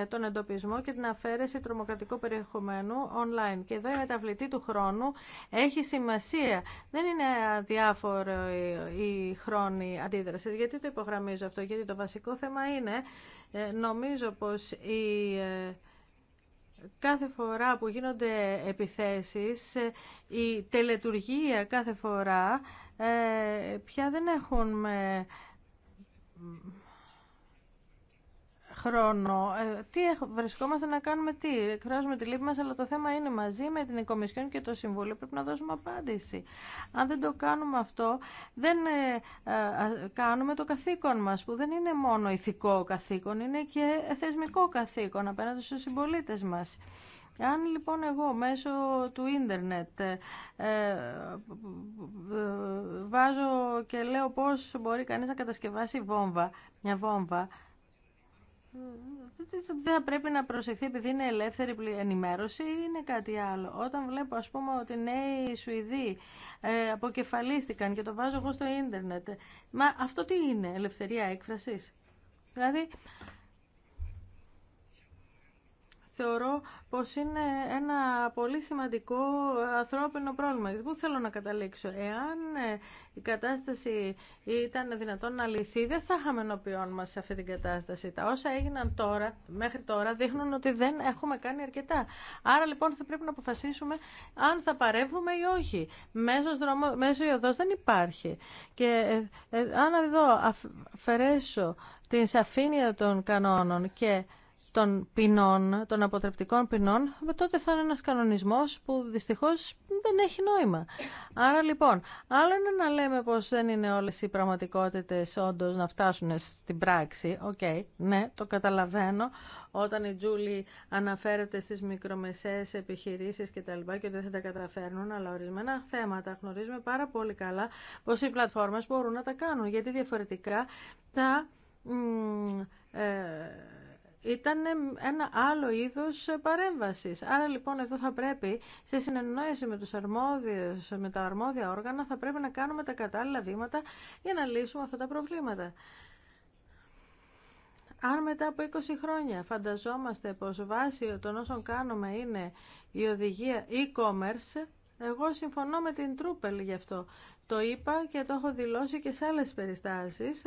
ε, τον εντοπισμό και την αφαίρεση τρομοκρατικού περιεχομένου online. Και εδώ η μεταβλητή του χρόνου έχει σημασία. Δεν είναι αδιάφορο η χρόνη αντίδραση, Γιατί το υπογραμμίζω αυτό, γιατί το βασικό θέμα είναι, ε, νομίζω πως η ε, κάθε φορά που γίνονται επιθέσεις, ε, η τελετουργία κάθε φορά ε, πια δεν έχουν ε, χρόνο. Ε, τι βρισκόμαστε να κάνουμε, τι. Εκφράζουμε τη λύπη μα, αλλά το θέμα είναι μαζί με την Κομισιόν και το Συμβούλιο πρέπει να δώσουμε απάντηση. Αν δεν το κάνουμε αυτό, δεν ε, ε, κάνουμε το καθήκον μα, που δεν είναι μόνο ηθικό καθήκον, είναι και θεσμικό καθήκον απέναντι στου συμπολίτε μα. Αν λοιπόν εγώ μέσω του ίντερνετ βάζω και λέω πώς μπορεί κανείς να κατασκευάσει μια βόμβα, δεν θα πρέπει να προσεχθεί επειδή είναι ελεύθερη ενημέρωση ή είναι κάτι άλλο. Όταν βλέπω ας πούμε ότι νέοι Σουηδοί ε, αποκεφαλίστηκαν και το βάζω εγώ στο ίντερνετ, μα αυτό τι είναι, ελευθερία έκφρασης. Δηλαδή θεωρώ πως είναι ένα πολύ σημαντικό ανθρώπινο πρόβλημα. Πού θέλω να καταλήξω. Εάν ε, η κατάσταση ήταν δυνατόν να λυθεί, δεν θα είχαμε ενώπιόν μας σε αυτή την κατάσταση. Τα όσα έγιναν τώρα, μέχρι τώρα, δείχνουν ότι δεν έχουμε κάνει αρκετά. Άρα λοιπόν θα πρέπει να αποφασίσουμε αν θα παρεύουμε ή όχι. Μέσος δρόμο, μέσο η οχι μεσος δρομο μεσο η δεν υπάρχει. Και ε, ε, αν εδώ αφαιρέσω την σαφήνεια των κανόνων και των ποινών, των αποτρεπτικών ποινών, τότε θα είναι ένας κανονισμός που δυστυχώς δεν έχει νόημα. Άρα λοιπόν, άλλο είναι να λέμε πως δεν είναι όλες οι πραγματικότητες όντω να φτάσουν στην πράξη. Οκ, ναι, το καταλαβαίνω. Όταν η Τζούλη αναφέρεται στις μικρομεσαίες επιχειρήσεις και τα λοιπά και ότι δεν θα τα καταφέρνουν, αλλά ορισμένα θέματα γνωρίζουμε πάρα πολύ καλά πως οι πλατφόρμες μπορούν να τα κάνουν, γιατί διαφορετικά τα... Ε, ήταν ένα άλλο είδος παρέμβασης. Άρα λοιπόν εδώ θα πρέπει σε συνεννόηση με, τους αρμόδιους, με τα αρμόδια όργανα θα πρέπει να κάνουμε τα κατάλληλα βήματα για να λύσουμε αυτά τα προβλήματα. Αν μετά από 20 χρόνια φανταζόμαστε πως βάση των όσων κάνουμε είναι η οδηγία e-commerce, εγώ συμφωνώ με την Τρούπελ γι' αυτό. Το είπα και το έχω δηλώσει και σε άλλες περιστάσεις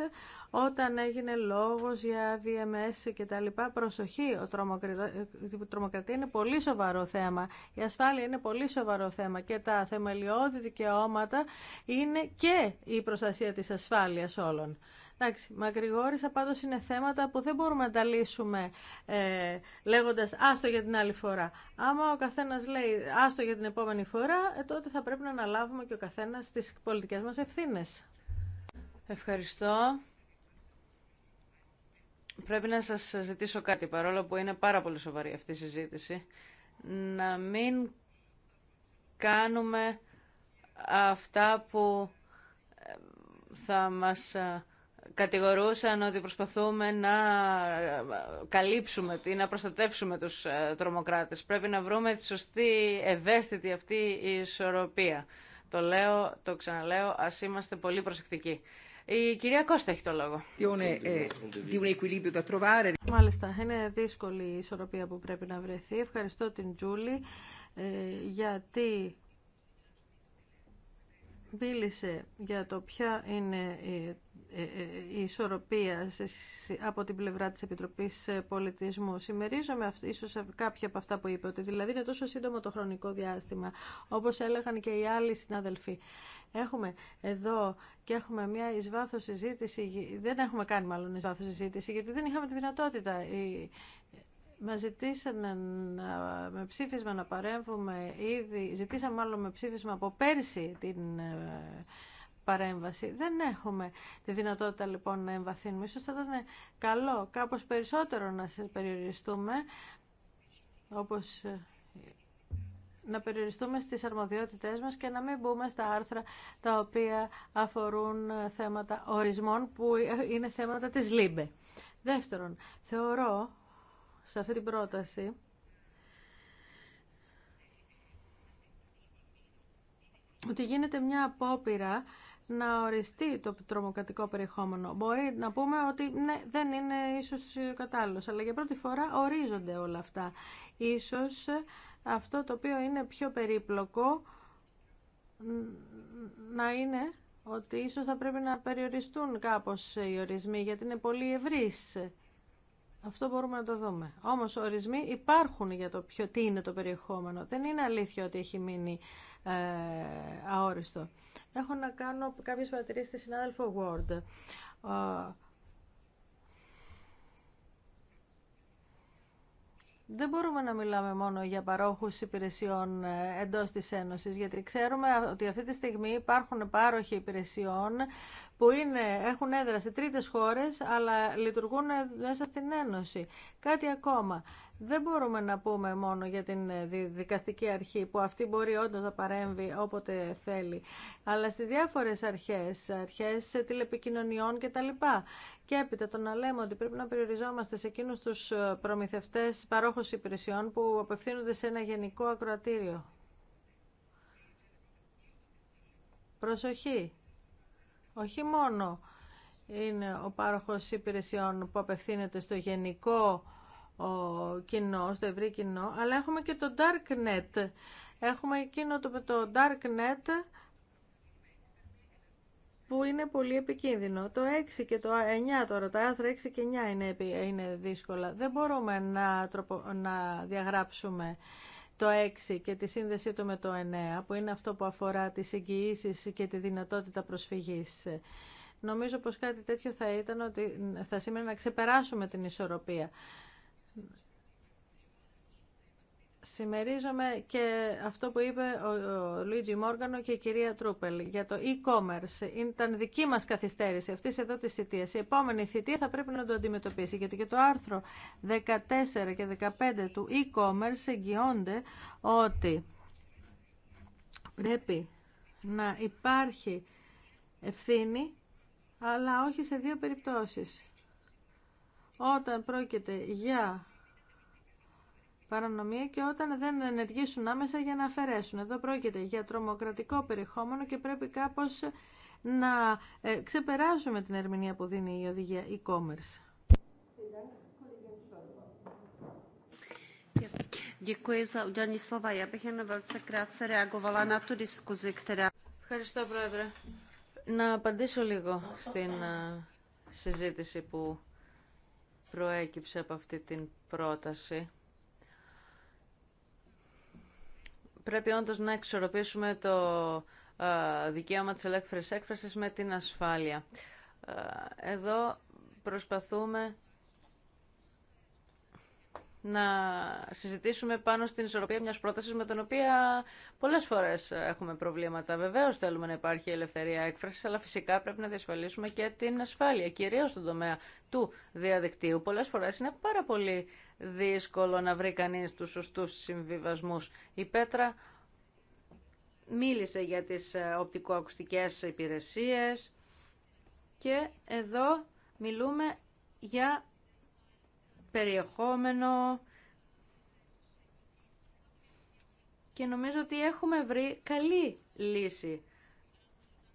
όταν έγινε λόγος για VMS και τα λοιπά. Προσοχή, ο η τρομοκρατία είναι πολύ σοβαρό θέμα. Η ασφάλεια είναι πολύ σοβαρό θέμα και τα θεμελιώδη δικαιώματα είναι και η προστασία της ασφάλειας όλων. Εντάξει, μακρηγόρησα πάντω είναι θέματα που δεν μπορούμε να τα λύσουμε ε, λέγοντας άστο για την άλλη φορά. Άμα ο καθένας λέει άστο για την επόμενη φορά, ε, τότε θα πρέπει να αναλάβουμε και ο καθένας τις πολιτικές μας ευθύνε. Ευχαριστώ. Πρέπει να σας ζητήσω κάτι, παρόλο που είναι πάρα πολύ σοβαρή αυτή η συζήτηση, να μην κάνουμε αυτά που ε, θα μας ε, κατηγορούσαν ότι προσπαθούμε να ε, καλύψουμε ή να προστατεύσουμε τους ε, τρομοκράτες. Πρέπει να βρούμε τη σωστή ευαίσθητη αυτή η ισορροπία. Το λέω, το ξαναλέω, ας είμαστε πολύ προσεκτικοί. Η κυρία Κώστα έχει το λόγο. Ε, Μάλιστα, είναι δύσκολη η ισορροπία που πρέπει να προστατευσουμε τους τρομοκρατες πρεπει να βρουμε τη σωστη ευαισθητη αυτη ισορροπια το λεω το ξαναλεω ας ειμαστε Ευχαριστώ την Τζούλη γιατί μίλησε για το ποια είναι ε, ε, η ισορροπία από την πλευρά της Επιτροπής ε, Πολιτισμού. Συμμερίζομαι ίσως κάποια από αυτά που είπε, ότι δηλαδή είναι τόσο σύντομο το χρονικό διάστημα, όπως έλεγαν και οι άλλοι συνάδελφοι. Έχουμε εδώ και έχουμε μια εις βάθος συζήτηση, δεν έχουμε κάνει μάλλον εις βάθος συζήτηση, γιατί δεν είχαμε τη δυνατότητα. Μα ζητήσανε με ψήφισμα να παρέμβουμε ήδη, ζητήσαμε μάλλον με ψήφισμα από πέρσι την παρέμβαση. Δεν έχουμε τη δυνατότητα λοιπόν να εμβαθύνουμε. Ίσως θα ήταν καλό κάπως περισσότερο να σε περιοριστούμε, όπως ε, να περιοριστούμε στις αρμοδιότητές μας και να μην μπούμε στα άρθρα τα οποία αφορούν ε, θέματα ορισμών που ε, είναι θέματα της ΛΥΜΠΕ. Δεύτερον, θεωρώ σε αυτή την πρόταση ότι γίνεται μια απόπειρα να οριστεί το τρομοκρατικό περιεχόμενο. Μπορεί να πούμε ότι ναι, δεν είναι ίσως κατάλληλο, αλλά για πρώτη φορά ορίζονται όλα αυτά. Ίσως αυτό το οποίο είναι πιο περίπλοκο να είναι ότι ίσως θα πρέπει να περιοριστούν κάπως οι ορισμοί, γιατί είναι πολύ ευρύς αυτό μπορούμε να το δούμε. Όμως ορισμοί υπάρχουν για το ποιο, τι είναι το περιεχόμενο. Δεν είναι αλήθεια ότι έχει μείνει ε, αόριστο. Έχω να κάνω κάποιες παρατηρήσεις στη συνάδελφο Word. δεν μπορούμε να μιλάμε μόνο για παρόχους υπηρεσιών ε, εντός της Ένωσης, γιατί ξέρουμε ότι αυτή τη στιγμή υπάρχουν πάροχοι υπηρεσιών που είναι, έχουν έδρα σε τρίτες χώρες, αλλά λειτουργούν ε, μέσα στην Ένωση. Κάτι ακόμα δεν μπορούμε να πούμε μόνο για την ε, δικαστική αρχή που αυτή μπορεί όντως να παρέμβει όποτε θέλει, αλλά στις διάφορες αρχές, αρχές τηλεπικοινωνιών κτλ. Και έπειτα το να λέμε ότι πρέπει να περιοριζόμαστε σε εκείνους τους ε, προμηθευτές παρόχους υπηρεσιών που απευθύνονται σε ένα γενικό ακροατήριο. Προσοχή! Όχι μόνο είναι ο πάροχος υπηρεσιών που απευθύνεται στο γενικό κοινό, στο ευρύ κοινό, αλλά έχουμε και το darknet. Έχουμε εκείνο το, το darknet που είναι πολύ επικίνδυνο. Το 6 και το 9 τώρα, τα άρθρα 6 και 9 είναι, είναι δύσκολα. Δεν μπορούμε να, να διαγράψουμε το 6 και τη σύνδεσή του με το 9, που είναι αυτό που αφορά τις εγγυήσει και τη δυνατότητα προσφυγής. Νομίζω πως κάτι τέτοιο θα ήταν ότι θα σήμερα να ξεπεράσουμε την ισορροπία. Συμμερίζομαι και αυτό που είπε ο Λουίτζι Μόργανο και η κυρία Τρούπελ για το e-commerce. Ήταν δική μας καθυστέρηση αυτή εδώ τη θητεία. Η επόμενη θητεία θα πρέπει να το αντιμετωπίσει, γιατί και το άρθρο 14 και 15 του e-commerce εγγυώνται ότι πρέπει να υπάρχει ευθύνη, αλλά όχι σε δύο περιπτώσεις όταν πρόκειται για παρανομία και όταν δεν ενεργήσουν άμεσα για να αφαιρέσουν. Εδώ πρόκειται για τρομοκρατικό περιεχόμενο και πρέπει κάπως να ε, ξεπεράσουμε την ερμηνεία που δίνει η οδηγία e-commerce. Ευχαριστώ, Πρόεδρε. Να απαντήσω λίγο στην ε, συζήτηση που προέκυψε από αυτή την πρόταση. Πρέπει όντως να εξορροπήσουμε το ε, δικαίωμα της ελεύθερης έκφρασης με την ασφάλεια. Ε, εδώ προσπαθούμε να συζητήσουμε πάνω στην ισορροπία μιας πρότασης με την οποία πολλές φορές έχουμε προβλήματα. Βεβαίως θέλουμε να υπάρχει ελευθερία έκφρασης, αλλά φυσικά πρέπει να διασφαλίσουμε και την ασφάλεια, κυρίως στον τομέα του διαδικτύου. Πολλές φορές είναι πάρα πολύ δύσκολο να βρει κανείς τους σωστούς συμβιβασμούς. Η Πέτρα μίλησε για τις ε, οπτικοακουστικές υπηρεσίες και εδώ μιλούμε για περιεχόμενο και νομίζω ότι έχουμε βρει καλή λύση.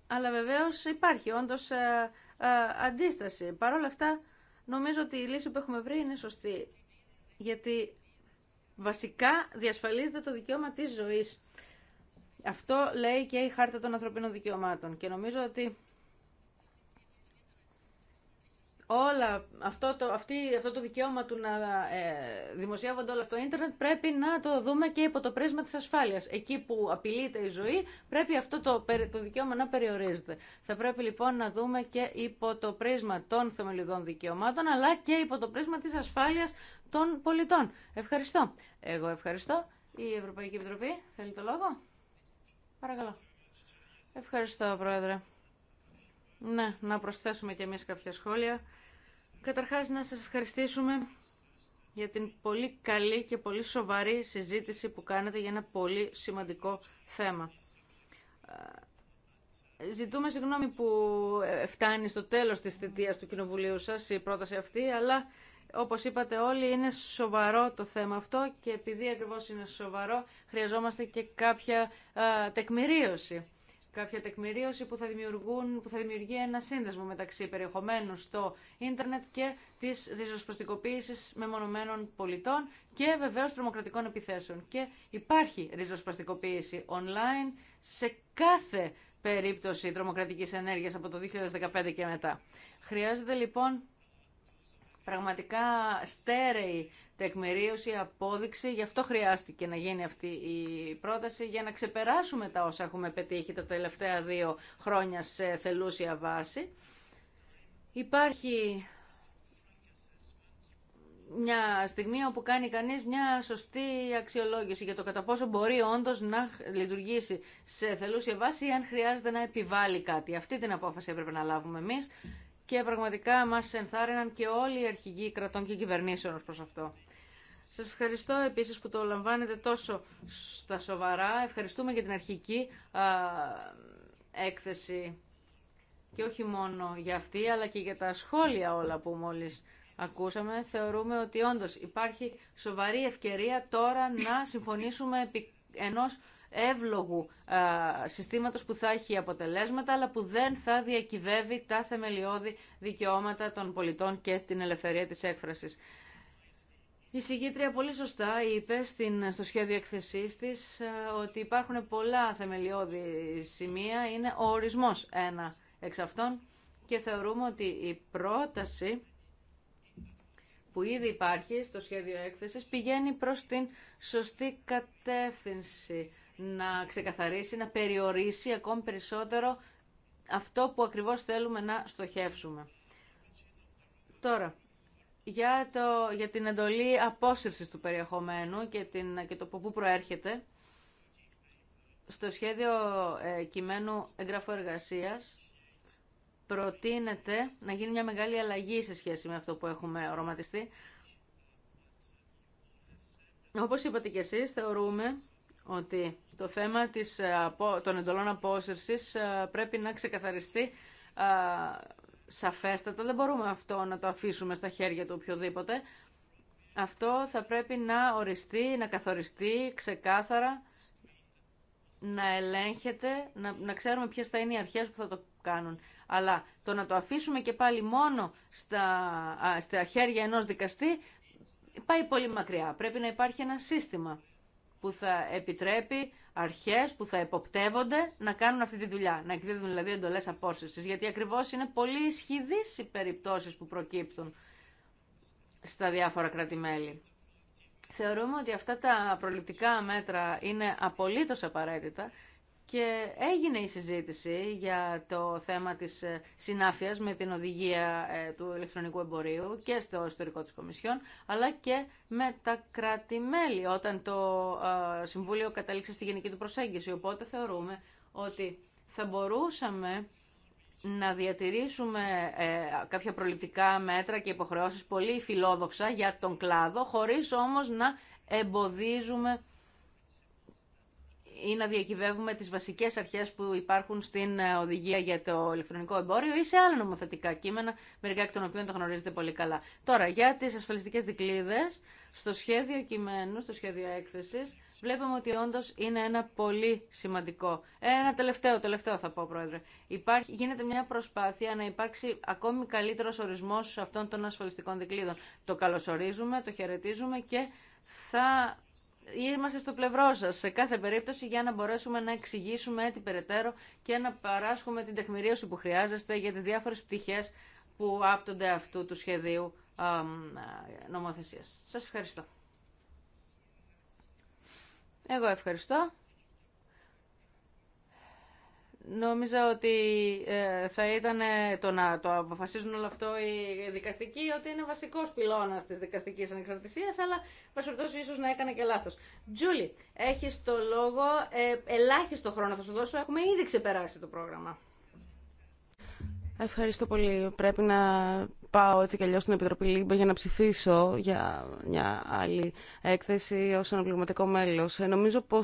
Αλλά βεβαίως υπάρχει όντως ε, ε, αντίσταση. Παρ' όλα αυτά νομίζω ότι η λύση που έχουμε βρει είναι σωστή. Γιατί βασικά διασφαλίζεται το δικαίωμα της ζωής. Αυτό λέει και η Χάρτα των Ανθρωπίνων Δικαιωμάτων. Και νομίζω ότι όλα, αυτό, το, αυτή, αυτό το δικαίωμα του να ε, δημοσιεύονται όλα στο ίντερνετ πρέπει να το δούμε και υπό το πρίσμα της ασφάλειας. Εκεί που απειλείται η ζωή πρέπει αυτό το, το δικαίωμα να περιορίζεται. Θα πρέπει λοιπόν να δούμε και υπό το πρίσμα των θεμελιδών δικαιωμάτων αλλά και υπό το πρίσμα της ασφάλειας των πολιτών. Ευχαριστώ. Εγώ ευχαριστώ. Η Ευρωπαϊκή Επιτροπή θέλει το λόγο. Παρακαλώ. Ευχαριστώ, Πρόεδρε. Ναι, να προσθέσουμε και εμείς κάποια σχόλια. Καταρχάς να σας ευχαριστήσουμε για την πολύ καλή και πολύ σοβαρή συζήτηση που κάνετε για ένα πολύ σημαντικό θέμα. Ε, ζητούμε συγγνώμη που ε, φτάνει στο τέλος της θητείας του Κοινοβουλίου σας η πρόταση αυτή, αλλά όπως είπατε όλοι είναι σοβαρό το θέμα αυτό και επειδή ακριβώς είναι σοβαρό χρειαζόμαστε και κάποια α, ε, τεκμηρίωση κάποια τεκμηρίωση που θα, δημιουργούν, που θα δημιουργεί ένα σύνδεσμο μεταξύ περιεχομένου στο ίντερνετ και της ριζοσπαστικοποίησης μεμονωμένων πολιτών και βεβαίως τρομοκρατικών επιθέσεων. Και υπάρχει ριζοσπαστικοποίηση online σε κάθε περίπτωση τρομοκρατικής ενέργειας από το 2015 και μετά. Χρειάζεται λοιπόν πραγματικά στέρεη τεκμηρίωση, απόδειξη. Γι' αυτό χρειάστηκε να γίνει αυτή η πρόταση για να ξεπεράσουμε τα όσα έχουμε πετύχει τα τελευταία δύο χρόνια σε θελούσια βάση. Υπάρχει μια στιγμή όπου κάνει κανείς μια σωστή αξιολόγηση για το κατά πόσο μπορεί όντως να λειτουργήσει σε θελούσια βάση ή αν χρειάζεται να επιβάλλει κάτι. Αυτή την απόφαση έπρεπε να λάβουμε εμείς και πραγματικά μας ενθάρρυναν και όλοι οι αρχηγοί κρατών και κυβερνήσεων ως προς αυτό. Σας ευχαριστώ επίσης που το λαμβάνετε τόσο στα σοβαρά. Ευχαριστούμε για την αρχική έκθεση και όχι μόνο για αυτή, αλλά και για τα σχόλια όλα που μόλις ακούσαμε. Θεωρούμε ότι όντως υπάρχει σοβαρή ευκαιρία τώρα να συμφωνήσουμε επί εύλογου συστήματος που θα έχει αποτελέσματα αλλά που δεν θα διακυβεύει τα θεμελιώδη δικαιώματα των πολιτών και την ελευθερία της έκφρασης. Η συγκήτρια πολύ σωστά είπε στο σχέδιο εκθεσής της ότι υπάρχουν πολλά θεμελιώδη σημεία, είναι ο ορισμός ένα εξ αυτών και θεωρούμε ότι η πρόταση που ήδη υπάρχει στο σχέδιο έκθεσης πηγαίνει προς την σωστή κατεύθυνση να ξεκαθαρίσει, να περιορίσει ακόμη περισσότερο αυτό που ακριβώς θέλουμε να στοχεύσουμε. Τώρα, για, το, για την εντολή απόσυρσης του περιεχομένου και, την, το που προερχεται στο σχεδιο κειμενου εγγραφου οραματιστεί. Όπως είπατε και εσείς, θεωρούμε ότι το θέμα της, ε, των εντολών απόσυρσης ε, πρέπει να ξεκαθαριστεί ε, σαφέστατα. Δεν μπορούμε αυτό να το αφήσουμε στα χέρια του οποιοδήποτε. Αυτό θα πρέπει να οριστεί, να καθοριστεί ξεκάθαρα, να ελέγχεται, να, να ξέρουμε ποιες θα είναι οι αρχές που θα το κάνουν. Αλλά το να το αφήσουμε και πάλι μόνο στα, στα χέρια ενός δικαστή πάει πολύ μακριά. Πρέπει να υπάρχει ένα σύστημα που θα επιτρέπει αρχές που θα εποπτεύονται να κάνουν αυτή τη δουλειά, να εκδίδουν δηλαδή εντολέ απόσυρση. γιατί ακριβώς είναι πολύ ισχυδείς οι περιπτώσει που προκύπτουν στα διάφορα κράτη-μέλη. Θεωρούμε ότι αυτά τα προληπτικά μέτρα είναι απολύτως απαραίτητα και έγινε η συζήτηση για το θέμα της ε, συνάφειας με την οδηγία ε, του ηλεκτρονικού εμπορίου και στο ιστορικό της Κομισιόν, αλλά και με τα κράτη-μέλη όταν το ε, Συμβούλιο καταλήξε στη γενική του προσέγγιση. Οπότε θεωρούμε ότι θα μπορούσαμε να διατηρήσουμε κάποια προληπτικά μέτρα και υποχρεώσεις πολύ φιλόδοξα για τον κλάδο, χωρίς όμως να εμποδίζουμε ή να διακυβεύουμε τις βασικές αρχές που υπάρχουν στην ε, οδηγία για το ηλεκτρονικό εμπόριο ή σε άλλα νομοθετικά κείμενα, μερικά εκ των οποίων τα γνωρίζετε πολύ καλά. Τώρα, για τις ασφαλιστικές δικλείδες, στο σχέδιο κειμένου, στο σχέδιο έκθεσης, βλέπουμε ότι όντως είναι ένα πολύ σημαντικό. Ένα τελευταίο, τελευταίο θα πω, Πρόεδρε. Υπάρχει, γίνεται μια προσπάθεια να υπάρξει ακόμη καλύτερος ορισμός αυτών των ασφαλιστικών δικλείδων. Το καλωσορίζουμε, το χαιρετίζουμε και θα είμαστε στο πλευρό σα σε κάθε περίπτωση για να μπορέσουμε να εξηγήσουμε την περαιτέρω και να παράσχουμε την τεχνηρίωση που χρειάζεστε για τι διάφορε πτυχέ που άπτονται αυτού του σχεδίου ε, νομοθεσία. Σα ευχαριστώ. Εγώ ευχαριστώ. Νόμιζα ότι ε, θα ήταν το να το αποφασίζουν όλο αυτό οι δικαστικοί, ότι είναι βασικό πυλώνα τη δικαστική ανεξαρτησία, αλλά προσπαθώ ίσω να έκανε και λάθο. Τζούλη, έχει το λόγο. Ε, ελάχιστο χρόνο θα σου δώσω. Έχουμε ήδη ξεπεράσει το πρόγραμμα. Ευχαριστώ πολύ. Πρέπει να πάω έτσι κι αλλιώ στην Επιτροπή Λίμπε για να ψηφίσω για μια άλλη έκθεση ω αναπληρωματικό μέλο. Ε, νομίζω πω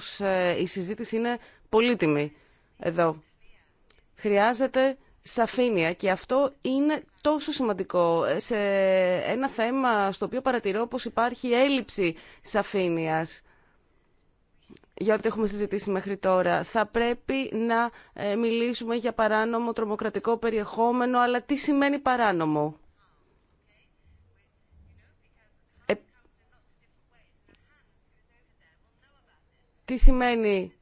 η συζήτηση είναι πολύτιμη εδώ. Χρειάζεται σαφήνεια και αυτό είναι τόσο σημαντικό ε, σε ένα θέμα στο οποίο παρατηρώ πως υπάρχει έλλειψη σαφήνειας για ό,τι έχουμε συζητήσει μέχρι τώρα. Θα πρέπει να ε, μιλήσουμε για παράνομο τρομοκρατικό περιεχόμενο, αλλά τι σημαίνει παράνομο. Ε, τι σημαίνει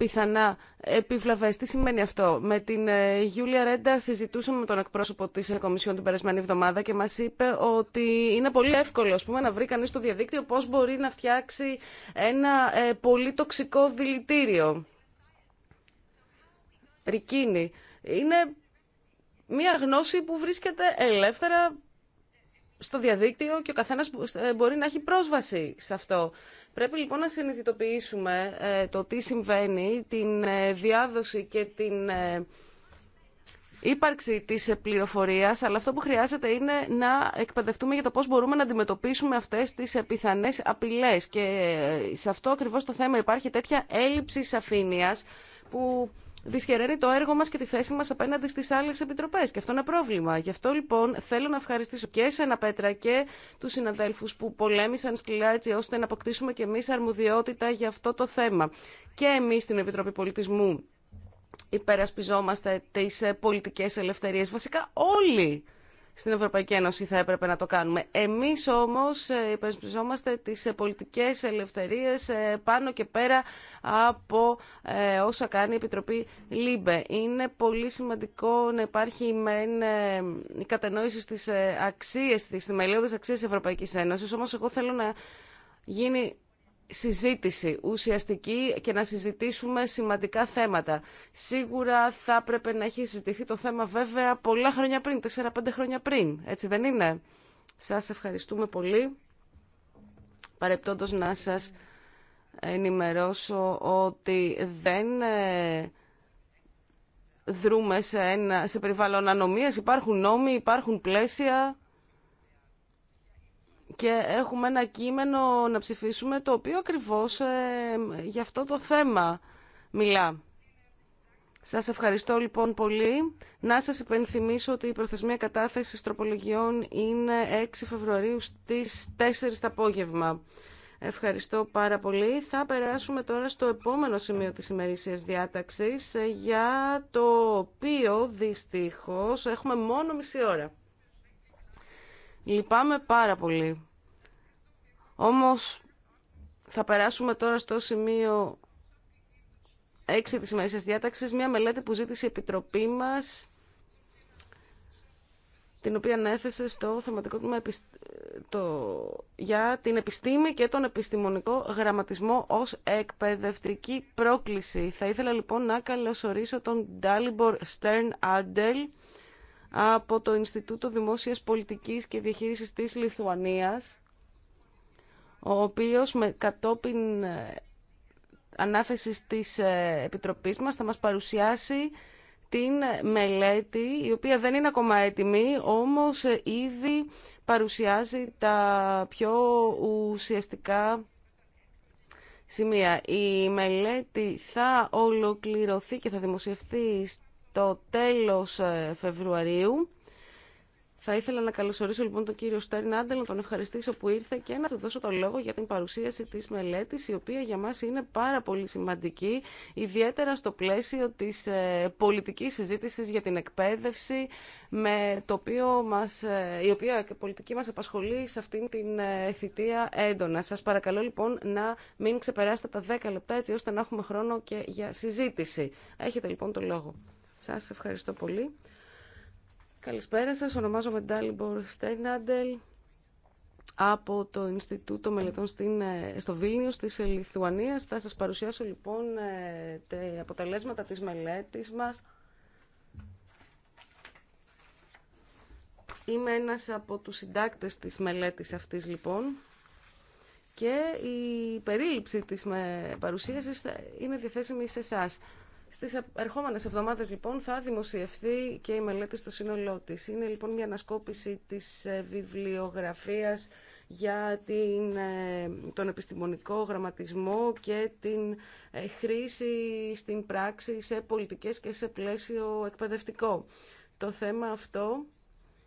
πιθανά επιβλαβές. Τι σημαίνει αυτό. Με την ε, Γιούλια Ρέντα συζητούσαμε με τον εκπρόσωπο της ε, Κομισιόν την περασμένη εβδομάδα και μας είπε ότι είναι πολύ εύκολο ας να βρει κανείς στο διαδίκτυο πώς μπορεί να φτιάξει ένα ε, πολύ τοξικό δηλητήριο. Ρικίνη. Είναι μια γνώση που βρίσκεται ελεύθερα στο διαδίκτυο και ο καθένας μπορεί να έχει πρόσβαση σε αυτό. Πρέπει λοιπόν να συνειδητοποιήσουμε ε, το τι συμβαίνει, την ε, διάδοση και την ε, ύπαρξη της πληροφορία, αλλά αυτό που χρειάζεται είναι να εκπαιδευτούμε για το πώς μπορούμε να αντιμετωπίσουμε αυτές τις πιθανές απειλές. Και σε αυτό ακριβώς το θέμα υπάρχει τέτοια έλλειψη σαφήνειας που δυσχεραίνει το έργο μας και τη θέση μα απέναντι στις άλλε επιτροπές. Και αυτό είναι πρόβλημα. Γι' αυτό λοιπόν θέλω να ευχαριστήσω και εσένα Πέτρα και τους συναδέλφους που πολέμησαν σκληρά έτσι ώστε να αποκτήσουμε και εμείς αρμοδιότητα για αυτό το θέμα. Και εμείς στην Επιτροπή Πολιτισμού υπερασπιζόμαστε τι πολιτικέ ελευθερίε. Βασικά όλοι στην Ευρωπαϊκή Ένωση θα έπρεπε να το κάνουμε. Εμείς όμως ε, υπερασπιζόμαστε τις ε, πολιτικές ελευθερίες ε, πάνω και πέρα από όσα κάνει η Επιτροπή ΛΥΜΠΕ. Είναι πολύ σημαντικό να υπάρχει μεν η κατανόηση στις αξίες, στις θεμελιώδει αξίες της Ευρωπαϊκής Ένωσης, όμως εγώ θέλω να γίνει συζήτηση ουσιαστική και να συζητήσουμε σημαντικά θέματα. Σίγουρα θα έπρεπε να έχει συζητηθεί το θέμα βέβαια πολλά χρόνια πριν, 4-5 χρόνια πριν, έτσι δεν είναι. Σας ευχαριστούμε πολύ. Παρεπτόντος να σας ενημερώσω ότι δεν ε, δρούμε σε, ένα, σε περιβάλλον ανομίας, υπάρχουν νόμοι, υπάρχουν πλαίσια και έχουμε ένα κείμενο να ψηφίσουμε το οποίο ακριβώς ε, για αυτό το θέμα μιλά. Σας ευχαριστώ λοιπόν πολύ. Να σας υπενθυμίσω ότι η προθεσμία κατάθεσης τροπολογιών είναι 6 Φεβρουαρίου στις 4 το απόγευμα. Ευχαριστώ πάρα πολύ. Θα περάσουμε τώρα στο επόμενο σημείο της ημερήσιας διάταξης, ε, για το οποίο δυστυχώς έχουμε μόνο μισή ώρα. Λυπάμαι πάρα πολύ. Όμως θα περάσουμε τώρα στο σημείο 6 της ημερήσιας διάταξης, μια μελέτη που ζήτησε η Επιτροπή μας, την οποία ανέθεσε στο θεματικό τμήμα το... για την επιστήμη και τον επιστημονικό γραμματισμό ως εκπαιδευτική πρόκληση. Θα ήθελα λοιπόν να καλωσορίσω τον Ντάλιμπορ Στέρν Άντελ, από το Ινστιτούτο Δημόσιας Πολιτικής και Διαχείρισης της Λιθουανίας, ο οποίος με κατόπιν ε, ανάθεσης της ε, Επιτροπής μας θα μας παρουσιάσει την ε, μελέτη, η οποία δεν είναι ακόμα έτοιμη, όμως ήδη παρουσιάζει τα πιο ουσιαστικά σημεία. Η μελέτη θα ολοκληρωθεί και θα δημοσιευθεί το τέλος ε, Φεβρουαρίου. Θα ήθελα να καλωσορίσω λοιπόν τον κύριο Στέρν Άντελ, να τον ευχαριστήσω που ήρθε και να του δώσω το λόγο για την παρουσίαση της μελέτης, η οποία για μας είναι πάρα πολύ σημαντική, ιδιαίτερα στο πλαίσιο της ε, πολιτικής συζήτησης για την εκπαίδευση, με το οποίο μας, ε, η οποία η πολιτική μας απασχολεί σε αυτήν την θητεία έντονα. Σας παρακαλώ λοιπόν να μην ξεπεράσετε τα 10 λεπτά, έτσι ώστε να έχουμε χρόνο και για συζήτηση. Έχετε λοιπόν το λόγο. Σας ευχαριστώ πολύ. Καλησπέρα σας, ονομάζομαι Ντάλιμπορ Στέιναντελ από το Ινστιτούτο Μελετών στην, ε, στο Βίλνιο, της ε, Λιθουανίας. Θα σας παρουσιάσω λοιπόν ε, τα αποτελέσματα της μελέτης μας. Είμαι ένας από τους συντάκτες της μελέτης αυτής λοιπόν και η περίληψη της με παρουσίασης είναι διαθέσιμη σε εσάς. Στι ερχόμενε εβδομάδες λοιπόν θα δημοσιευθεί και η μελέτη στο σύνολό τη. Είναι λοιπόν μια ανασκόπηση της ε, βιβλιογραφίας για την, ε, τον επιστημονικό γραμματισμό και την ε, χρήση στην πράξη σε πολιτικές και σε πλαίσιο εκπαιδευτικό. Το θέμα αυτό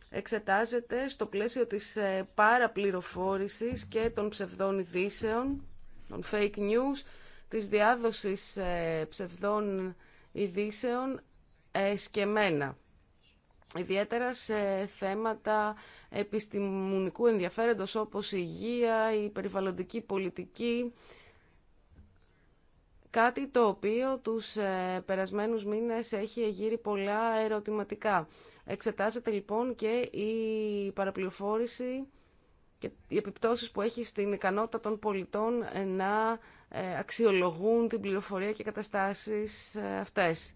εξετάζεται στο πλαίσιο της παραπληροφόρησης και των ψευδών ειδήσεων, των fake news, της διάδοσης ε, ψευδών ειδήσεων εσκεμένα. Ιδιαίτερα σε θέματα επιστημονικού ενδιαφέροντος όπως η υγεία, η περιβαλλοντική πολιτική, κάτι το οποίο τους ε, περασμένους μήνες έχει γύρει πολλά ερωτηματικά. Εξετάζεται λοιπόν και η παραπληροφόρηση και οι επιπτώσεις που έχει στην ικανότητα των πολιτών ε, να ε, αξιολογούν την πληροφορία και καταστάσεις ε, αυτές.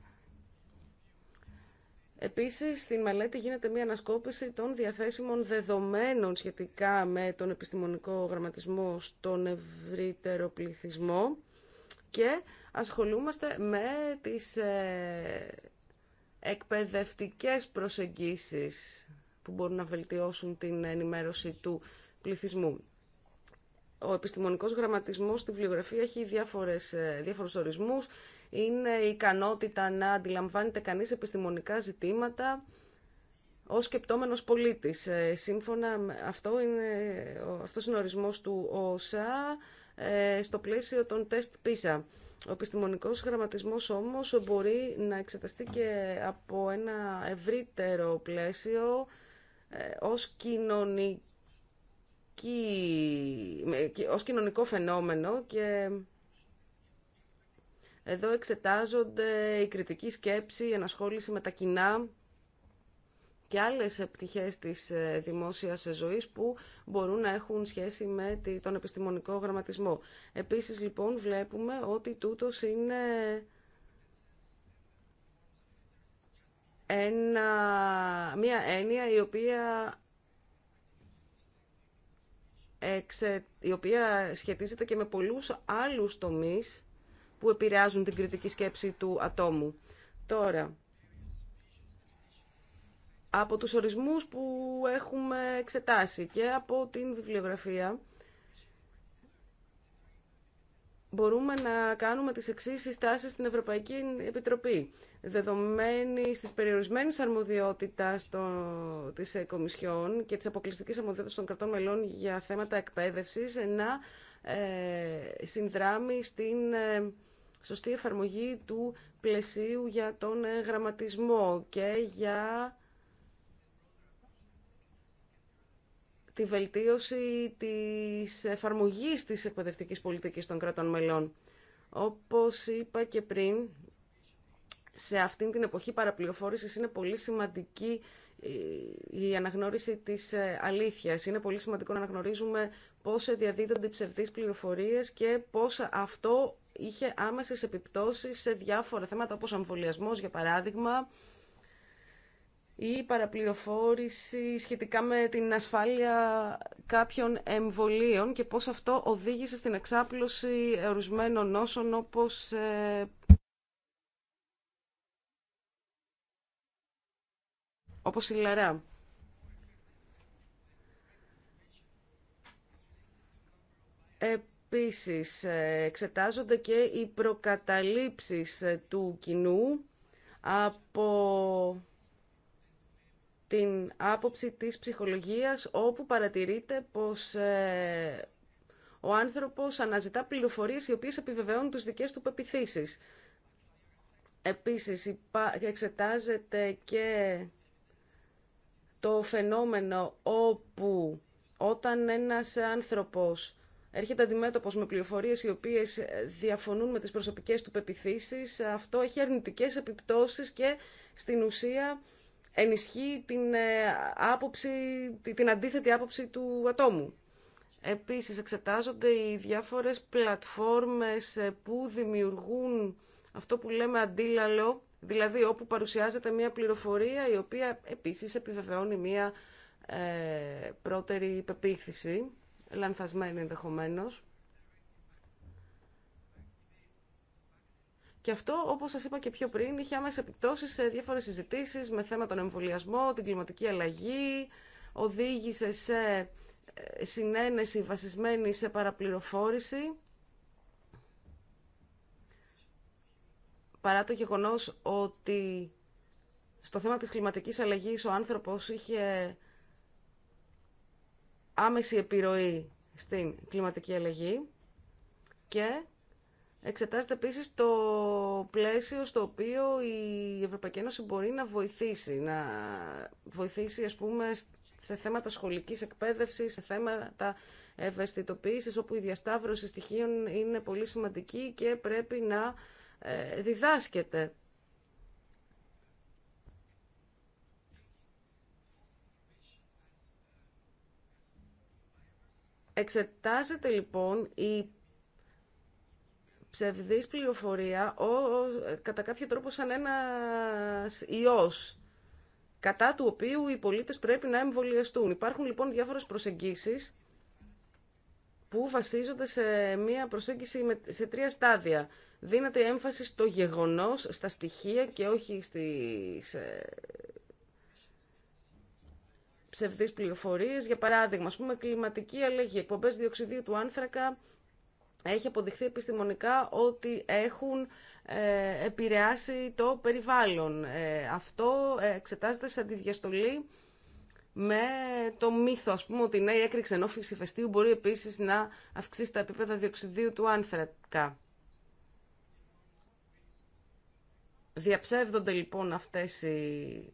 Επίσης, στην μελέτη γίνεται μια ανασκόπηση των διαθέσιμων δεδομένων σχετικά με τον επιστημονικό γραμματισμό στον ευρύτερο πληθυσμό και ασχολούμαστε με τις ε, εκπαιδευτικές προσεγγίσεις που μπορούν να βελτιώσουν την ενημέρωση του πληθυσμού ο επιστημονικός γραμματισμός στη βιβλιογραφία έχει διάφορες, ε, διάφορους ορισμούς. Είναι η ικανότητα να αντιλαμβάνεται κανείς επιστημονικά ζητήματα ως σκεπτόμενος πολίτης. Ε, σύμφωνα με αυτό είναι, αυτός ο ορισμός του ωσα ε, στο πλαίσιο των τεστ PISA. Ο επιστημονικός γραμματισμός όμως μπορεί να εξεταστεί και από ένα ευρύτερο πλαίσιο ως κοινωνική ως κοινωνικό φαινόμενο και εδώ εξετάζονται η κριτική σκέψη, η ενασχόληση με τα κοινά και άλλες πτυχές της ε, δημόσιας ζωής που μπορούν να έχουν σχέση με τον επιστημονικό γραμματισμό. Επίσης, λοιπόν, βλέπουμε ότι τούτος είναι ένα, μια έννοια η οποία η οποία σχετίζεται και με πολλούς άλλους τομείς που επηρεάζουν την κριτική σκέψη του ατόμου. Τώρα, από τους ορισμούς που έχουμε εξετάσει και από την βιβλιογραφία, μπορούμε να κάνουμε τις εξή συστάσεις στην Ευρωπαϊκή Επιτροπή. Δεδομένη στις περιορισμένες αρμοδιότητας το, της ε, Κομισιόν και της αποκλειστικής αρμοδιότητας των κρατών μελών για θέματα εκπαίδευσης να ε, συνδράμει στην ε, σωστή εφαρμογή του πλαισίου για τον γραμματισμό και για τη βελτίωση της εφαρμογής της εκπαιδευτικής πολιτικής των κρατών μελών. Όπως είπα και πριν, σε αυτήν την εποχή παραπληροφόρησης είναι πολύ σημαντική ε, η αναγνώριση της ε, αλήθειας. Είναι πολύ σημαντικό να αναγνωρίζουμε πώς διαδίδονται οι ψευδείς πληροφορίες και πώς αυτό είχε άμεσες επιπτώσεις σε διάφορα θέματα όπως αμβολιασμός, για παράδειγμα, ή παραπληροφόρηση σχετικά με την ασφάλεια κάποιων εμβολίων και πώς αυτό οδήγησε στην εξάπλωση ορισμένων νόσων όπως ε, όπως η Λαρά. Επίσης, ε, εξετάζονται και οι προκαταλήψεις ε, του κοινού από την άποψη της ψυχολογίας όπου παρατηρείται πως ε, ο άνθρωπος αναζητά πληροφορίες οι οποίες επιβεβαιώνουν τις δικές του πεπιθήσεις. Επίσης εξετάζεται και το φαινόμενο όπου όταν ένας άνθρωπος έρχεται αντιμέτωπος με πληροφορίες οι οποίες ε, διαφωνούν με τις προσωπικές του πεπιθήσεις, αυτό έχει αρνητικές επιπτώσεις και στην ουσία ενισχύει την, ε, άποψη, την αντίθετη άποψη του ατόμου. Επίσης εξετάζονται οι διάφορες πλατφόρμες ε, που δημιουργούν αυτό που λέμε αντίλαλο, δηλαδή όπου παρουσιάζεται μια πληροφορία η οποία επίσης επιβεβαιώνει μια ε, πρώτερη υπεποίθηση, λανθασμένη ενδεχομένως. Και αυτό, όπω σα είπα και πιο πριν, είχε άμεσε επιπτώσει σε διάφορε συζητήσει με θέμα τον εμβολιασμό, την κλιματική αλλαγή, οδήγησε σε ε, συνένεση βασισμένη σε παραπληροφόρηση. Παρά το γεγονός ότι στο θέμα της κλιματικής αλλαγής ο άνθρωπος είχε άμεση επιρροή στην κλιματική αλλαγή και Εξετάζεται επίση το πλαίσιο στο οποίο η Ευρωπαϊκή Ένωση μπορεί να βοηθήσει, να βοηθήσει ας πούμε σε θέματα σχολικής εκπαίδευσης, σε θέματα ευαισθητοποίησης, όπου η διασταύρωση στοιχείων είναι πολύ σημαντική και πρέπει να ε, διδάσκεται. Εξετάζεται λοιπόν η ψευδής πληροφορία ο, κατά κάποιο τρόπο σαν ένα ιός κατά του οποίου οι πολίτες πρέπει να εμβολιαστούν. Υπάρχουν λοιπόν διάφορες προσεγγίσεις που βασίζονται σε μία προσέγγιση σε τρία στάδια. Δίνεται έμφαση στο γεγονός, στα στοιχεία και όχι στις ε, ψευδείς πληροφορίες. Για παράδειγμα, ας πούμε, κλιματική αλλαγή, εκπομπές διοξιδίου του άνθρακα, έχει αποδειχθεί επιστημονικά ότι έχουν ε, επηρεάσει το περιβάλλον. Ε, αυτό ε, εξετάζεται σε αντιδιαστολή με το μύθο, ας πούμε, ότι ναι, η έκρηξη ενό φεστίου μπορεί επίσης να αυξήσει τα επίπεδα διοξιδίου του άνθρακα. Διαψεύδονται λοιπόν αυτές οι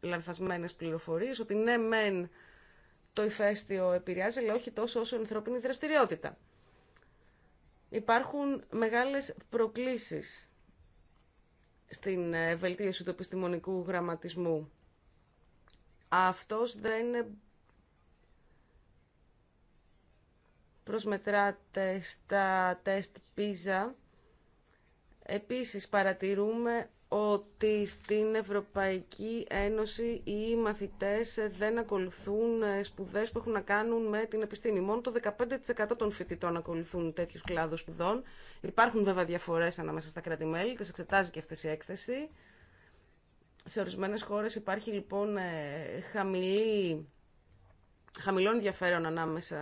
λανθασμένες πληροφορίες, ότι ναι, μεν το ηφαίστειο επηρεάζει, αλλά όχι τόσο όσο η ανθρώπινη δραστηριότητα. Υπάρχουν μεγάλες προκλήσεις στην ε, βελτίωση του επιστημονικού γραμματισμού. Αυτός δεν προσμετράται στα τεστ πιζα Επίσης παρατηρούμε ότι στην Ευρωπαϊκή Ένωση οι μαθητές δεν ακολουθούν σπουδές που έχουν να κάνουν με την επιστήμη. Μόνο το 15% των φοιτητών ακολουθούν τέτοιους κλάδους σπουδών. Υπάρχουν βέβαια διαφορές ανάμεσα στα κράτη-μέλη, τις εξετάζει και αυτή η έκθεση. Σε ορισμένες χώρες υπάρχει λοιπόν ε, χαμηλή, χαμηλό ενδιαφέρον ανάμεσα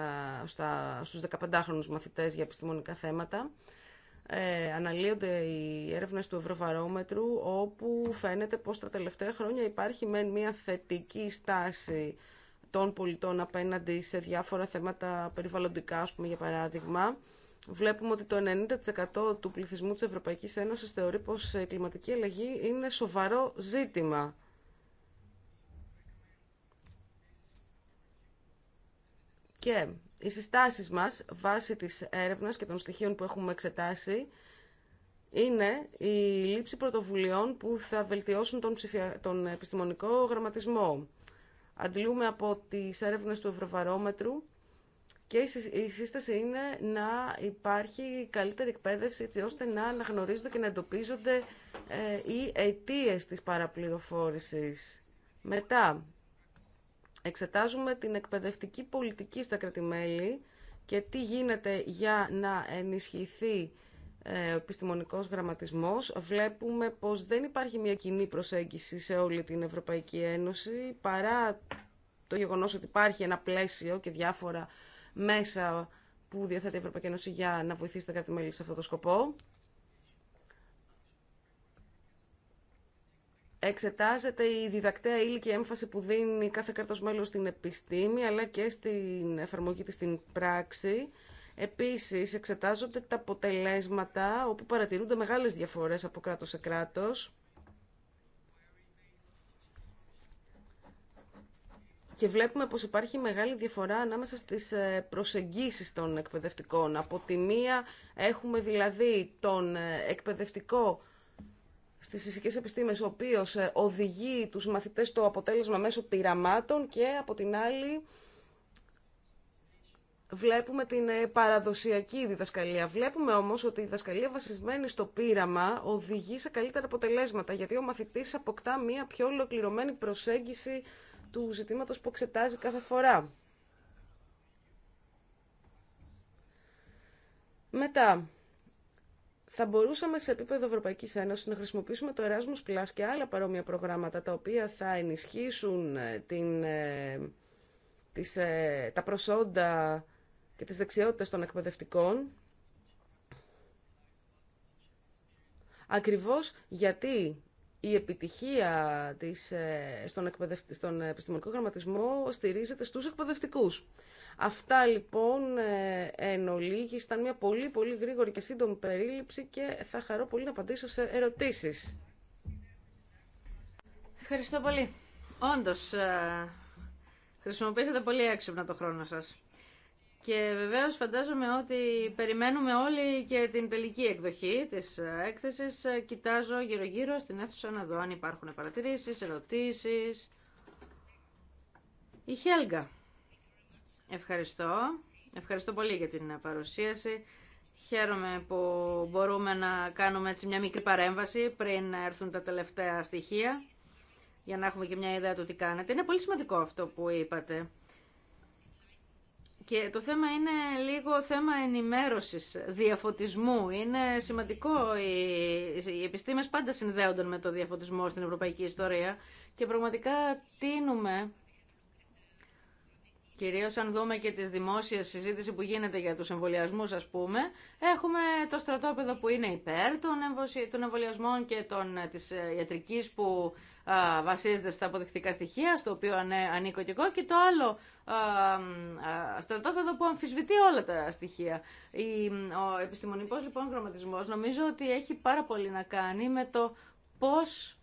στα, στους 15χρονους μαθητές για επιστημονικά θέματα ε, αναλύονται οι έρευνες του Ευρωβαρόμετρου όπου φαίνεται πως τα τελευταία χρόνια υπάρχει μεν μια θετική στάση των πολιτών απέναντι σε διάφορα θέματα περιβαλλοντικά, για παράδειγμα. Βλέπουμε ότι το 90% του πληθυσμού της Ευρωπαϊκής Ένωσης θεωρεί πως η κλιματική αλλαγή είναι σοβαρό ζήτημα. Και οι συστάσεις μας, βάσει της έρευνας και των στοιχείων που έχουμε εξετάσει, είναι η λήψη πρωτοβουλειών που θα βελτιώσουν τον, τον επιστημονικό γραμματισμό. Αντλούμε από τις έρευνες του Ευρωβαρόμετρου και η σύσταση είναι να υπάρχει καλύτερη εκπαίδευση έτσι ώστε να αναγνωρίζονται και να εντοπίζονται ε, οι αιτίες της παραπληροφόρησης. Μετά, Εξετάζουμε την εκπαιδευτική πολιτική στα κρατημέλη και τι γίνεται για να ενισχυθεί ε, ο επιστημονικός γραμματισμός. Βλέπουμε πως δεν υπάρχει μια κοινή προσέγγιση σε όλη την Ευρωπαϊκή Ένωση, παρά το γεγονός ότι υπάρχει ένα πλαίσιο και διάφορα μέσα που διαθέτει η Ευρωπαϊκή Ένωση για να βοηθήσει τα κρατη σε αυτό το σκοπό. Εξετάζεται η διδακτέα ύλη και έμφαση που δίνει κάθε κράτος μέλος στην επιστήμη, αλλά και στην εφαρμογή της στην πράξη. Επίσης, εξετάζονται τα αποτελέσματα, όπου παρατηρούνται μεγάλες διαφορές από κράτος σε κράτος. Και βλέπουμε πως υπάρχει μεγάλη διαφορά ανάμεσα στις ε, προσεγγίσεις των εκπαιδευτικών. Από τη μία έχουμε δηλαδή τον ε, εκπαιδευτικό στις φυσικές επιστήμες, ο οποίος ε, οδηγεί τους μαθητές στο αποτέλεσμα μέσω πειραμάτων και από την άλλη βλέπουμε την ε, παραδοσιακή διδασκαλία. Βλέπουμε όμως ότι η διδασκαλία βασισμένη στο πείραμα οδηγεί σε καλύτερα αποτελέσματα, γιατί ο μαθητής αποκτά μία πιο ολοκληρωμένη προσέγγιση του ζητήματος που εξετάζει κάθε φορά. Μετά, θα μπορούσαμε σε επίπεδο Ευρωπαϊκή Ένωση να χρησιμοποιήσουμε το Erasmus Plus και άλλα παρόμοια προγράμματα τα οποία θα ενισχύσουν ε, την, ε, τις, ε, τα προσόντα και τις δεξιότητες των εκπαιδευτικών ακριβώς γιατί η επιτυχία της, ε, στον, στον επιστημονικό γραμματισμό στηρίζεται στους εκπαιδευτικούς. Αυτά λοιπόν ε, εν ολίγη ήταν μια πολύ πολύ γρήγορη και σύντομη περίληψη και θα χαρώ πολύ να απαντήσω σε ερωτήσεις. Ευχαριστώ πολύ. Όντως, ε, χρησιμοποίησατε πολύ έξυπνα το χρόνο σας. Και βεβαίω φαντάζομαι ότι περιμένουμε όλοι και την τελική εκδοχή της έκθεσης. Κοιτάζω γύρω-γύρω στην αίθουσα να δω αν υπάρχουν παρατηρήσεις, ερωτήσεις. Η Χέλγα. Ευχαριστώ. Ευχαριστώ πολύ για την παρουσίαση. Χαίρομαι που μπορούμε να κάνουμε έτσι μια μικρή παρέμβαση πριν έρθουν τα τελευταία στοιχεία για να έχουμε και μια ιδέα του τι κάνετε. Είναι πολύ σημαντικό αυτό που είπατε και το θέμα είναι λίγο θέμα ενημέρωσης, διαφωτισμού. Είναι σημαντικό, οι επιστήμες πάντα συνδέονται με το διαφωτισμό στην ευρωπαϊκή ιστορία και πραγματικά τίνουμε, κυρίως αν δούμε και τις δημόσιες συζήτηση που γίνεται για τους εμβολιασμούς ας πούμε, έχουμε το στρατόπεδο που είναι υπέρ των εμβολιασμών και των, ε, της ε, ιατρικής που βασίζεται στα αποδεικτικά στοιχεία, στο οποίο ανήκω και εγώ, και το άλλο στρατόπεδο που αμφισβητεί όλα τα στοιχεία. Ο επιστημονικός λοιπόν χρωματισμός νομίζω ότι έχει πάρα πολύ να κάνει με το πώς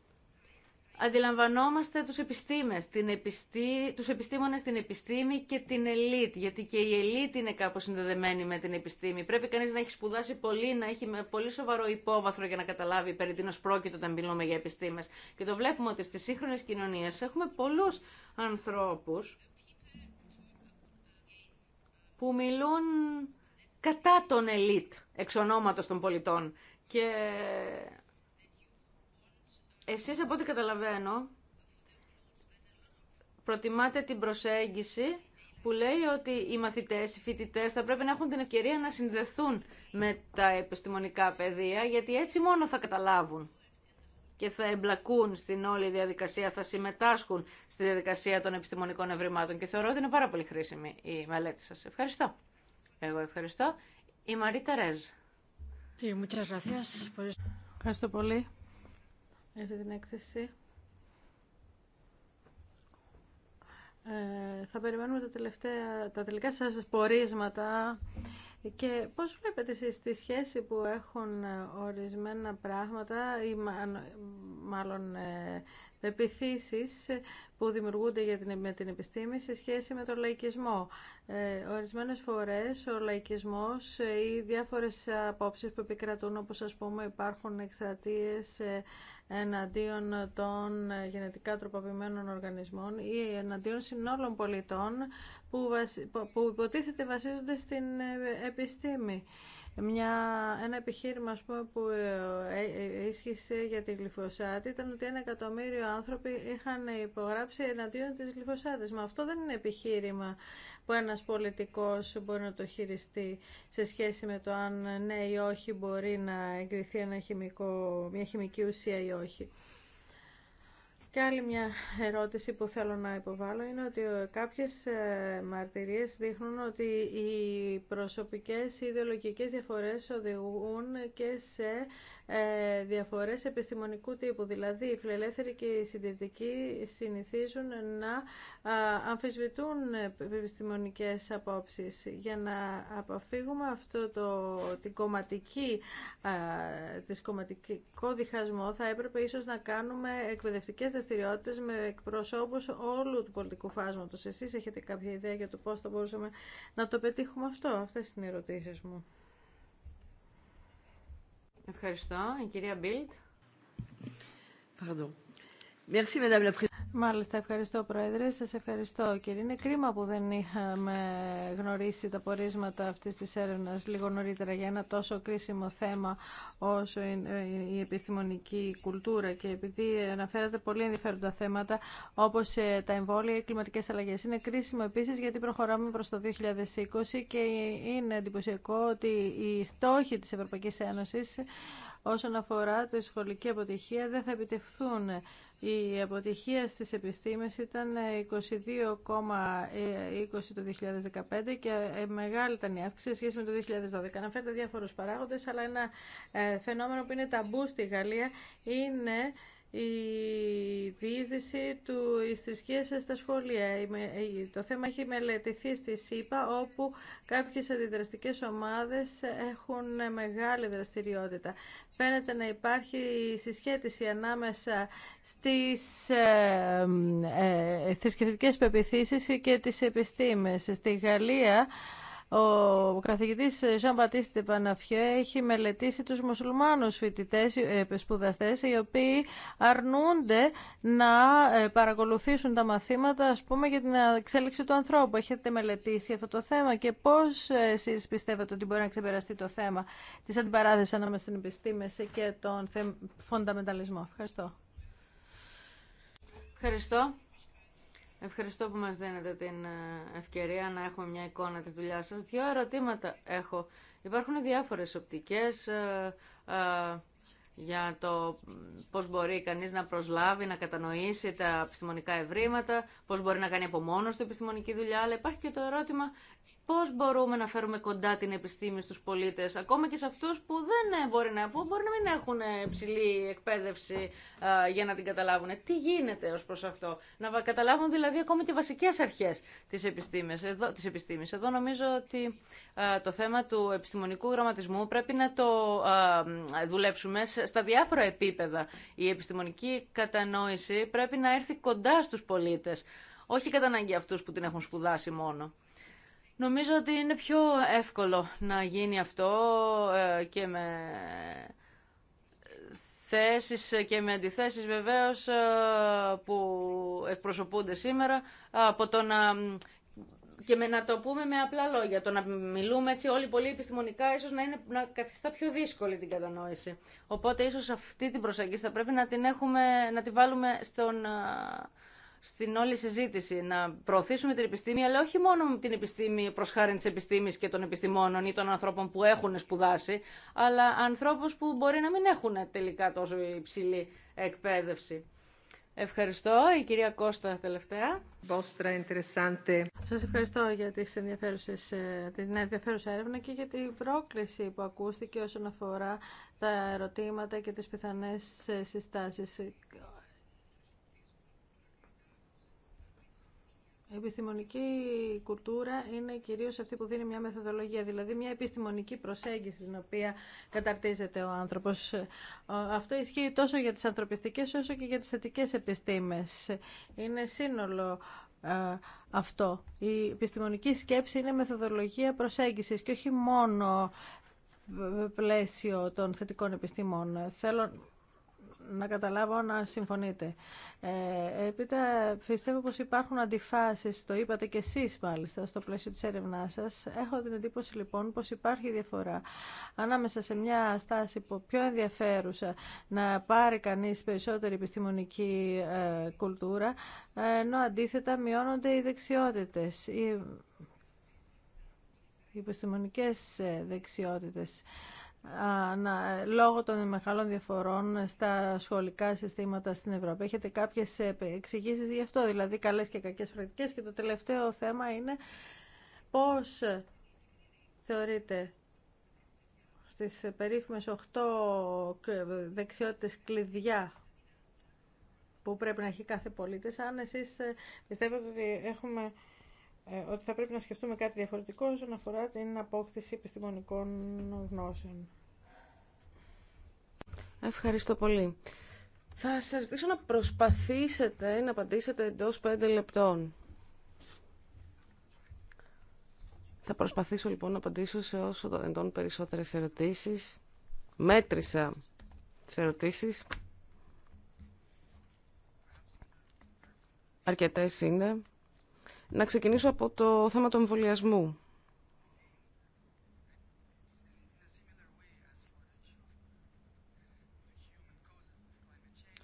αντιλαμβανόμαστε τους επιστήμες, την επιστή, τους επιστήμονες, την επιστήμη και την ελίτ, γιατί και η ελίτ είναι κάπως συνδεδεμένη με την επιστήμη. Πρέπει κανείς να έχει σπουδάσει πολύ, να έχει πολύ σοβαρό υπόβαθρο για να καταλάβει περί τίνος πρόκειται όταν μιλούμε για επιστήμες. Και το βλέπουμε ότι στις σύγχρονες κοινωνίες έχουμε πολλούς ανθρώπους που μιλούν κατά τον ελίτ εξ ονόματος των πολιτών. Και εσείς από ό,τι καταλαβαίνω προτιμάτε την προσέγγιση που λέει ότι οι μαθητές, οι φοιτητές θα πρέπει να έχουν την ευκαιρία να συνδεθούν με τα επιστημονικά πεδία γιατί έτσι μόνο θα καταλάβουν και θα εμπλακούν στην όλη διαδικασία, θα συμμετάσχουν στη διαδικασία των επιστημονικών ευρημάτων και θεωρώ ότι είναι πάρα πολύ χρήσιμη η μελέτη σας. Ευχαριστώ. Εγώ ευχαριστώ. Η Μαρή Τερέζ. Ευχαριστώ πολύ αυτή την έκθεση. Ε, θα περιμένουμε τα, τελευταία, τα τελικά σας πορίσματα και πώς βλέπετε εσείς τη σχέση που έχουν ορισμένα πράγματα ή μάλλον ε, επιθύσεις ε, που δημιουργούνται για την, με την επιστήμη σε σχέση με τον λαϊκισμό. Ε, ορισμένες φορές ο λαϊκισμός ε, ή διάφορες απόψεις που επικρατούν όπως ας πούμε υπάρχουν εκστρατείες ε, εναντίον των γενετικά τροποποιημένων οργανισμών ή εναντίον συνόλων πολιτών που, που υποτίθεται βασίζονται στην επιστήμη. Μια, ένα επιχείρημα ας πούμε, που ε, ε, ε, ίσχυσε για τη γλυφοσάτη ήταν ότι ένα εκατομμύριο άνθρωποι είχαν υπογράψει εναντίον της γλυφοσάτης. Μα αυτό δεν είναι επιχείρημα που ένας πολιτικός μπορεί να το χειριστεί σε σχέση με το αν ναι ή όχι μπορεί να εγκριθεί ένα χημικό, μια χημική ουσία ή όχι. Και άλλη μια ερώτηση που θέλω να υποβάλω είναι ότι ε, κάποιες ε, μαρτυρίες δείχνουν ότι οι προσωπικές ιδεολογικές διαφορές οδηγούν και σε ε, διαφορές επιστημονικού τύπου. Δηλαδή, οι φιλελεύθεροι και οι συντηρητικοί συνηθίζουν να αμφισβητούν επιστημονικές απόψεις. Για να αποφύγουμε αυτό το την κομματική, της κομματικό διχασμό, θα έπρεπε ίσως να κάνουμε εκπαιδευτικές δραστηριότητες με εκπροσώπους όλου του πολιτικού φάσματος. Εσείς έχετε κάποια ιδέα για το πώς θα μπορούσαμε να το πετύχουμε αυτό. Αυτές είναι οι ερωτήσεις μου. Ευχαριστώ. Η κυρία Μπίλτ. Pardon. Μάλιστα, ευχαριστώ Πρόεδρε. Σα ευχαριστώ κύριε. Είναι κρίμα που δεν είχαμε γνωρίσει τα πορίσματα αυτή τη έρευνα λίγο νωρίτερα για ένα τόσο κρίσιμο θέμα όσο είναι η επιστημονική κουλτούρα και επειδή αναφέρατε πολύ ενδιαφέροντα θέματα όπω ε, τα εμβόλια, οι κλιματικέ αλλαγέ. Είναι κρίσιμο επίση γιατί προχωράμε προ το 2020 και είναι εντυπωσιακό ότι οι στόχοι τη Ευρωπαϊκή Ένωση, όσον αφορά τη σχολική αποτυχία δεν θα επιτευχθούν η αποτυχία στις επιστήμες ήταν 22,20 το 2015 και ε, μεγάλη ήταν η αύξηση σε σχέση με το 2012. Αναφέρεται διάφορους παράγοντες, αλλά ένα ε, φαινόμενο που είναι ταμπού στη Γαλλία είναι η διείσδυση του θρησκείας στα σχολεία. Το θέμα έχει μελετηθεί στη ΣΥΠΑ όπου κάποιες αντιδραστικές ομάδες έχουν μεγάλη δραστηριότητα. Φαίνεται να υπάρχει συσχέτιση ανάμεσα στις ε, ε, ε θρησκευτικές πεπιθήσεις και τις επιστήμες. Στη Γαλλία ο καθηγητής Ζαν Πατίστη Παναφιέ έχει μελετήσει τους μουσουλμάνους φοιτητέ, ε, σπουδαστέ, οι οποίοι αρνούνται να ε, παρακολουθήσουν τα μαθήματα, ας πούμε, για την εξέλιξη του ανθρώπου. Έχετε μελετήσει αυτό το θέμα και πώς ε, εσεί πιστεύετε ότι μπορεί να ξεπεραστεί το θέμα της αντιπαράθεσης ανάμεσα στην επιστήμη και τον φονταμενταλισμό. Ευχαριστώ. Ευχαριστώ. Ευχαριστώ που μας δίνετε την ε, ευκαιρία να έχουμε μια εικόνα της δουλειάς σας. Δύο ερωτήματα έχω. Υπάρχουν διάφορες οπτικές ε, ε, για το πώς μπορεί κανείς να προσλάβει, να κατανοήσει τα επιστημονικά ευρήματα, πώς μπορεί να κάνει από μόνος του επιστημονική δουλειά, αλλά υπάρχει και το ερώτημα πώς μπορούμε να φέρουμε κοντά την επιστήμη στους πολίτες, ακόμα και σε αυτούς που δεν ε, μπορεί να, που μπορεί να μην έχουν ε, ψηλή εκπαίδευση ε, για να την καταλάβουν. Τι γίνεται ως προς αυτό, να καταλάβουν δηλαδή ακόμα και βασικές αρχές της επιστήμης. Εδώ, Εδώ νομίζω ότι το θέμα του επιστημονικού γραμματισμού πρέπει να το α, δουλέψουμε στα διάφορα επίπεδα. Η επιστημονική κατανόηση πρέπει να έρθει κοντά στους πολίτες, όχι κατά ανάγκη αυτούς που την έχουν σπουδάσει μόνο. Νομίζω ότι είναι πιο εύκολο να γίνει αυτό ε, και με θέσεις και με αντιθέσεις βεβαίως ε, που εκπροσωπούνται σήμερα από το και με να το πούμε με απλά λόγια. Το να μιλούμε έτσι όλοι πολύ επιστημονικά ίσως να, είναι, να καθιστά πιο δύσκολη την κατανόηση. Οπότε ίσως αυτή την προσέγγιση θα πρέπει να την, έχουμε, να την βάλουμε στον, ε, στην όλη συζήτηση, να προωθήσουμε την επιστήμη, αλλά όχι μόνο την επιστήμη προ χάρη τη επιστήμη και των επιστημόνων ή των ανθρώπων που έχουν σπουδάσει, αλλά ανθρώπου που μπορεί να μην έχουν τελικά τόσο υψηλή εκπαίδευση. Ευχαριστώ. Η κυρία Κώστα τελευταία. Σα ευχαριστώ για τις ενδιαφέρουσες, ε, την ενδιαφέρουσα έρευνα και για την πρόκληση που ακούστηκε όσον αφορά τα ερωτήματα και τις πιθανές ε, συστάσεις. Η επιστημονική κουλτούρα είναι κυρίως αυτή που δίνει μια μεθοδολογία, δηλαδή μια επιστημονική προσέγγιση στην οποία καταρτίζεται ο άνθρωπος. Αυτό ισχύει τόσο για τις ανθρωπιστικές όσο και για τις θετικές επιστήμες. Είναι σύνολο ε, αυτό. Η επιστημονική σκέψη είναι μεθοδολογία προσέγγισης και όχι μόνο ε, πλαίσιο των θετικών επιστήμων. Θέλω να καταλάβω να συμφωνείτε. Ε, έπειτα, πιστεύω πως υπάρχουν αντιφάσεις, το είπατε και εσείς μάλιστα, στο πλαίσιο της έρευνάς σας. Έχω την εντύπωση λοιπόν πως υπάρχει διαφορά ανάμεσα σε μια στάση που πιο ενδιαφέρουσα να πάρει κανείς περισσότερη επιστημονική ε, κουλτούρα, ενώ αντίθετα μειώνονται οι δεξιότητες. Οι, οι επιστημονικές ε, δεξιότητες λόγω των μεγάλων διαφορών στα σχολικά συστήματα στην Ευρώπη. Έχετε κάποιες εξηγήσει γι' αυτό, δηλαδή καλές και κακές πρακτικέ. Και το τελευταίο θέμα είναι πώ θεωρείτε στις περίφημες 8 δεξιότητε κλειδιά που πρέπει να έχει κάθε πολίτη. αν εσεί πιστεύετε ότι έχουμε ε, ότι θα πρέπει να σκεφτούμε κάτι διαφορετικό όσον αφορά την απόκτηση επιστημονικών γνώσεων. Ευχαριστώ πολύ. Θα σας ζητήσω να προσπαθήσετε να απαντήσετε εντός 5 λεπτών. Θα προσπαθήσω λοιπόν να απαντήσω σε όσο το εντών περισσότερες ερωτήσεις. Μέτρησα τις ερωτήσεις. Αρκετές είναι. Να ξεκινήσω από το θέμα του εμβολιασμού.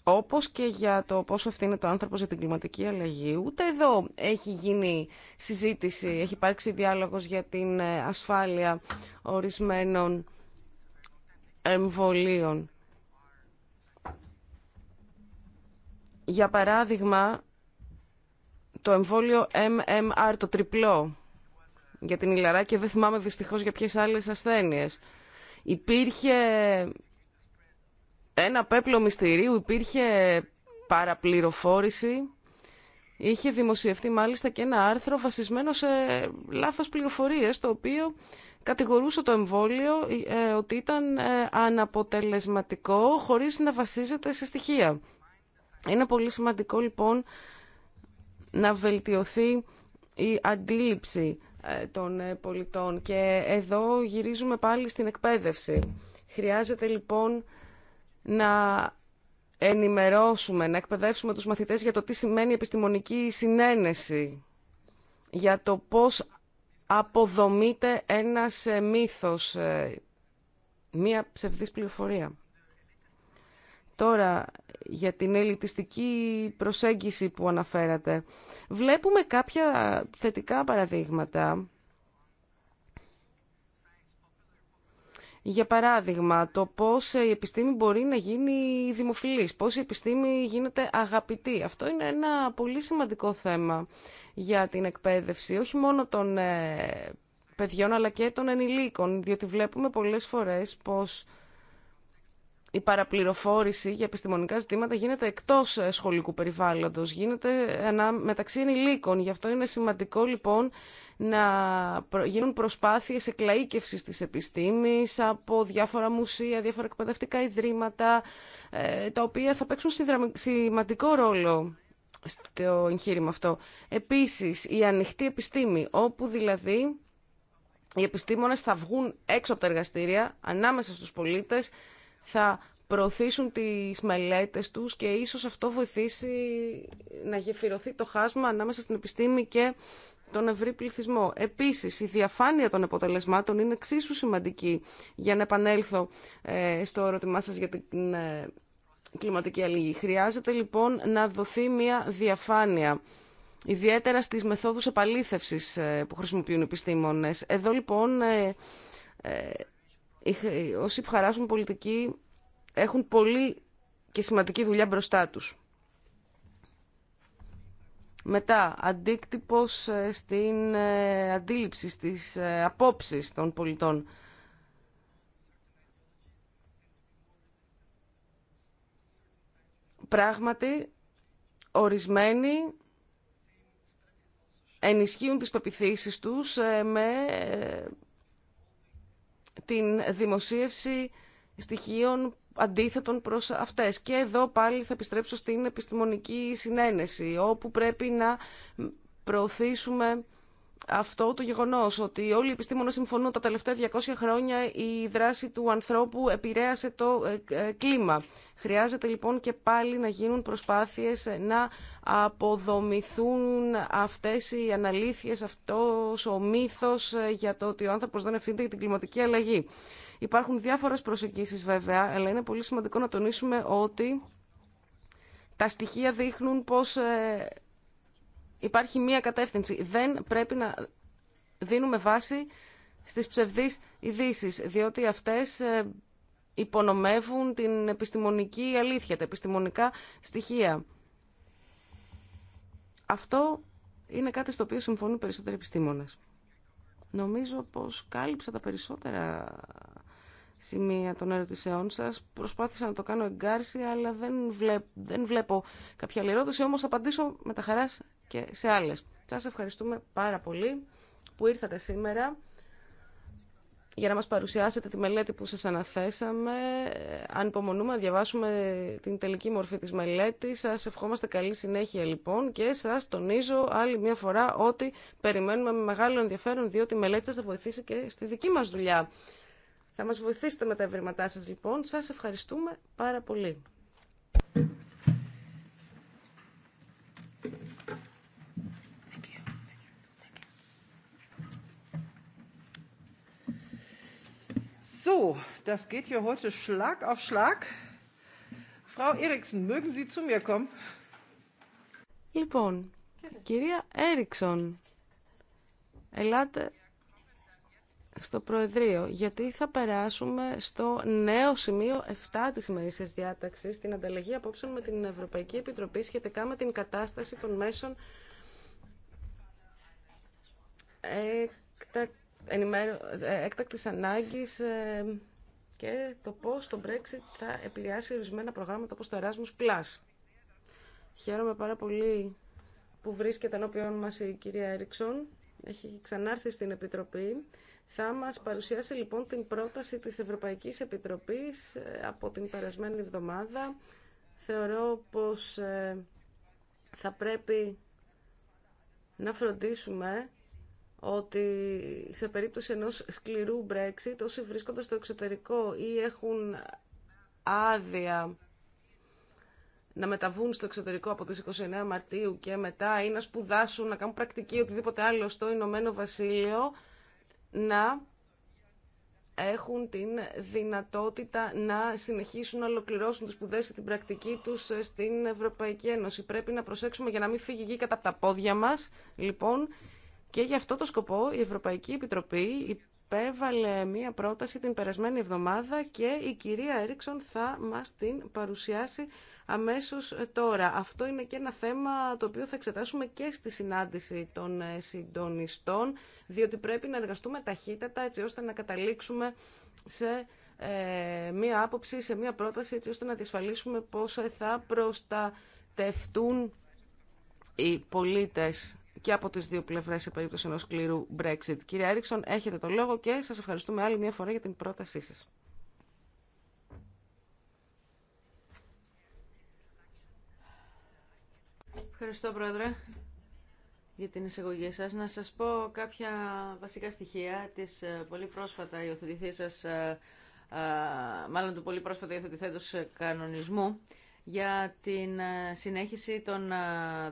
Όπως και για το πόσο ευθύνεται το άνθρωπος για την κλιματική αλλαγή, ούτε εδώ έχει γίνει συζήτηση, έχει υπάρξει διάλογος για την ε, ασφάλεια ορισμένων εμβολίων. Για παράδειγμα, το εμβόλιο MMR, το τριπλό, για την Ιλαρά... και δεν θυμάμαι δυστυχώς για ποιες άλλες ασθένειες. Υπήρχε ένα πέπλο μυστηρίου, υπήρχε παραπληροφόρηση. Είχε δημοσιευτεί μάλιστα και ένα άρθρο βασισμένο σε λάθος πληροφορίες, το οποίο κατηγορούσε το εμβόλιο ε, ότι ήταν ε, αναποτελεσματικό χωρίς να βασίζεται σε στοιχεία. Είναι πολύ σημαντικό λοιπόν να βελτιωθεί η αντίληψη ε, των ε, πολιτών. Και εδώ γυρίζουμε πάλι στην εκπαίδευση. Χρειάζεται λοιπόν να ενημερώσουμε, να εκπαιδεύσουμε τους μαθητές για το τι σημαίνει επιστημονική συνένεση, για το πώς αποδομείται ένας ε, μύθος, μία ψευδής πληροφορία. Τώρα, για την ελιτιστική προσέγγιση που αναφέρατε, βλέπουμε κάποια θετικά παραδείγματα. Για παράδειγμα, το πώς η επιστήμη μπορεί να γίνει δημοφιλής, πώς η επιστήμη γίνεται αγαπητή. Αυτό είναι ένα πολύ σημαντικό θέμα για την εκπαίδευση, όχι μόνο των ε, παιδιών αλλά και των ενηλίκων, διότι βλέπουμε πολλές φορές πως η παραπληροφόρηση για επιστημονικά ζητήματα γίνεται εκτός ε, σχολικού περιβάλλοντος, γίνεται μεταξύ ενηλίκων. Γι' αυτό είναι σημαντικό λοιπόν να γίνουν προσπάθειες εκλαΐκευσης της επιστήμης από διάφορα μουσεία, διάφορα εκπαιδευτικά ιδρύματα, ε, τα οποία θα παίξουν σημαντικό ρόλο στο εγχείρημα αυτό. Επίσης, η ανοιχτή επιστήμη, όπου δηλαδή οι επιστήμονες θα βγουν έξω από τα εργαστήρια, ανάμεσα στους πολίτες, θα προωθήσουν τις μελέτες τους και ίσως αυτό βοηθήσει να γεφυρωθεί το χάσμα ανάμεσα στην επιστήμη και τον ευρύ πληθυσμό. Επίσης, η διαφάνεια των αποτελεσμάτων είναι εξίσου σημαντική για να επανέλθω ε, στο ερώτημά σας για την ε, κλιματική αλληλή. Χρειάζεται λοιπόν να δοθεί μια διαφάνεια ιδιαίτερα στις μεθόδους επαλήθευσης ε, που χρησιμοποιούν οι επιστήμονες. Εδώ λοιπόν όσοι χαράσουν πολιτική έχουν πολύ και σημαντική δουλειά μπροστά τους. Μετά, αντίκτυπος ε, στην ε, αντίληψη, στις ε, απόψεις των πολιτών. Πράγματι, ορισμένοι ενισχύουν τις πεπιθήσεις τους με την δημοσίευση στοιχείων αντίθετων προς αυτές. Και εδώ πάλι θα επιστρέψω στην επιστημονική συνένεση, όπου πρέπει να προωθήσουμε αυτό το γεγονό ότι όλοι οι επιστήμονες συμφωνούν τα τελευταία 200 χρόνια η δράση του ανθρώπου επηρέασε το ε, ε, κλίμα. Χρειάζεται λοιπόν και πάλι να γίνουν προσπάθειες ε, να αποδομηθούν αυτές οι αναλήθειε, αυτός ο μύθος για το ότι ο άνθρωπος δεν ευθύνεται για την κλιματική αλλαγή. Υπάρχουν διάφορες προσεγγίσεις βέβαια, αλλά είναι πολύ σημαντικό να τονίσουμε ότι τα στοιχεία δείχνουν πως υπάρχει μία κατεύθυνση. Δεν πρέπει να δίνουμε βάση στις ψευδείς ειδήσει, διότι αυτές ε, υπονομεύουν την επιστημονική αλήθεια, τα επιστημονικά στοιχεία. Αυτό είναι κάτι στο οποίο συμφωνούν περισσότεροι επιστήμονες. Νομίζω πως κάλυψα τα περισσότερα σημεία των ερωτησεών σας. Προσπάθησα να το κάνω εγκάρση, αλλά δεν, βλέπ, δεν βλέπω κάποια άλλη ερώτηση, όμω θα απαντήσω με τα χαρά και σε άλλες. Σα ευχαριστούμε πάρα πολύ που ήρθατε σήμερα για να μας παρουσιάσετε τη μελέτη που σας αναθέσαμε. Αν υπομονούμε να διαβάσουμε την τελική μορφή της μελέτης, σας ευχόμαστε καλή συνέχεια λοιπόν και σας τονίζω άλλη μια φορά ότι περιμένουμε με μεγάλο ενδιαφέρον διότι η μελέτη σας θα βοηθήσει και στη δική μας δουλειά. Θα μας βοηθήσετε με τα ευρήματά σας λοιπόν. Σας ευχαριστούμε πάρα πολύ. So, das geht hier heute Schlag auf Schlag. Frau Eriksen, mögen Sie zu mir kommen? Λοιπόν, κυρία Έριξον, ελάτε στο Προεδρείο, γιατί θα περάσουμε στο νέο σημείο 7 της ημερήσιας διάταξης, στην ανταλλαγή απόψεων με την Ευρωπαϊκή Επιτροπή σχετικά με την κατάσταση των μέσων ε, έκτακτης ανάγκης ε, και το πώς το Brexit θα επηρεάσει ορισμένα προγράμματα όπως το Erasmus+. Χαίρομαι πάρα πολύ που βρίσκεται ενώπιον μας η κυρία Έριξον. Έχει ξανάρθει στην Επιτροπή θα μας παρουσιάσει λοιπόν την πρόταση της Ευρωπαϊκής Επιτροπής ε, από την περασμένη εβδομάδα. Θεωρώ πως ε, θα πρέπει να φροντίσουμε ότι σε περίπτωση ενός σκληρού Brexit όσοι βρίσκονται στο εξωτερικό ή έχουν άδεια να μεταβούν στο εξωτερικό από τις 29 Μαρτίου και μετά ή να σπουδάσουν, να κάνουν πρακτική οτιδήποτε άλλο στο Ηνωμένο Βασίλειο να έχουν την δυνατότητα να συνεχίσουν να ολοκληρώσουν τις σπουδές στην πρακτική τους ε, στην Ευρωπαϊκή Ένωση. Πρέπει να προσέξουμε για να μην φύγει κατά τα πόδια μας, λοιπόν, και για αυτό το σκοπό η Ευρωπαϊκή Επιτροπή υπέβαλε μία πρόταση την περασμένη εβδομάδα και η κυρία Έριξον θα μας την παρουσιάσει αμέσως τώρα. Αυτό είναι και ένα θέμα το οποίο θα εξετάσουμε και στη συνάντηση των ε, συντονιστών, διότι πρέπει να εργαστούμε ταχύτατα έτσι ώστε να καταλήξουμε σε ε, μία άποψη, σε μία πρόταση, έτσι ώστε να διασφαλίσουμε πώς θα προστατευτούν οι πολίτες και από τις δύο πλευρές σε περίπτωση ενός σκληρού Brexit. Κύριε Έριξον, έχετε το λόγο και σας ευχαριστούμε άλλη μια φορά για την πρότασή σας. Ευχαριστώ, Πρόεδρε, για την εισαγωγή σας. Να σας πω κάποια βασικά στοιχεία της ε, πολύ πρόσφατα υιοθετηθής σας, ε, ε, μάλλον του πολύ πρόσφατα υιοθετηθέτους κανονισμού για την συνέχιση των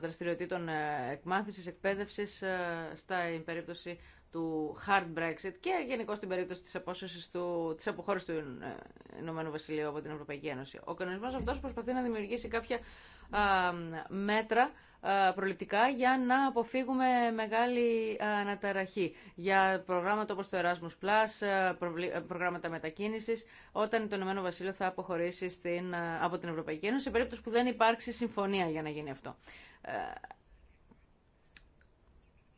δραστηριοτήτων εκμάθησης, εκπαίδευσης στα περίπτωση του hard Brexit και γενικώ στην περίπτωση της, του, της αποχώρησης του Ηνωμένου Βασιλείου από την Ευρωπαϊκή Ένωση. Ο κανονισμός αυτός προσπαθεί να δημιουργήσει κάποια μέτρα προληπτικά για να αποφύγουμε μεγάλη αναταραχή. Για προγράμματα όπως το Erasmus Plus, προγράμματα μετακίνησης, όταν το Ηνωμένο Βασίλειο θα αποχωρήσει στην, από την Ευρωπαϊκή Ένωση, σε περίπτωση που δεν υπάρξει συμφωνία για να γίνει αυτό. Ε,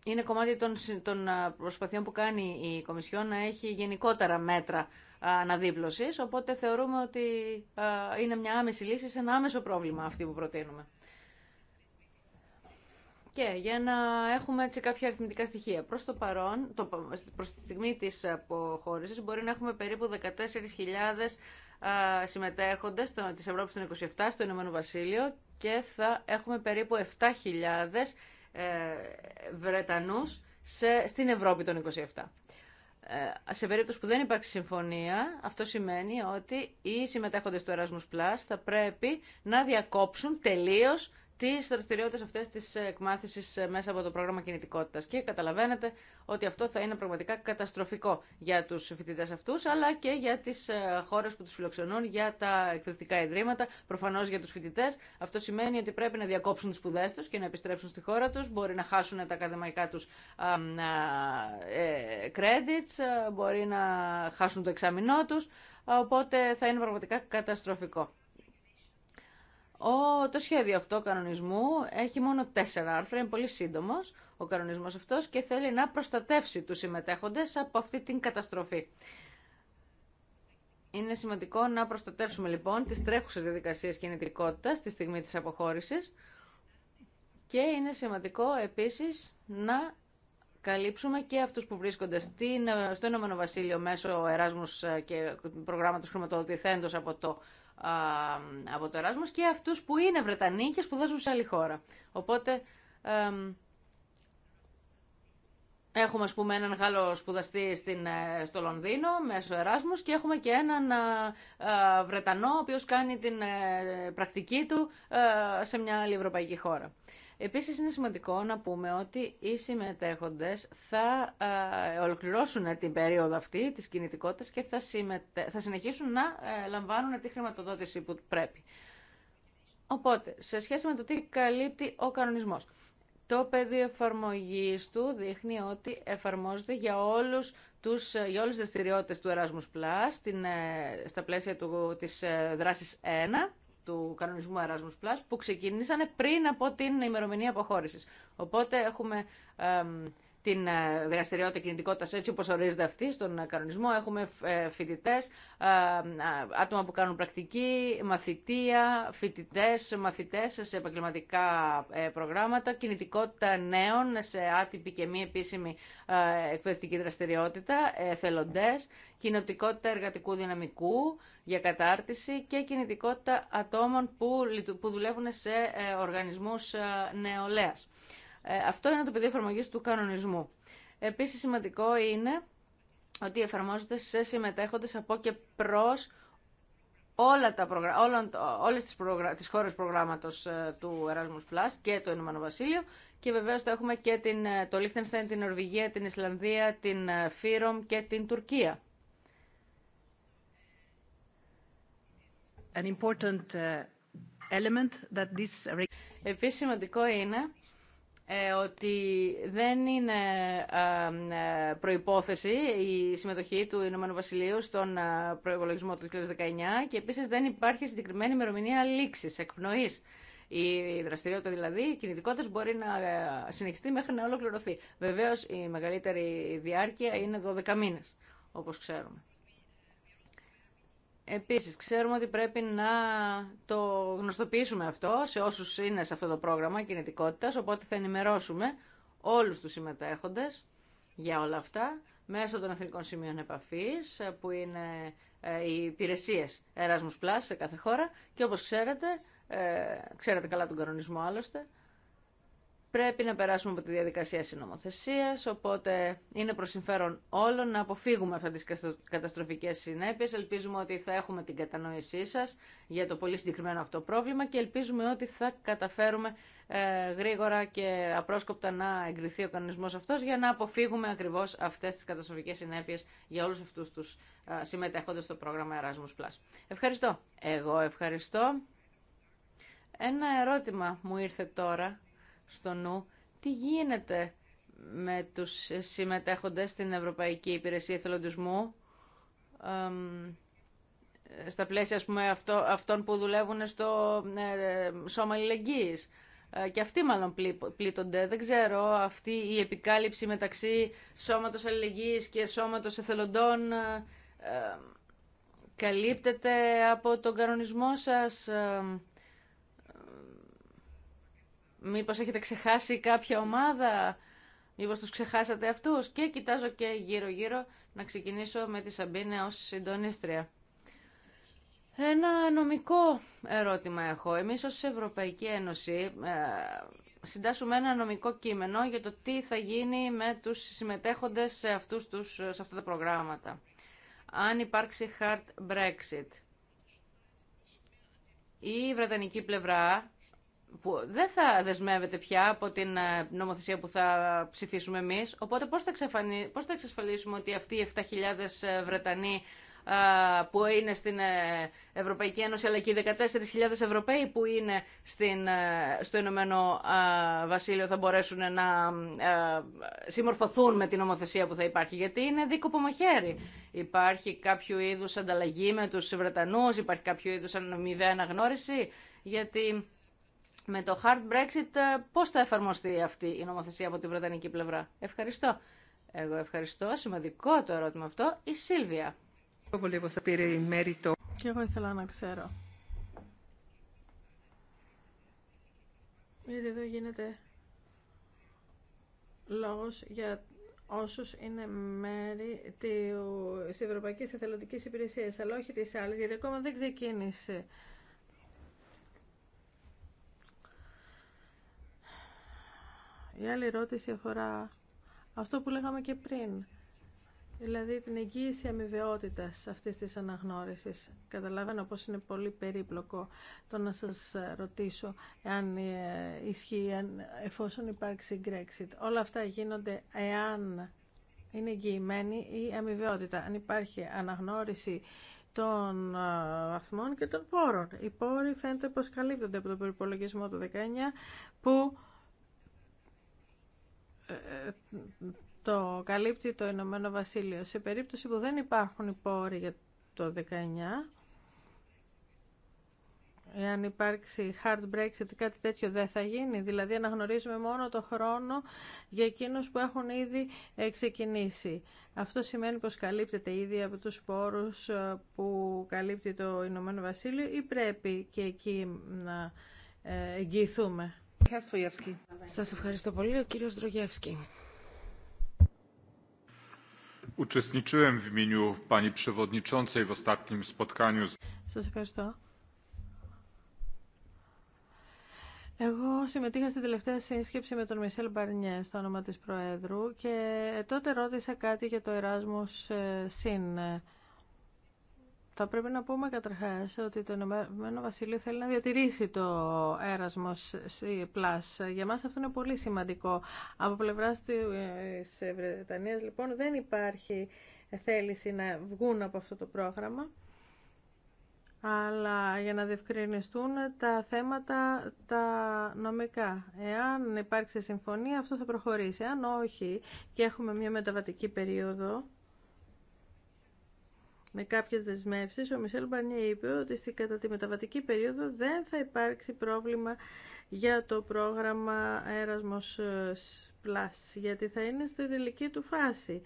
είναι κομμάτι των, των προσπαθειών που κάνει η Κομισιόν να έχει γενικότερα μέτρα αναδίπλωσης, οπότε θεωρούμε ότι είναι μια άμεση λύση σε ένα άμεσο πρόβλημα αυτή που προτείνουμε. Και για να έχουμε έτσι κάποια αριθμητικά στοιχεία. Προς το παρόν, το, προς τη στιγμή της αποχώρησης, μπορεί να έχουμε περίπου 14.000 συμμετέχοντες της Ευρώπης των 27 στο Ηνωμένο Βασίλειο και θα έχουμε περίπου 7.000 ε, Βρετανούς σε, στην Ευρώπη των 27. Ε, σε περίπτωση που δεν υπάρξει συμφωνία, αυτό σημαίνει ότι οι συμμετέχοντες του Erasmus Plus θα πρέπει να διακόψουν τελείως τι δραστηριότητε αυτέ τη ε, εκμάθηση ε, μέσα από το πρόγραμμα κινητικότητα. Και καταλαβαίνετε ότι αυτό θα είναι πραγματικά καταστροφικό για του φοιτητέ αυτού, αλλά και για τι ε, χώρε που του φιλοξενούν, για τα εκπαιδευτικά ιδρύματα, προφανώ για του φοιτητέ. Αυτό σημαίνει ότι πρέπει να διακόψουν τι σπουδέ του και να επιστρέψουν στη χώρα του. Μπορεί να χάσουν τα ακαδημαϊκά του credits, μπορεί να χάσουν το εξάμεινό του. Οπότε θα είναι πραγματικά καταστροφικό. Ο, το σχέδιο αυτό κανονισμού έχει μόνο τέσσερα άρθρα, είναι πολύ σύντομος ο κανονισμός αυτός και θέλει να προστατεύσει τους συμμετέχοντες από αυτή την καταστροφή. Είναι σημαντικό να προστατεύσουμε λοιπόν τις τρέχουσες διαδικασίες κινητικότητας τη στιγμή της αποχώρησης και είναι σημαντικό επίσης να καλύψουμε και αυτούς που βρίσκονται στην, στο Ηνωμένο Βασίλειο μέσω Εράσμους και προγράμματος χρηματοδοτηθέντος από το από το Εράσμο και αυτούς που είναι Βρετανοί και σπουδάζουν σε άλλη χώρα. Οπότε έχουμε ας πούμε έναν Γάλλο σπουδαστή ε, στο Λονδίνο μέσω Εράσμους και έχουμε και έναν Βρετανό ο οποίος κάνει την ε, πρακτική του ε, σε μια άλλη ευρωπαϊκή χώρα. Επίσης είναι σημαντικό να πούμε ότι οι συμμετέχοντες θα ε, ολοκληρώσουν την περίοδο αυτή της κινητικότητας και θα, συνεχίσουν να ε, λαμβάνουν τη χρηματοδότηση που πρέπει. Οπότε, σε σχέση με το τι καλύπτει ο κανονισμός. Το πεδίο εφαρμογής του δείχνει ότι εφαρμόζεται για όλους τους, ε, για όλες τις του Erasmus στα πλαίσια του, της δράσης 1 του κανονισμού Erasmus Plus που ξεκίνησανε πριν από την ημερομηνία αποχώρησης. Οπότε έχουμε την ε, δραστηριότητα κινητικότητα έτσι όπω ορίζεται αυτή στον ε, κανονισμό. Έχουμε ε, φοιτητέ, άτομα που κάνουν πρακτική, μαθητεία, φοιτητέ, μαθητέ σε επαγγελματικά προγράμματα, κινητικότητα νέων σε άτυπη και μη επίσημη εκπαιδευτική δραστηριότητα, εθελοντέ, κινητικότητα εργατικού δυναμικού για κατάρτιση και κινητικότητα ατόμων που δουλεύουν σε οργανισμούς νεολαίας. Ε, αυτό είναι το πεδίο εφαρμογή του κανονισμού. Επίση σημαντικό είναι ότι εφαρμόζεται σε συμμετέχοντες από και προς όλα τα χώρε προγράμματο όλες τις, χώρες προγράμματος ε, του Erasmus Plus και το Ηνωμένο Βασίλειο και βεβαίως το έχουμε και την... Ε, το Λίχτενστάιν, την Νορβηγία, την Ισλανδία, την Φίρομ και την Τουρκία. Επίση σημαντικό είναι ε, ότι δεν είναι ε, ε, προϋπόθεση η συμμετοχή του Ηνωμένου Βασιλείου στον προϋπολογισμό του 2019 και επίσης δεν υπάρχει συγκεκριμένη ημερομηνία λήξης, εκπνοής. Η δραστηριότητα δηλαδή, η κινητικότητα μπορεί να συνεχιστεί μέχρι να ολοκληρωθεί. Βεβαίως η μεγαλύτερη διάρκεια είναι 12 μήνες, όπως ξέρουμε. Επίσης, ξέρουμε ότι πρέπει να το γνωστοποιήσουμε αυτό σε όσους είναι σε αυτό το πρόγραμμα κινητικότητας, οπότε θα ενημερώσουμε όλους τους συμμετέχοντες για όλα αυτά μέσω των εθνικών σημείων επαφής, που είναι ε, οι υπηρεσίε Erasmus Plus σε κάθε χώρα και όπως ξέρετε, ε, ξέρετε καλά τον κανονισμό άλλωστε, πρέπει να περάσουμε από τη διαδικασία συνομοθεσίας, οπότε είναι προ συμφέρον όλων να αποφύγουμε αυτέ τι καταστροφικέ συνέπειε. Ελπίζουμε ότι θα έχουμε την κατανόησή σα για το πολύ συγκεκριμένο αυτό πρόβλημα και ελπίζουμε ότι θα καταφέρουμε ε, γρήγορα και απρόσκοπτα να εγκριθεί ο κανονισμό αυτό για να αποφύγουμε ακριβώ αυτέ τι καταστροφικέ συνέπειε για όλους αυτούς τους ε, συμμετέχοντες στο πρόγραμμα Erasmus+. Ευχαριστώ. Εγώ ευχαριστώ. Ένα ερώτημα μου ήρθε τώρα στο νου τι γίνεται με τους συμμετέχοντες στην Ευρωπαϊκή Υπηρεσία Εθελοντισμού στα πλαίσια ας πούμε, αυτό, αυτών που δουλεύουν στο ε, σώμα αλληλεγγύης. Ε, και αυτοί μάλλον πλήττονται. Δεν ξέρω, αυτή η επικάλυψη μεταξύ σώματος αλληλεγγύης και σώματος εθελοντών ε, καλύπτεται από τον κανονισμό σας. Μήπως έχετε ξεχάσει κάποια ομάδα, μήπως τους ξεχάσατε αυτούς. Και κοιτάζω και γύρω-γύρω να ξεκινήσω με τη Σαμπίνε ως συντονίστρια. Ένα νομικό ερώτημα έχω. Εμείς ως Ευρωπαϊκή Ένωση ε, συντάσσουμε ένα νομικό κείμενο για το τι θα γίνει με τους συμμετέχοντες σε, αυτούς τους, σε αυτά τα προγράμματα. Αν υπάρξει hard Brexit, η Βρετανική πλευρά δεν θα δεσμεύεται πια από την ε, νομοθεσία που θα ψηφίσουμε εμείς. Οπότε πώς θα, πώς εξασφαλίσουμε ότι αυτοί οι 7.000 ε, Βρετανοί ε, που είναι στην Ευρωπαϊκή Ένωση αλλά και οι 14.000 Ευρωπαίοι που είναι στην, στο Ηνωμένο Βασίλειο θα μπορέσουν να συμμορφωθούν με την νομοθεσία που θα υπάρχει γιατί είναι δίκοπο μαχαίρι. Υπάρχει κάποιο είδους ανταλλαγή με τους Βρετανούς, υπάρχει κάποιο είδους μηδέα αναγνώριση γιατί με το hard Brexit ε, πώς θα εφαρμοστεί αυτή η νομοθεσία από την Βρετανική πλευρά. Ευχαριστώ. Εγώ ευχαριστώ. Σημαντικό το ερώτημα αυτό. Η Σίλβια. Και εγώ ήθελα να ξέρω. Γιατί εδώ γίνεται λόγος για όσους είναι μέρη της Ευρωπαϊκής Εθελοντικής Υπηρεσίας, αλλά όχι της άλλης, γιατί ακόμα δεν ξεκίνησε Η άλλη ερώτηση αφορά αυτό που λέγαμε και πριν. Δηλαδή την εγγύηση αμοιβαιότητα αυτή τη αναγνώριση. Καταλαβαίνω πω είναι πολύ περίπλοκο το να σα ρωτήσω εάν ε, ισχύει, εφόσον υπάρξει Brexit. Όλα αυτά γίνονται εάν είναι εγγυημένη η αμοιβαιότητα. Αν υπάρχει αναγνώριση των ε, βαθμών και των πόρων. Οι πόροι φαίνεται πως καλύπτονται από τον προπολογισμό του 19 που το καλύπτει το Ηνωμένο Βασίλειο. Σε περίπτωση που δεν υπάρχουν πόροι για το 19, εάν υπάρξει hard Brexit κάτι τέτοιο δεν θα γίνει. Δηλαδή αναγνωρίζουμε μόνο το χρόνο για εκείνους που έχουν ήδη ξεκινήσει. Αυτό σημαίνει πως καλύπτεται ήδη από τους πόρους ε, που καλύπτει το Ηνωμένο Βασίλειο ή πρέπει και εκεί να ε, εγγυηθούμε. Σας ευχαριστώ πολύ. Ο κύριος Δρογεύσκη. Uczestniczyłem w imieniu pani przewodniczącej w ostatnim spotkaniu. Σας ευχαριστώ. Εγώ συμμετείχα στην τελευταία σύσκεψη με τον Μισελ Μπαρνιέ στο όνομα της Προέδρου και τότε ρώτησα κάτι για το Εράσμος ΣΥΝ. Θα πρέπει να πούμε καταρχάς ότι το Ηνωμένο Βασίλειο θέλει να διατηρήσει το έρασμο Plus. Για μας αυτό είναι πολύ σημαντικό. Από πλευρά τη Βρετανία, λοιπόν δεν υπάρχει θέληση να βγουν από αυτό το πρόγραμμα αλλά για να διευκρινιστούν τα θέματα τα νομικά. Εάν υπάρξει συμφωνία αυτό θα προχωρήσει. Αν όχι και έχουμε μια μεταβατική περίοδο με κάποιες δεσμεύσεις, ο Μισελ Μπαρνιέ είπε ότι κατά τη μεταβατική περίοδο δεν θα υπάρξει πρόβλημα για το πρόγραμμα Erasmus ε, Plus, γιατί θα είναι στη τελική του φάση.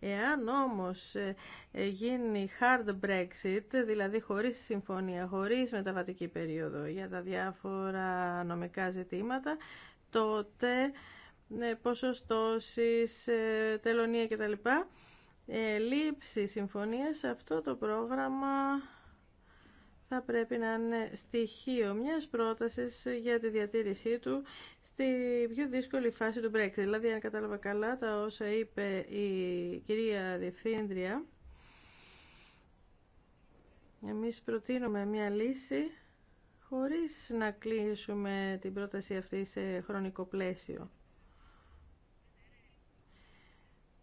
Εάν όμως ε, ε, γίνει hard Brexit, δηλαδή χωρίς συμφωνία, χωρίς μεταβατική περίοδο για τα διάφορα νομικά ζητήματα, τότε ποσοστώσεις, τελωνία κτλ λήψη σε αυτό το πρόγραμμα θα πρέπει να είναι στοιχείο μιας πρότασης για τη διατήρησή του στη πιο δύσκολη φάση του Brexit. Δηλαδή, αν κατάλαβα καλά τα όσα είπε η κυρία Διευθύντρια, εμείς προτείνουμε μια λύση χωρίς να κλείσουμε την πρόταση αυτή σε χρονικό πλαίσιο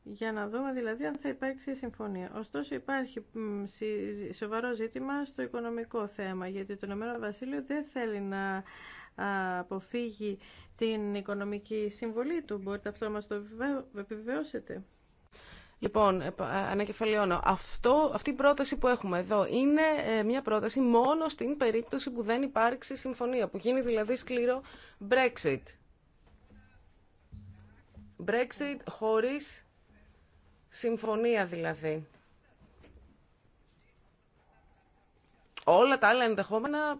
για να δούμε δηλαδή αν θα υπάρξει συμφωνία. Ωστόσο υπάρχει σοβαρό ζήτημα στο οικονομικό θέμα, γιατί το Ηνωμένο Βασίλειο δεν θέλει να αποφύγει την οικονομική συμβολή του. Μπορείτε αυτό να μας το επιβεβαιώσετε. Λοιπόν, ανακεφαλαιώνω. Αυτό, αυτή η πρόταση που έχουμε εδώ είναι ε, μια πρόταση μόνο στην περίπτωση που δεν υπάρξει συμφωνία, που γίνει δηλαδή σκληρό Brexit. Brexit χωρίς συμφωνία δηλαδή. Όλα τα άλλα ενδεχόμενα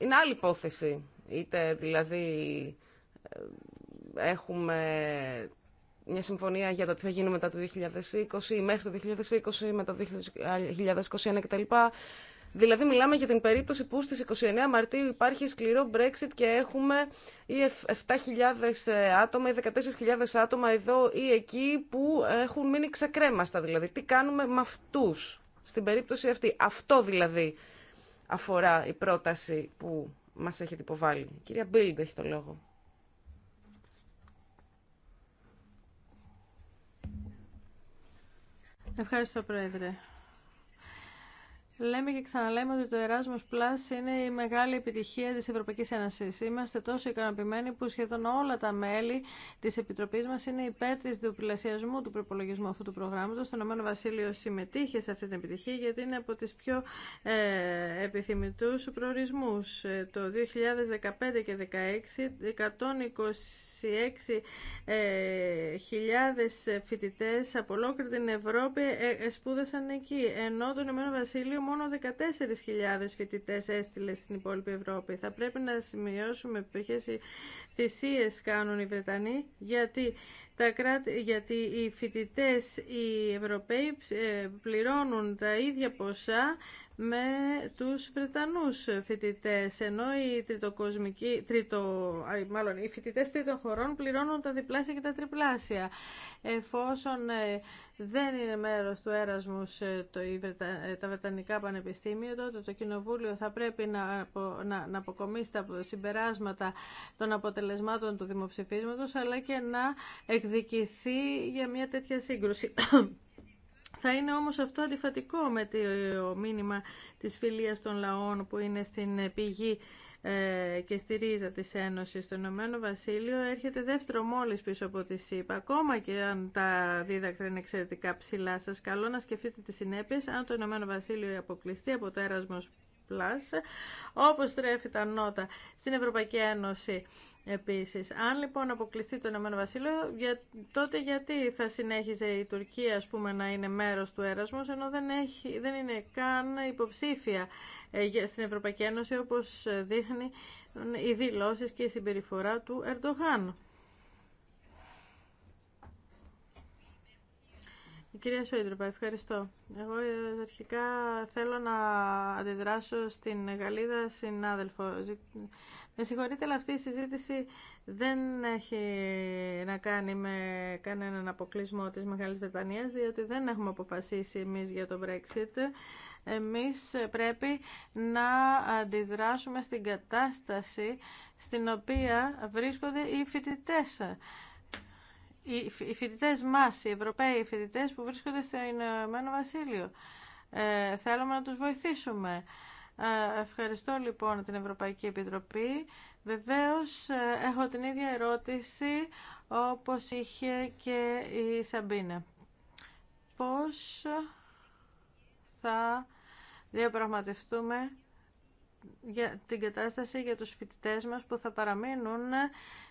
είναι άλλη υπόθεση. Είτε δηλαδή ε, έχουμε μια συμφωνία για το τι θα γίνει μετά το 2020, ή μέχρι το 2020, μετά το 2021 κτλ. Δηλαδή μιλάμε για την περίπτωση που στις 29 Μαρτίου υπάρχει σκληρό Brexit και έχουμε ή 7.000 ε, άτομα ή 14.000 άτομα εδώ ή εκεί που έχουν μείνει ξεκρέμαστα. Δηλαδή τι κάνουμε με αυτούς στην περίπτωση αυτή. Αυτό δηλαδή αφορά η 7000 ατομα η 14000 ατομα εδω η εκει που εχουν μεινει ξεκρεμαστα δηλαδη τι κανουμε με αυτου στην περιπτωση αυτη αυτο δηλαδη αφορα η προταση που μας έχει υποβάλει. κυρία Μπίλντ έχει το λόγο. Ευχαριστώ, Πρόεδρε. Λέμε και ξαναλέμε ότι το Erasmus Plus είναι η μεγάλη επιτυχία της Ευρωπαϊκής Ένωσης. Είμαστε τόσο ικανοποιημένοι που σχεδόν όλα τα μέλη της Επιτροπής μας είναι υπέρ της διπλασιασμού του προπολογισμού αυτού του προγράμματος. Το Ηνωμένο Βασίλειο συμμετείχε σε αυτή την επιτυχία γιατί είναι από τις πιο ε, επιθυμητούς προορισμούς. Ε, το 2015 και 2016, 126.000 φοιτητέ φοιτητές από ολόκληρη την Ευρώπη ε, ε, σπούδασαν εκεί, ενώ το Ηνωμένο Βασίλειο μόνο 14.000 φοιτητέ έστειλε στην υπόλοιπη Ευρώπη. Θα πρέπει να σημειώσουμε ποιε θυσίε κάνουν οι Βρετανοί, γιατί, γιατί οι φοιτητέ οι Ευρωπαίοι ε, πληρώνουν τα ίδια ποσά με τους Βρετανούς φοιτητές, ενώ οι τριτοκοσμικοί, τριτο, μάλλον, οι φοιτητές τρίτων χωρών πληρώνουν τα διπλάσια και τα τριπλάσια. Εφόσον ε, δεν είναι μέρος του έρασμους ε, το, ε, τα Βρετανικά Πανεπιστήμια, τότε το Κοινοβούλιο θα πρέπει να, να, να αποκομίσει τα συμπεράσματα των αποτελεσμάτων του δημοψηφίσματος, αλλά και να εκδικηθεί για μια τέτοια σύγκρουση. Θα είναι όμως αυτό αντιφατικό με το μήνυμα της φιλίας των λαών που είναι στην πηγή ε, και στη ρίζα της Ένωσης. Το Ηνωμένο Βασίλειο έρχεται δεύτερο μόλις πίσω από τη ΣΥΠΑ. Ακόμα και αν τα δίδακτρα είναι εξαιρετικά ψηλά σας, καλό να σκεφτείτε τις συνέπειες. Αν το Ηνωμένο Βασίλειο αποκλειστεί από το έρασμος Plus, όπως τρέφει τα νότα στην Ευρωπαϊκή Ένωση επίσης. Αν λοιπόν αποκλειστεί το Ηνωμένο Βασίλειο, για, τότε γιατί θα συνέχιζε η Τουρκία ας πούμε, να είναι μέρος του έρασμος, ενώ δεν, έχει, δεν είναι καν υποψήφια ε, στην Ευρωπαϊκή Ένωση, όπως δείχνει οι δηλώσεις και η συμπεριφορά του Ερντογάν. Κυρία Σόιντροπα, ευχαριστώ. Εγώ ε, αρχικά θέλω να αντιδράσω στην Γαλλίδα συνάδελφο. Με συγχωρείτε, αλλά αυτή η συζήτηση δεν έχει να κάνει με κανέναν αποκλεισμό της Μεγάλης Βρετανίας, διότι δεν έχουμε αποφασίσει εμείς για το Brexit. Εμείς πρέπει να αντιδράσουμε στην κατάσταση στην οποία βρίσκονται οι φοιτητές οι φοιτητέ μας, οι Ευρωπαίοι φοιτητέ που βρίσκονται στο Ηνωμένο Βασίλειο. Ε, θέλουμε να τους βοηθήσουμε. Ε, ευχαριστώ λοιπόν την Ευρωπαϊκή Επιτροπή. Βεβαίως ε, έχω την ίδια ερώτηση όπως είχε και η Σαμπίνα. Πώς θα διαπραγματευτούμε για την κατάσταση για τους φοιτητές μας που θα παραμείνουν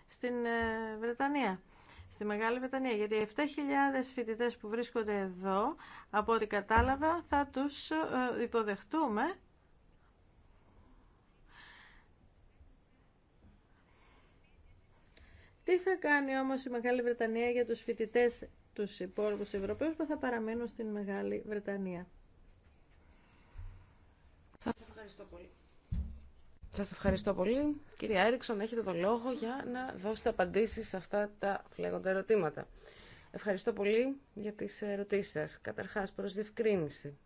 στην ε, Βρετανία στη Μεγάλη Βρετανία. Γιατί 7.000 φοιτητές που βρίσκονται εδώ, από ό,τι κατάλαβα, θα τους ε, υποδεχτούμε Τι θα κάνει όμως η Μεγάλη Βρετανία για τους φοιτητές τους υπόλοιπους Ευρωπαίους που θα παραμείνουν στην Μεγάλη Βρετανία. Σας ευχαριστώ πολύ. Σα ευχαριστώ πολύ. Κυρία Άριξον. έχετε τον λόγο για να δώσετε απαντήσεις σε αυτά τα φλέγοντα ερωτήματα. Ευχαριστώ πολύ για τις ερωτήσεις σα. Καταρχάς, προς διευκρίνηση.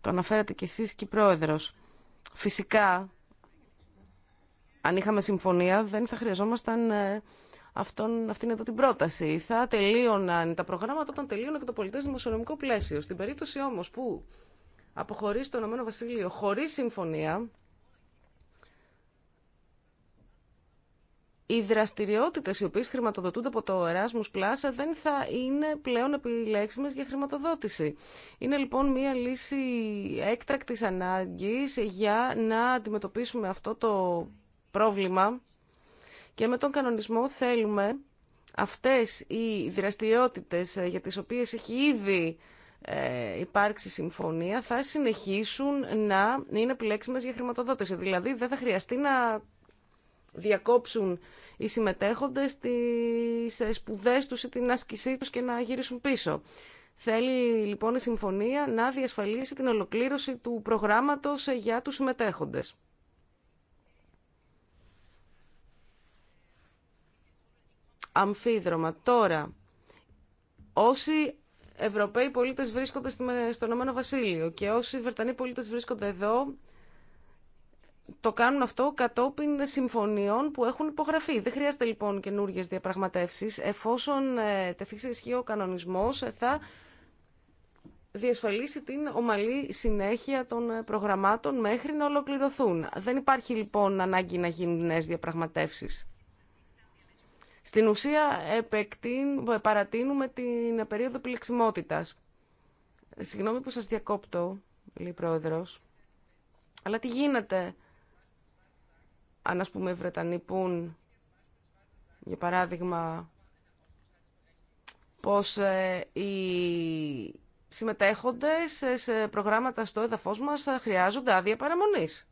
Το αναφέρατε κι εσείς και η Πρόεδρος. Φυσικά, αν είχαμε συμφωνία, δεν θα χρειαζόμασταν ε, αυτόν, αυτήν εδώ την πρόταση. Θα τελείωναν τα προγράμματα όταν τελείωνε και το πολιτέ δημοσιονομικό πλαίσιο. Στην περίπτωση όμω, που αποχωρήσει το Ηνωμένο Βασίλειο χωρίς συμφωνία, οι δραστηριότητε οι οποίε χρηματοδοτούνται από το Erasmus Plus δεν θα είναι πλέον επιλέξιμε για χρηματοδότηση. Είναι λοιπόν μία λύση έκτακτη ανάγκη για να αντιμετωπίσουμε αυτό το πρόβλημα και με τον κανονισμό θέλουμε αυτές οι δραστηριότητες ε, για τις οποίες έχει ήδη ε, υπάρξει συμφωνία θα συνεχίσουν να είναι επιλέξιμες για χρηματοδότηση. Δηλαδή δεν θα χρειαστεί να διακόψουν οι συμμετέχοντες τις σπουδές τους ή την άσκησή τους και να γυρίσουν πίσω. Θέλει λοιπόν η συμφωνία να διασφαλίσει την ολοκλήρωση του προγράμματος για τους συμμετέχοντες. Αμφίδρομα. Τώρα, όσοι Ευρωπαίοι πολίτε βρίσκονται στο Ηνωμένο Βασίλειο και όσοι Βρετανοί πολίτε βρίσκονται εδώ το κάνουν αυτό κατόπιν συμφωνιών που έχουν υπογραφεί. Δεν χρειάζεται λοιπόν καινούριε διαπραγματεύσεις. Εφόσον ε, τεθεί σε ισχύ ο κανονισμός θα διασφαλίσει την ομαλή συνέχεια των προγραμμάτων μέχρι να ολοκληρωθούν. Δεν υπάρχει λοιπόν ανάγκη να γίνουν νέες διαπραγματεύσεις. Στην ουσία παρατείνουμε την περίοδο πληξιμότητας. Ε, συγγνώμη που σας διακόπτω, λέει πρόεδρος. Αλλά τι γίνεται αν ας πούμε οι Βρετανοί πούν, για παράδειγμα, πως ε, οι συμμετέχοντες σε προγράμματα στο έδαφος μας ε, χρειάζονται άδεια παραμονής.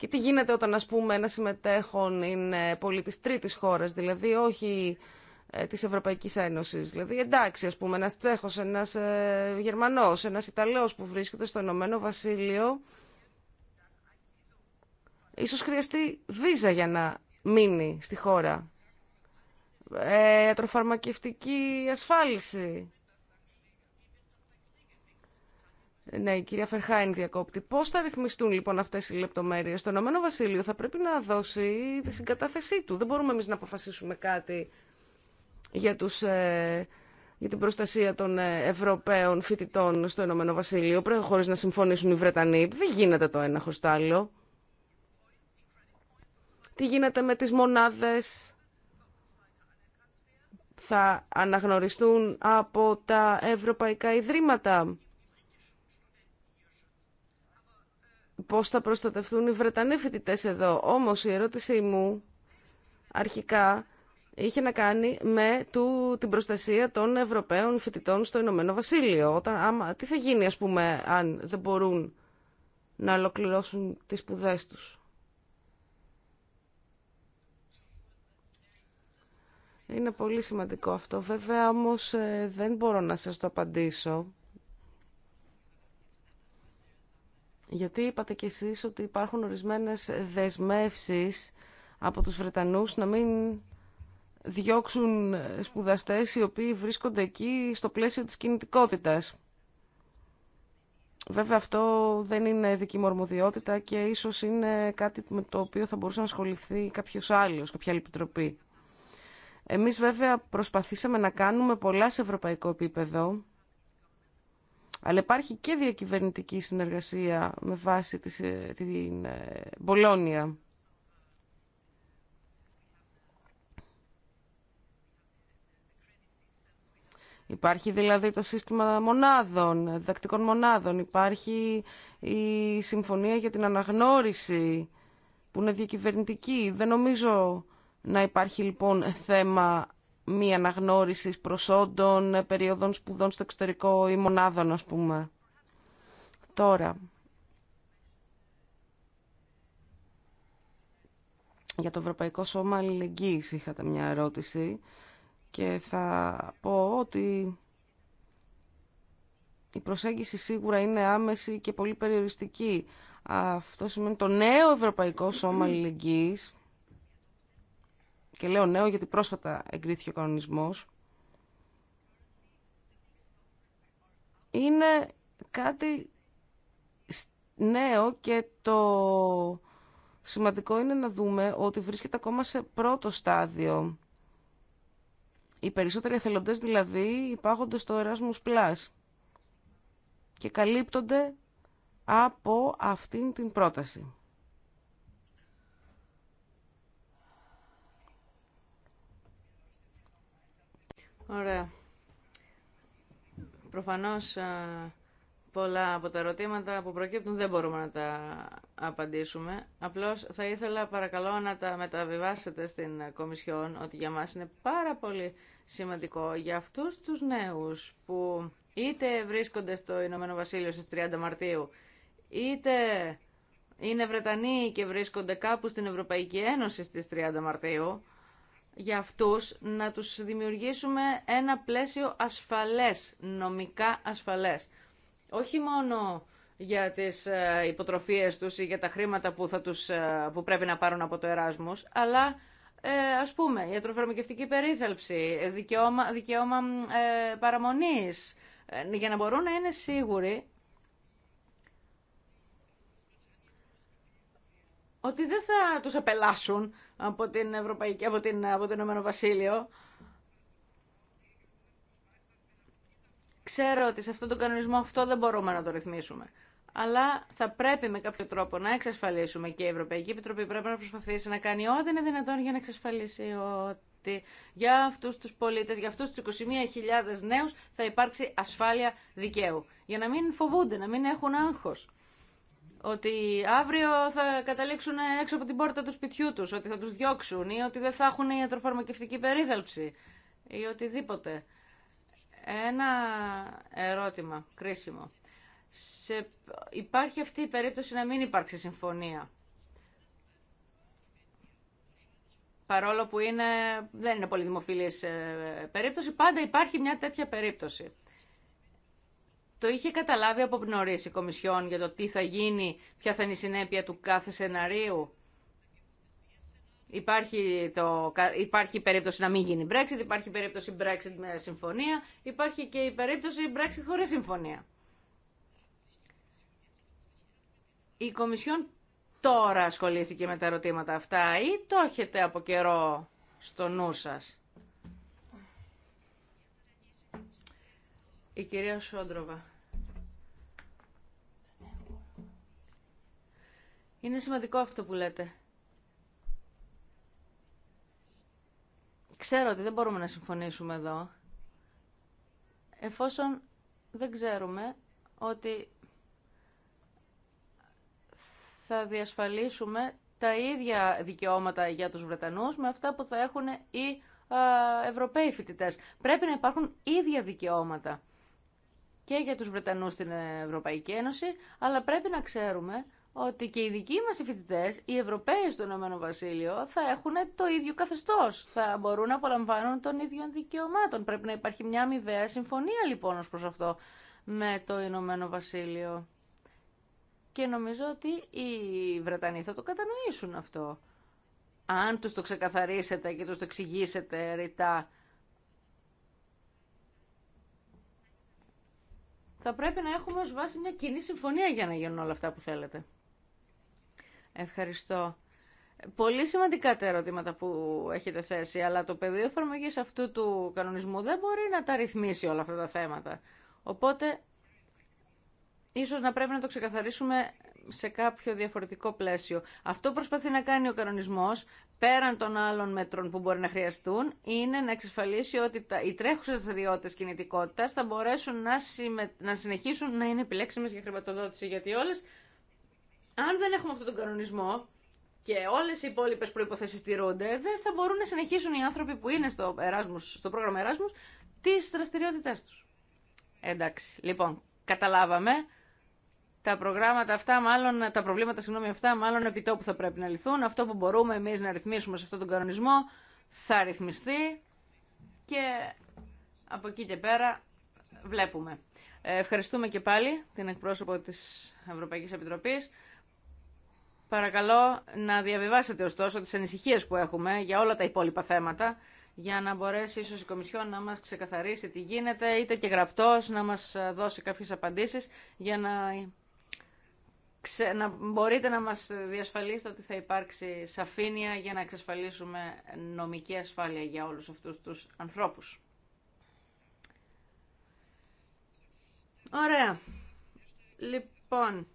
Και τι γίνεται όταν, ας πούμε, ένα συμμετέχον είναι πολίτης τρίτης χώρας, δηλαδή όχι ε, της Ευρωπαϊκής Ένωσης. Δηλαδή, εντάξει, ας πούμε, ένας Τσέχος, ένας ε, Γερμανός, ένας Ιταλός που βρίσκεται στο Ηνωμένο Βασίλειο, ίσως χρειαστεί βίζα για να μείνει στη χώρα. Ε, ασφάλιση. Ναι, η κυρία Φερχάιν διακόπτη. Πώ θα ρυθμιστούν λοιπόν αυτέ οι λεπτομέρειε. Το Ηνωμένο Βασίλειο θα πρέπει να δώσει τη συγκατάθεσή του. Δεν μπορούμε εμεί να αποφασίσουμε κάτι για, τους, ε, για την προστασία των ε, Ευρωπαίων φοιτητών στο Ηνωμένο Βασίλειο χωρί να συμφωνήσουν οι Βρετανοί. Δεν γίνεται το ένα άλλο. Τι γίνεται με τις μονάδες θα αναγνωριστούν από τα ευρωπαϊκά ιδρύματα. πώς θα προστατευτούν οι Βρετανοί φοιτητέ εδώ. Όμως η ερώτησή μου αρχικά είχε να κάνει με του, την προστασία των Ευρωπαίων φοιτητών στο Ηνωμένο Βασίλειο. Όταν, τι θα γίνει ας πούμε αν δεν μπορούν να ολοκληρώσουν τις σπουδέ τους. Είναι πολύ σημαντικό αυτό. Βέβαια όμως ε, δεν μπορώ να σας το απαντήσω. Γιατί είπατε κι εσείς ότι υπάρχουν ορισμένες δεσμεύσεις από τους Βρετανούς να μην διώξουν σπουδαστές οι οποίοι βρίσκονται εκεί στο πλαίσιο της κινητικότητας. Βέβαια αυτό δεν είναι δική μου αρμοδιότητα και ίσως είναι κάτι με το οποίο θα μπορούσε να ασχοληθεί κάποιος άλλος, κάποια άλλη επιτροπή. Εμείς βέβαια προσπαθήσαμε να κάνουμε πολλά σε ευρωπαϊκό επίπεδο αλλά υπάρχει και διακυβερνητική συνεργασία με βάση της, ε, την ε, Μπολόνια. Υπάρχει δηλαδή το σύστημα μονάδων, διδακτικών μονάδων. Υπάρχει η συμφωνία για την αναγνώριση που είναι διακυβερνητική. Δεν νομίζω να υπάρχει λοιπόν θέμα μη αναγνώρισης προσόντων, περίοδων σπουδών στο εξωτερικό ή μονάδων, ας πούμε. Τώρα, για το Ευρωπαϊκό Σώμα Αλληλεγγύης είχατε μια ερώτηση και θα πω ότι η προσέγγιση σίγουρα είναι άμεση και πολύ περιοριστική. Αυτό σημαίνει το νέο Ευρωπαϊκό Σώμα Αλληλεγγύης και λέω νέο ναι, γιατί πρόσφατα εγκρίθηκε ο κανονισμός, είναι κάτι νέο και το σημαντικό είναι να δούμε ότι βρίσκεται ακόμα σε πρώτο στάδιο. Οι περισσότεροι εθελοντές δηλαδή υπάρχονται στο Erasmus Plus και καλύπτονται από αυτήν την πρόταση. Ωραία. Προφανώς πολλά από τα ερωτήματα που προκύπτουν δεν μπορούμε να τα απαντήσουμε. Απλώς θα ήθελα παρακαλώ να τα μεταβιβάσετε στην Κομισιόν ότι για μας είναι πάρα πολύ σημαντικό για αυτούς τους νέους που είτε βρίσκονται στο Ηνωμένο Βασίλειο στις 30 Μαρτίου είτε είναι Βρετανοί και βρίσκονται κάπου στην Ευρωπαϊκή Ένωση στις 30 Μαρτίου για αυτούς να τους δημιουργήσουμε ένα πλαίσιο ασφαλές, νομικά ασφαλές. Όχι μόνο για τις ε, υποτροφίες τους ή για τα χρήματα που, θα τους, ε, που πρέπει να πάρουν από το Εράσμους, αλλά ε, ας πούμε ιατροφαρμακευτική περίθαλψη, δικαιώμα, δικαιώμα ε, παραμονής, για να μπορούν να είναι σίγουροι ότι δεν θα τους απελάσουν από, την Ευρωπαϊκή, από, την, από το Ηνωμένο Βασίλειο. Ξέρω ότι σε αυτόν τον κανονισμό αυτό δεν μπορούμε να το ρυθμίσουμε. Αλλά θα πρέπει με κάποιο τρόπο να εξασφαλίσουμε και η Ευρωπαϊκή Επιτροπή πρέπει να προσπαθήσει να κάνει ό,τι είναι δυνατόν για να εξασφαλίσει ότι για αυτούς τους πολίτες, για αυτούς τους 21.000 νέους θα υπάρξει ασφάλεια δικαίου. Για να μην φοβούνται, να μην έχουν άγχος ότι αύριο θα καταλήξουν έξω από την πόρτα του σπιτιού τους, ότι θα τους διώξουν ή ότι δεν θα έχουν ιατροφαρμακευτική περίθαλψη ή οτιδήποτε. Ένα ερώτημα κρίσιμο. Σε... Υπάρχει αυτή η περίπτωση να μην υπάρξει συμφωνία. Παρόλο που είναι, δεν είναι πολύ δημοφιλής ε, περίπτωση, πάντα υπάρχει μια τέτοια περίπτωση το είχε καταλάβει από νωρί η Κομισιόν για το τι θα γίνει, ποια θα είναι η συνέπεια του κάθε σεναρίου. Υπάρχει, το, υπάρχει περίπτωση να μην γίνει Brexit, υπάρχει περίπτωση Brexit με συμφωνία, υπάρχει και η περίπτωση Brexit χωρίς συμφωνία. Η Κομισιόν τώρα ασχολήθηκε με τα ερωτήματα αυτά ή το έχετε από καιρό στο νου σας. Η κυρία Σόντροβα. Είναι σημαντικό αυτό που λέτε. Ξέρω ότι δεν μπορούμε να συμφωνήσουμε εδώ, εφόσον δεν ξέρουμε ότι θα διασφαλίσουμε τα ίδια δικαιώματα για τους Βρετανούς με αυτά που θα έχουν οι Ευρωπαίοι φοιτητέ. Πρέπει να υπάρχουν ίδια δικαιώματα και για τους Βρετανούς στην Ευρωπαϊκή Ένωση, αλλά πρέπει να ξέρουμε ότι και οι δικοί μας οι οι Ευρωπαίοι στο Ηνωμένο Βασίλειο, θα έχουν το ίδιο καθεστώς. Θα μπορούν να απολαμβάνουν των ίδιων δικαιωμάτων. Πρέπει να υπάρχει μια αμοιβαία συμφωνία λοιπόν ως προς αυτό με το Ηνωμένο Βασίλειο. Και νομίζω ότι οι Βρετανοί θα το κατανοήσουν αυτό. Αν τους το ξεκαθαρίσετε και τους το εξηγήσετε ρητά, θα πρέπει να έχουμε ως βάση μια κοινή συμφωνία για να γίνουν όλα αυτά που θέλετε. Ευχαριστώ. Πολύ σημαντικά τα ερωτήματα που έχετε θέσει, αλλά το πεδίο εφαρμογή αυτού του κανονισμού δεν μπορεί να τα ρυθμίσει όλα αυτά τα θέματα. Οπότε, ίσως να πρέπει να το ξεκαθαρίσουμε σε κάποιο διαφορετικό πλαίσιο. Αυτό που προσπαθεί να κάνει ο κανονισμός, πέραν των άλλων μέτρων που μπορεί να χρειαστούν, είναι να εξασφαλίσει ότι τα, οι τρέχουσε δραστηριότητε κινητικότητα θα μπορέσουν να, να συνεχίσουν να είναι επιλέξιμε για χρηματοδότηση, γιατί όλες αν δεν έχουμε αυτόν τον κανονισμό και όλε οι υπόλοιπε προποθέσει τηρούνται, δεν θα μπορούν να συνεχίσουν οι άνθρωποι που είναι στο, Erasmus, στο πρόγραμμα Erasmus τι δραστηριότητέ του. Εντάξει, λοιπόν, καταλάβαμε. Τα προγράμματα αυτά, μάλλον, τα προβλήματα συγγνώμη, αυτά, μάλλον επί τόπου θα πρέπει να λυθούν. Αυτό που μπορούμε εμεί να ρυθμίσουμε σε αυτόν τον κανονισμό θα ρυθμιστεί και από εκεί και πέρα βλέπουμε. Ε, ευχαριστούμε και πάλι την εκπρόσωπο της Ευρωπαϊκής Επιτροπής. Παρακαλώ να διαβιβάσετε ωστόσο τις ανησυχίες που έχουμε για όλα τα υπόλοιπα θέματα για να μπορέσει ίσως η Κομισιόν να μας ξεκαθαρίσει τι γίνεται είτε και γραπτός να μας δώσει κάποιες απαντήσεις για να, να μπορείτε να μας διασφαλίσετε ότι θα υπάρξει σαφήνεια για να εξασφαλίσουμε νομική ασφάλεια για όλους αυτούς τους ανθρώπους. Ωραία. Λοιπόν,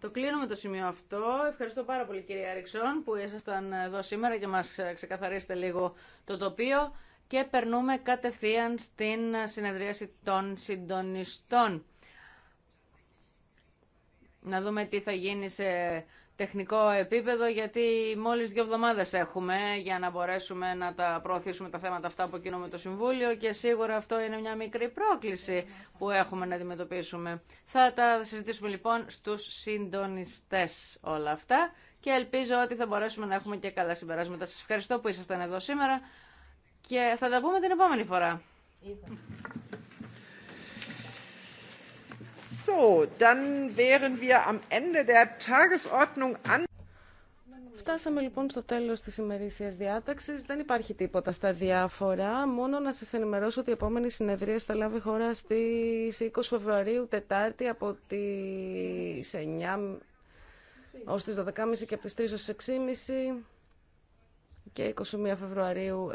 το κλείνουμε το σημείο αυτό. Ευχαριστώ πάρα πολύ κύριε Αριξόν που ήσασταν εδώ σήμερα και μας ξεκαθαρίσετε λίγο το τοπίο και περνούμε κατευθείαν στην συνεδρίαση των συντονιστών. Να δούμε τι θα γίνει σε τεχνικό επίπεδο γιατί μόλις δύο εβδομάδες έχουμε για να μπορέσουμε να τα προωθήσουμε τα θέματα αυτά από εκείνο με το Συμβούλιο και σίγουρα αυτό είναι μια μικρή πρόκληση που έχουμε να αντιμετωπίσουμε. Θα τα συζητήσουμε λοιπόν στους συντονιστές όλα αυτά και ελπίζω ότι θα μπορέσουμε να έχουμε και καλά συμπεράσματα. Σας ευχαριστώ που ήσασταν εδώ σήμερα και θα τα πούμε την επόμενη φορά. So, dann wären wir am Ende der Tagesordnung an. Φτάσαμε λοιπόν στο τέλος της ημερήσιας διάταξης. Δεν υπάρχει τίποτα στα διάφορα. Μόνο να σας ενημερώσω ότι η επόμενη συνεδρία θα λάβει χώρα στις 20 Φεβρουαρίου, Τετάρτη, από τις 9 ως τις 12.30 και από τις 3 ως 6.30 και 21 Φεβρουαρίου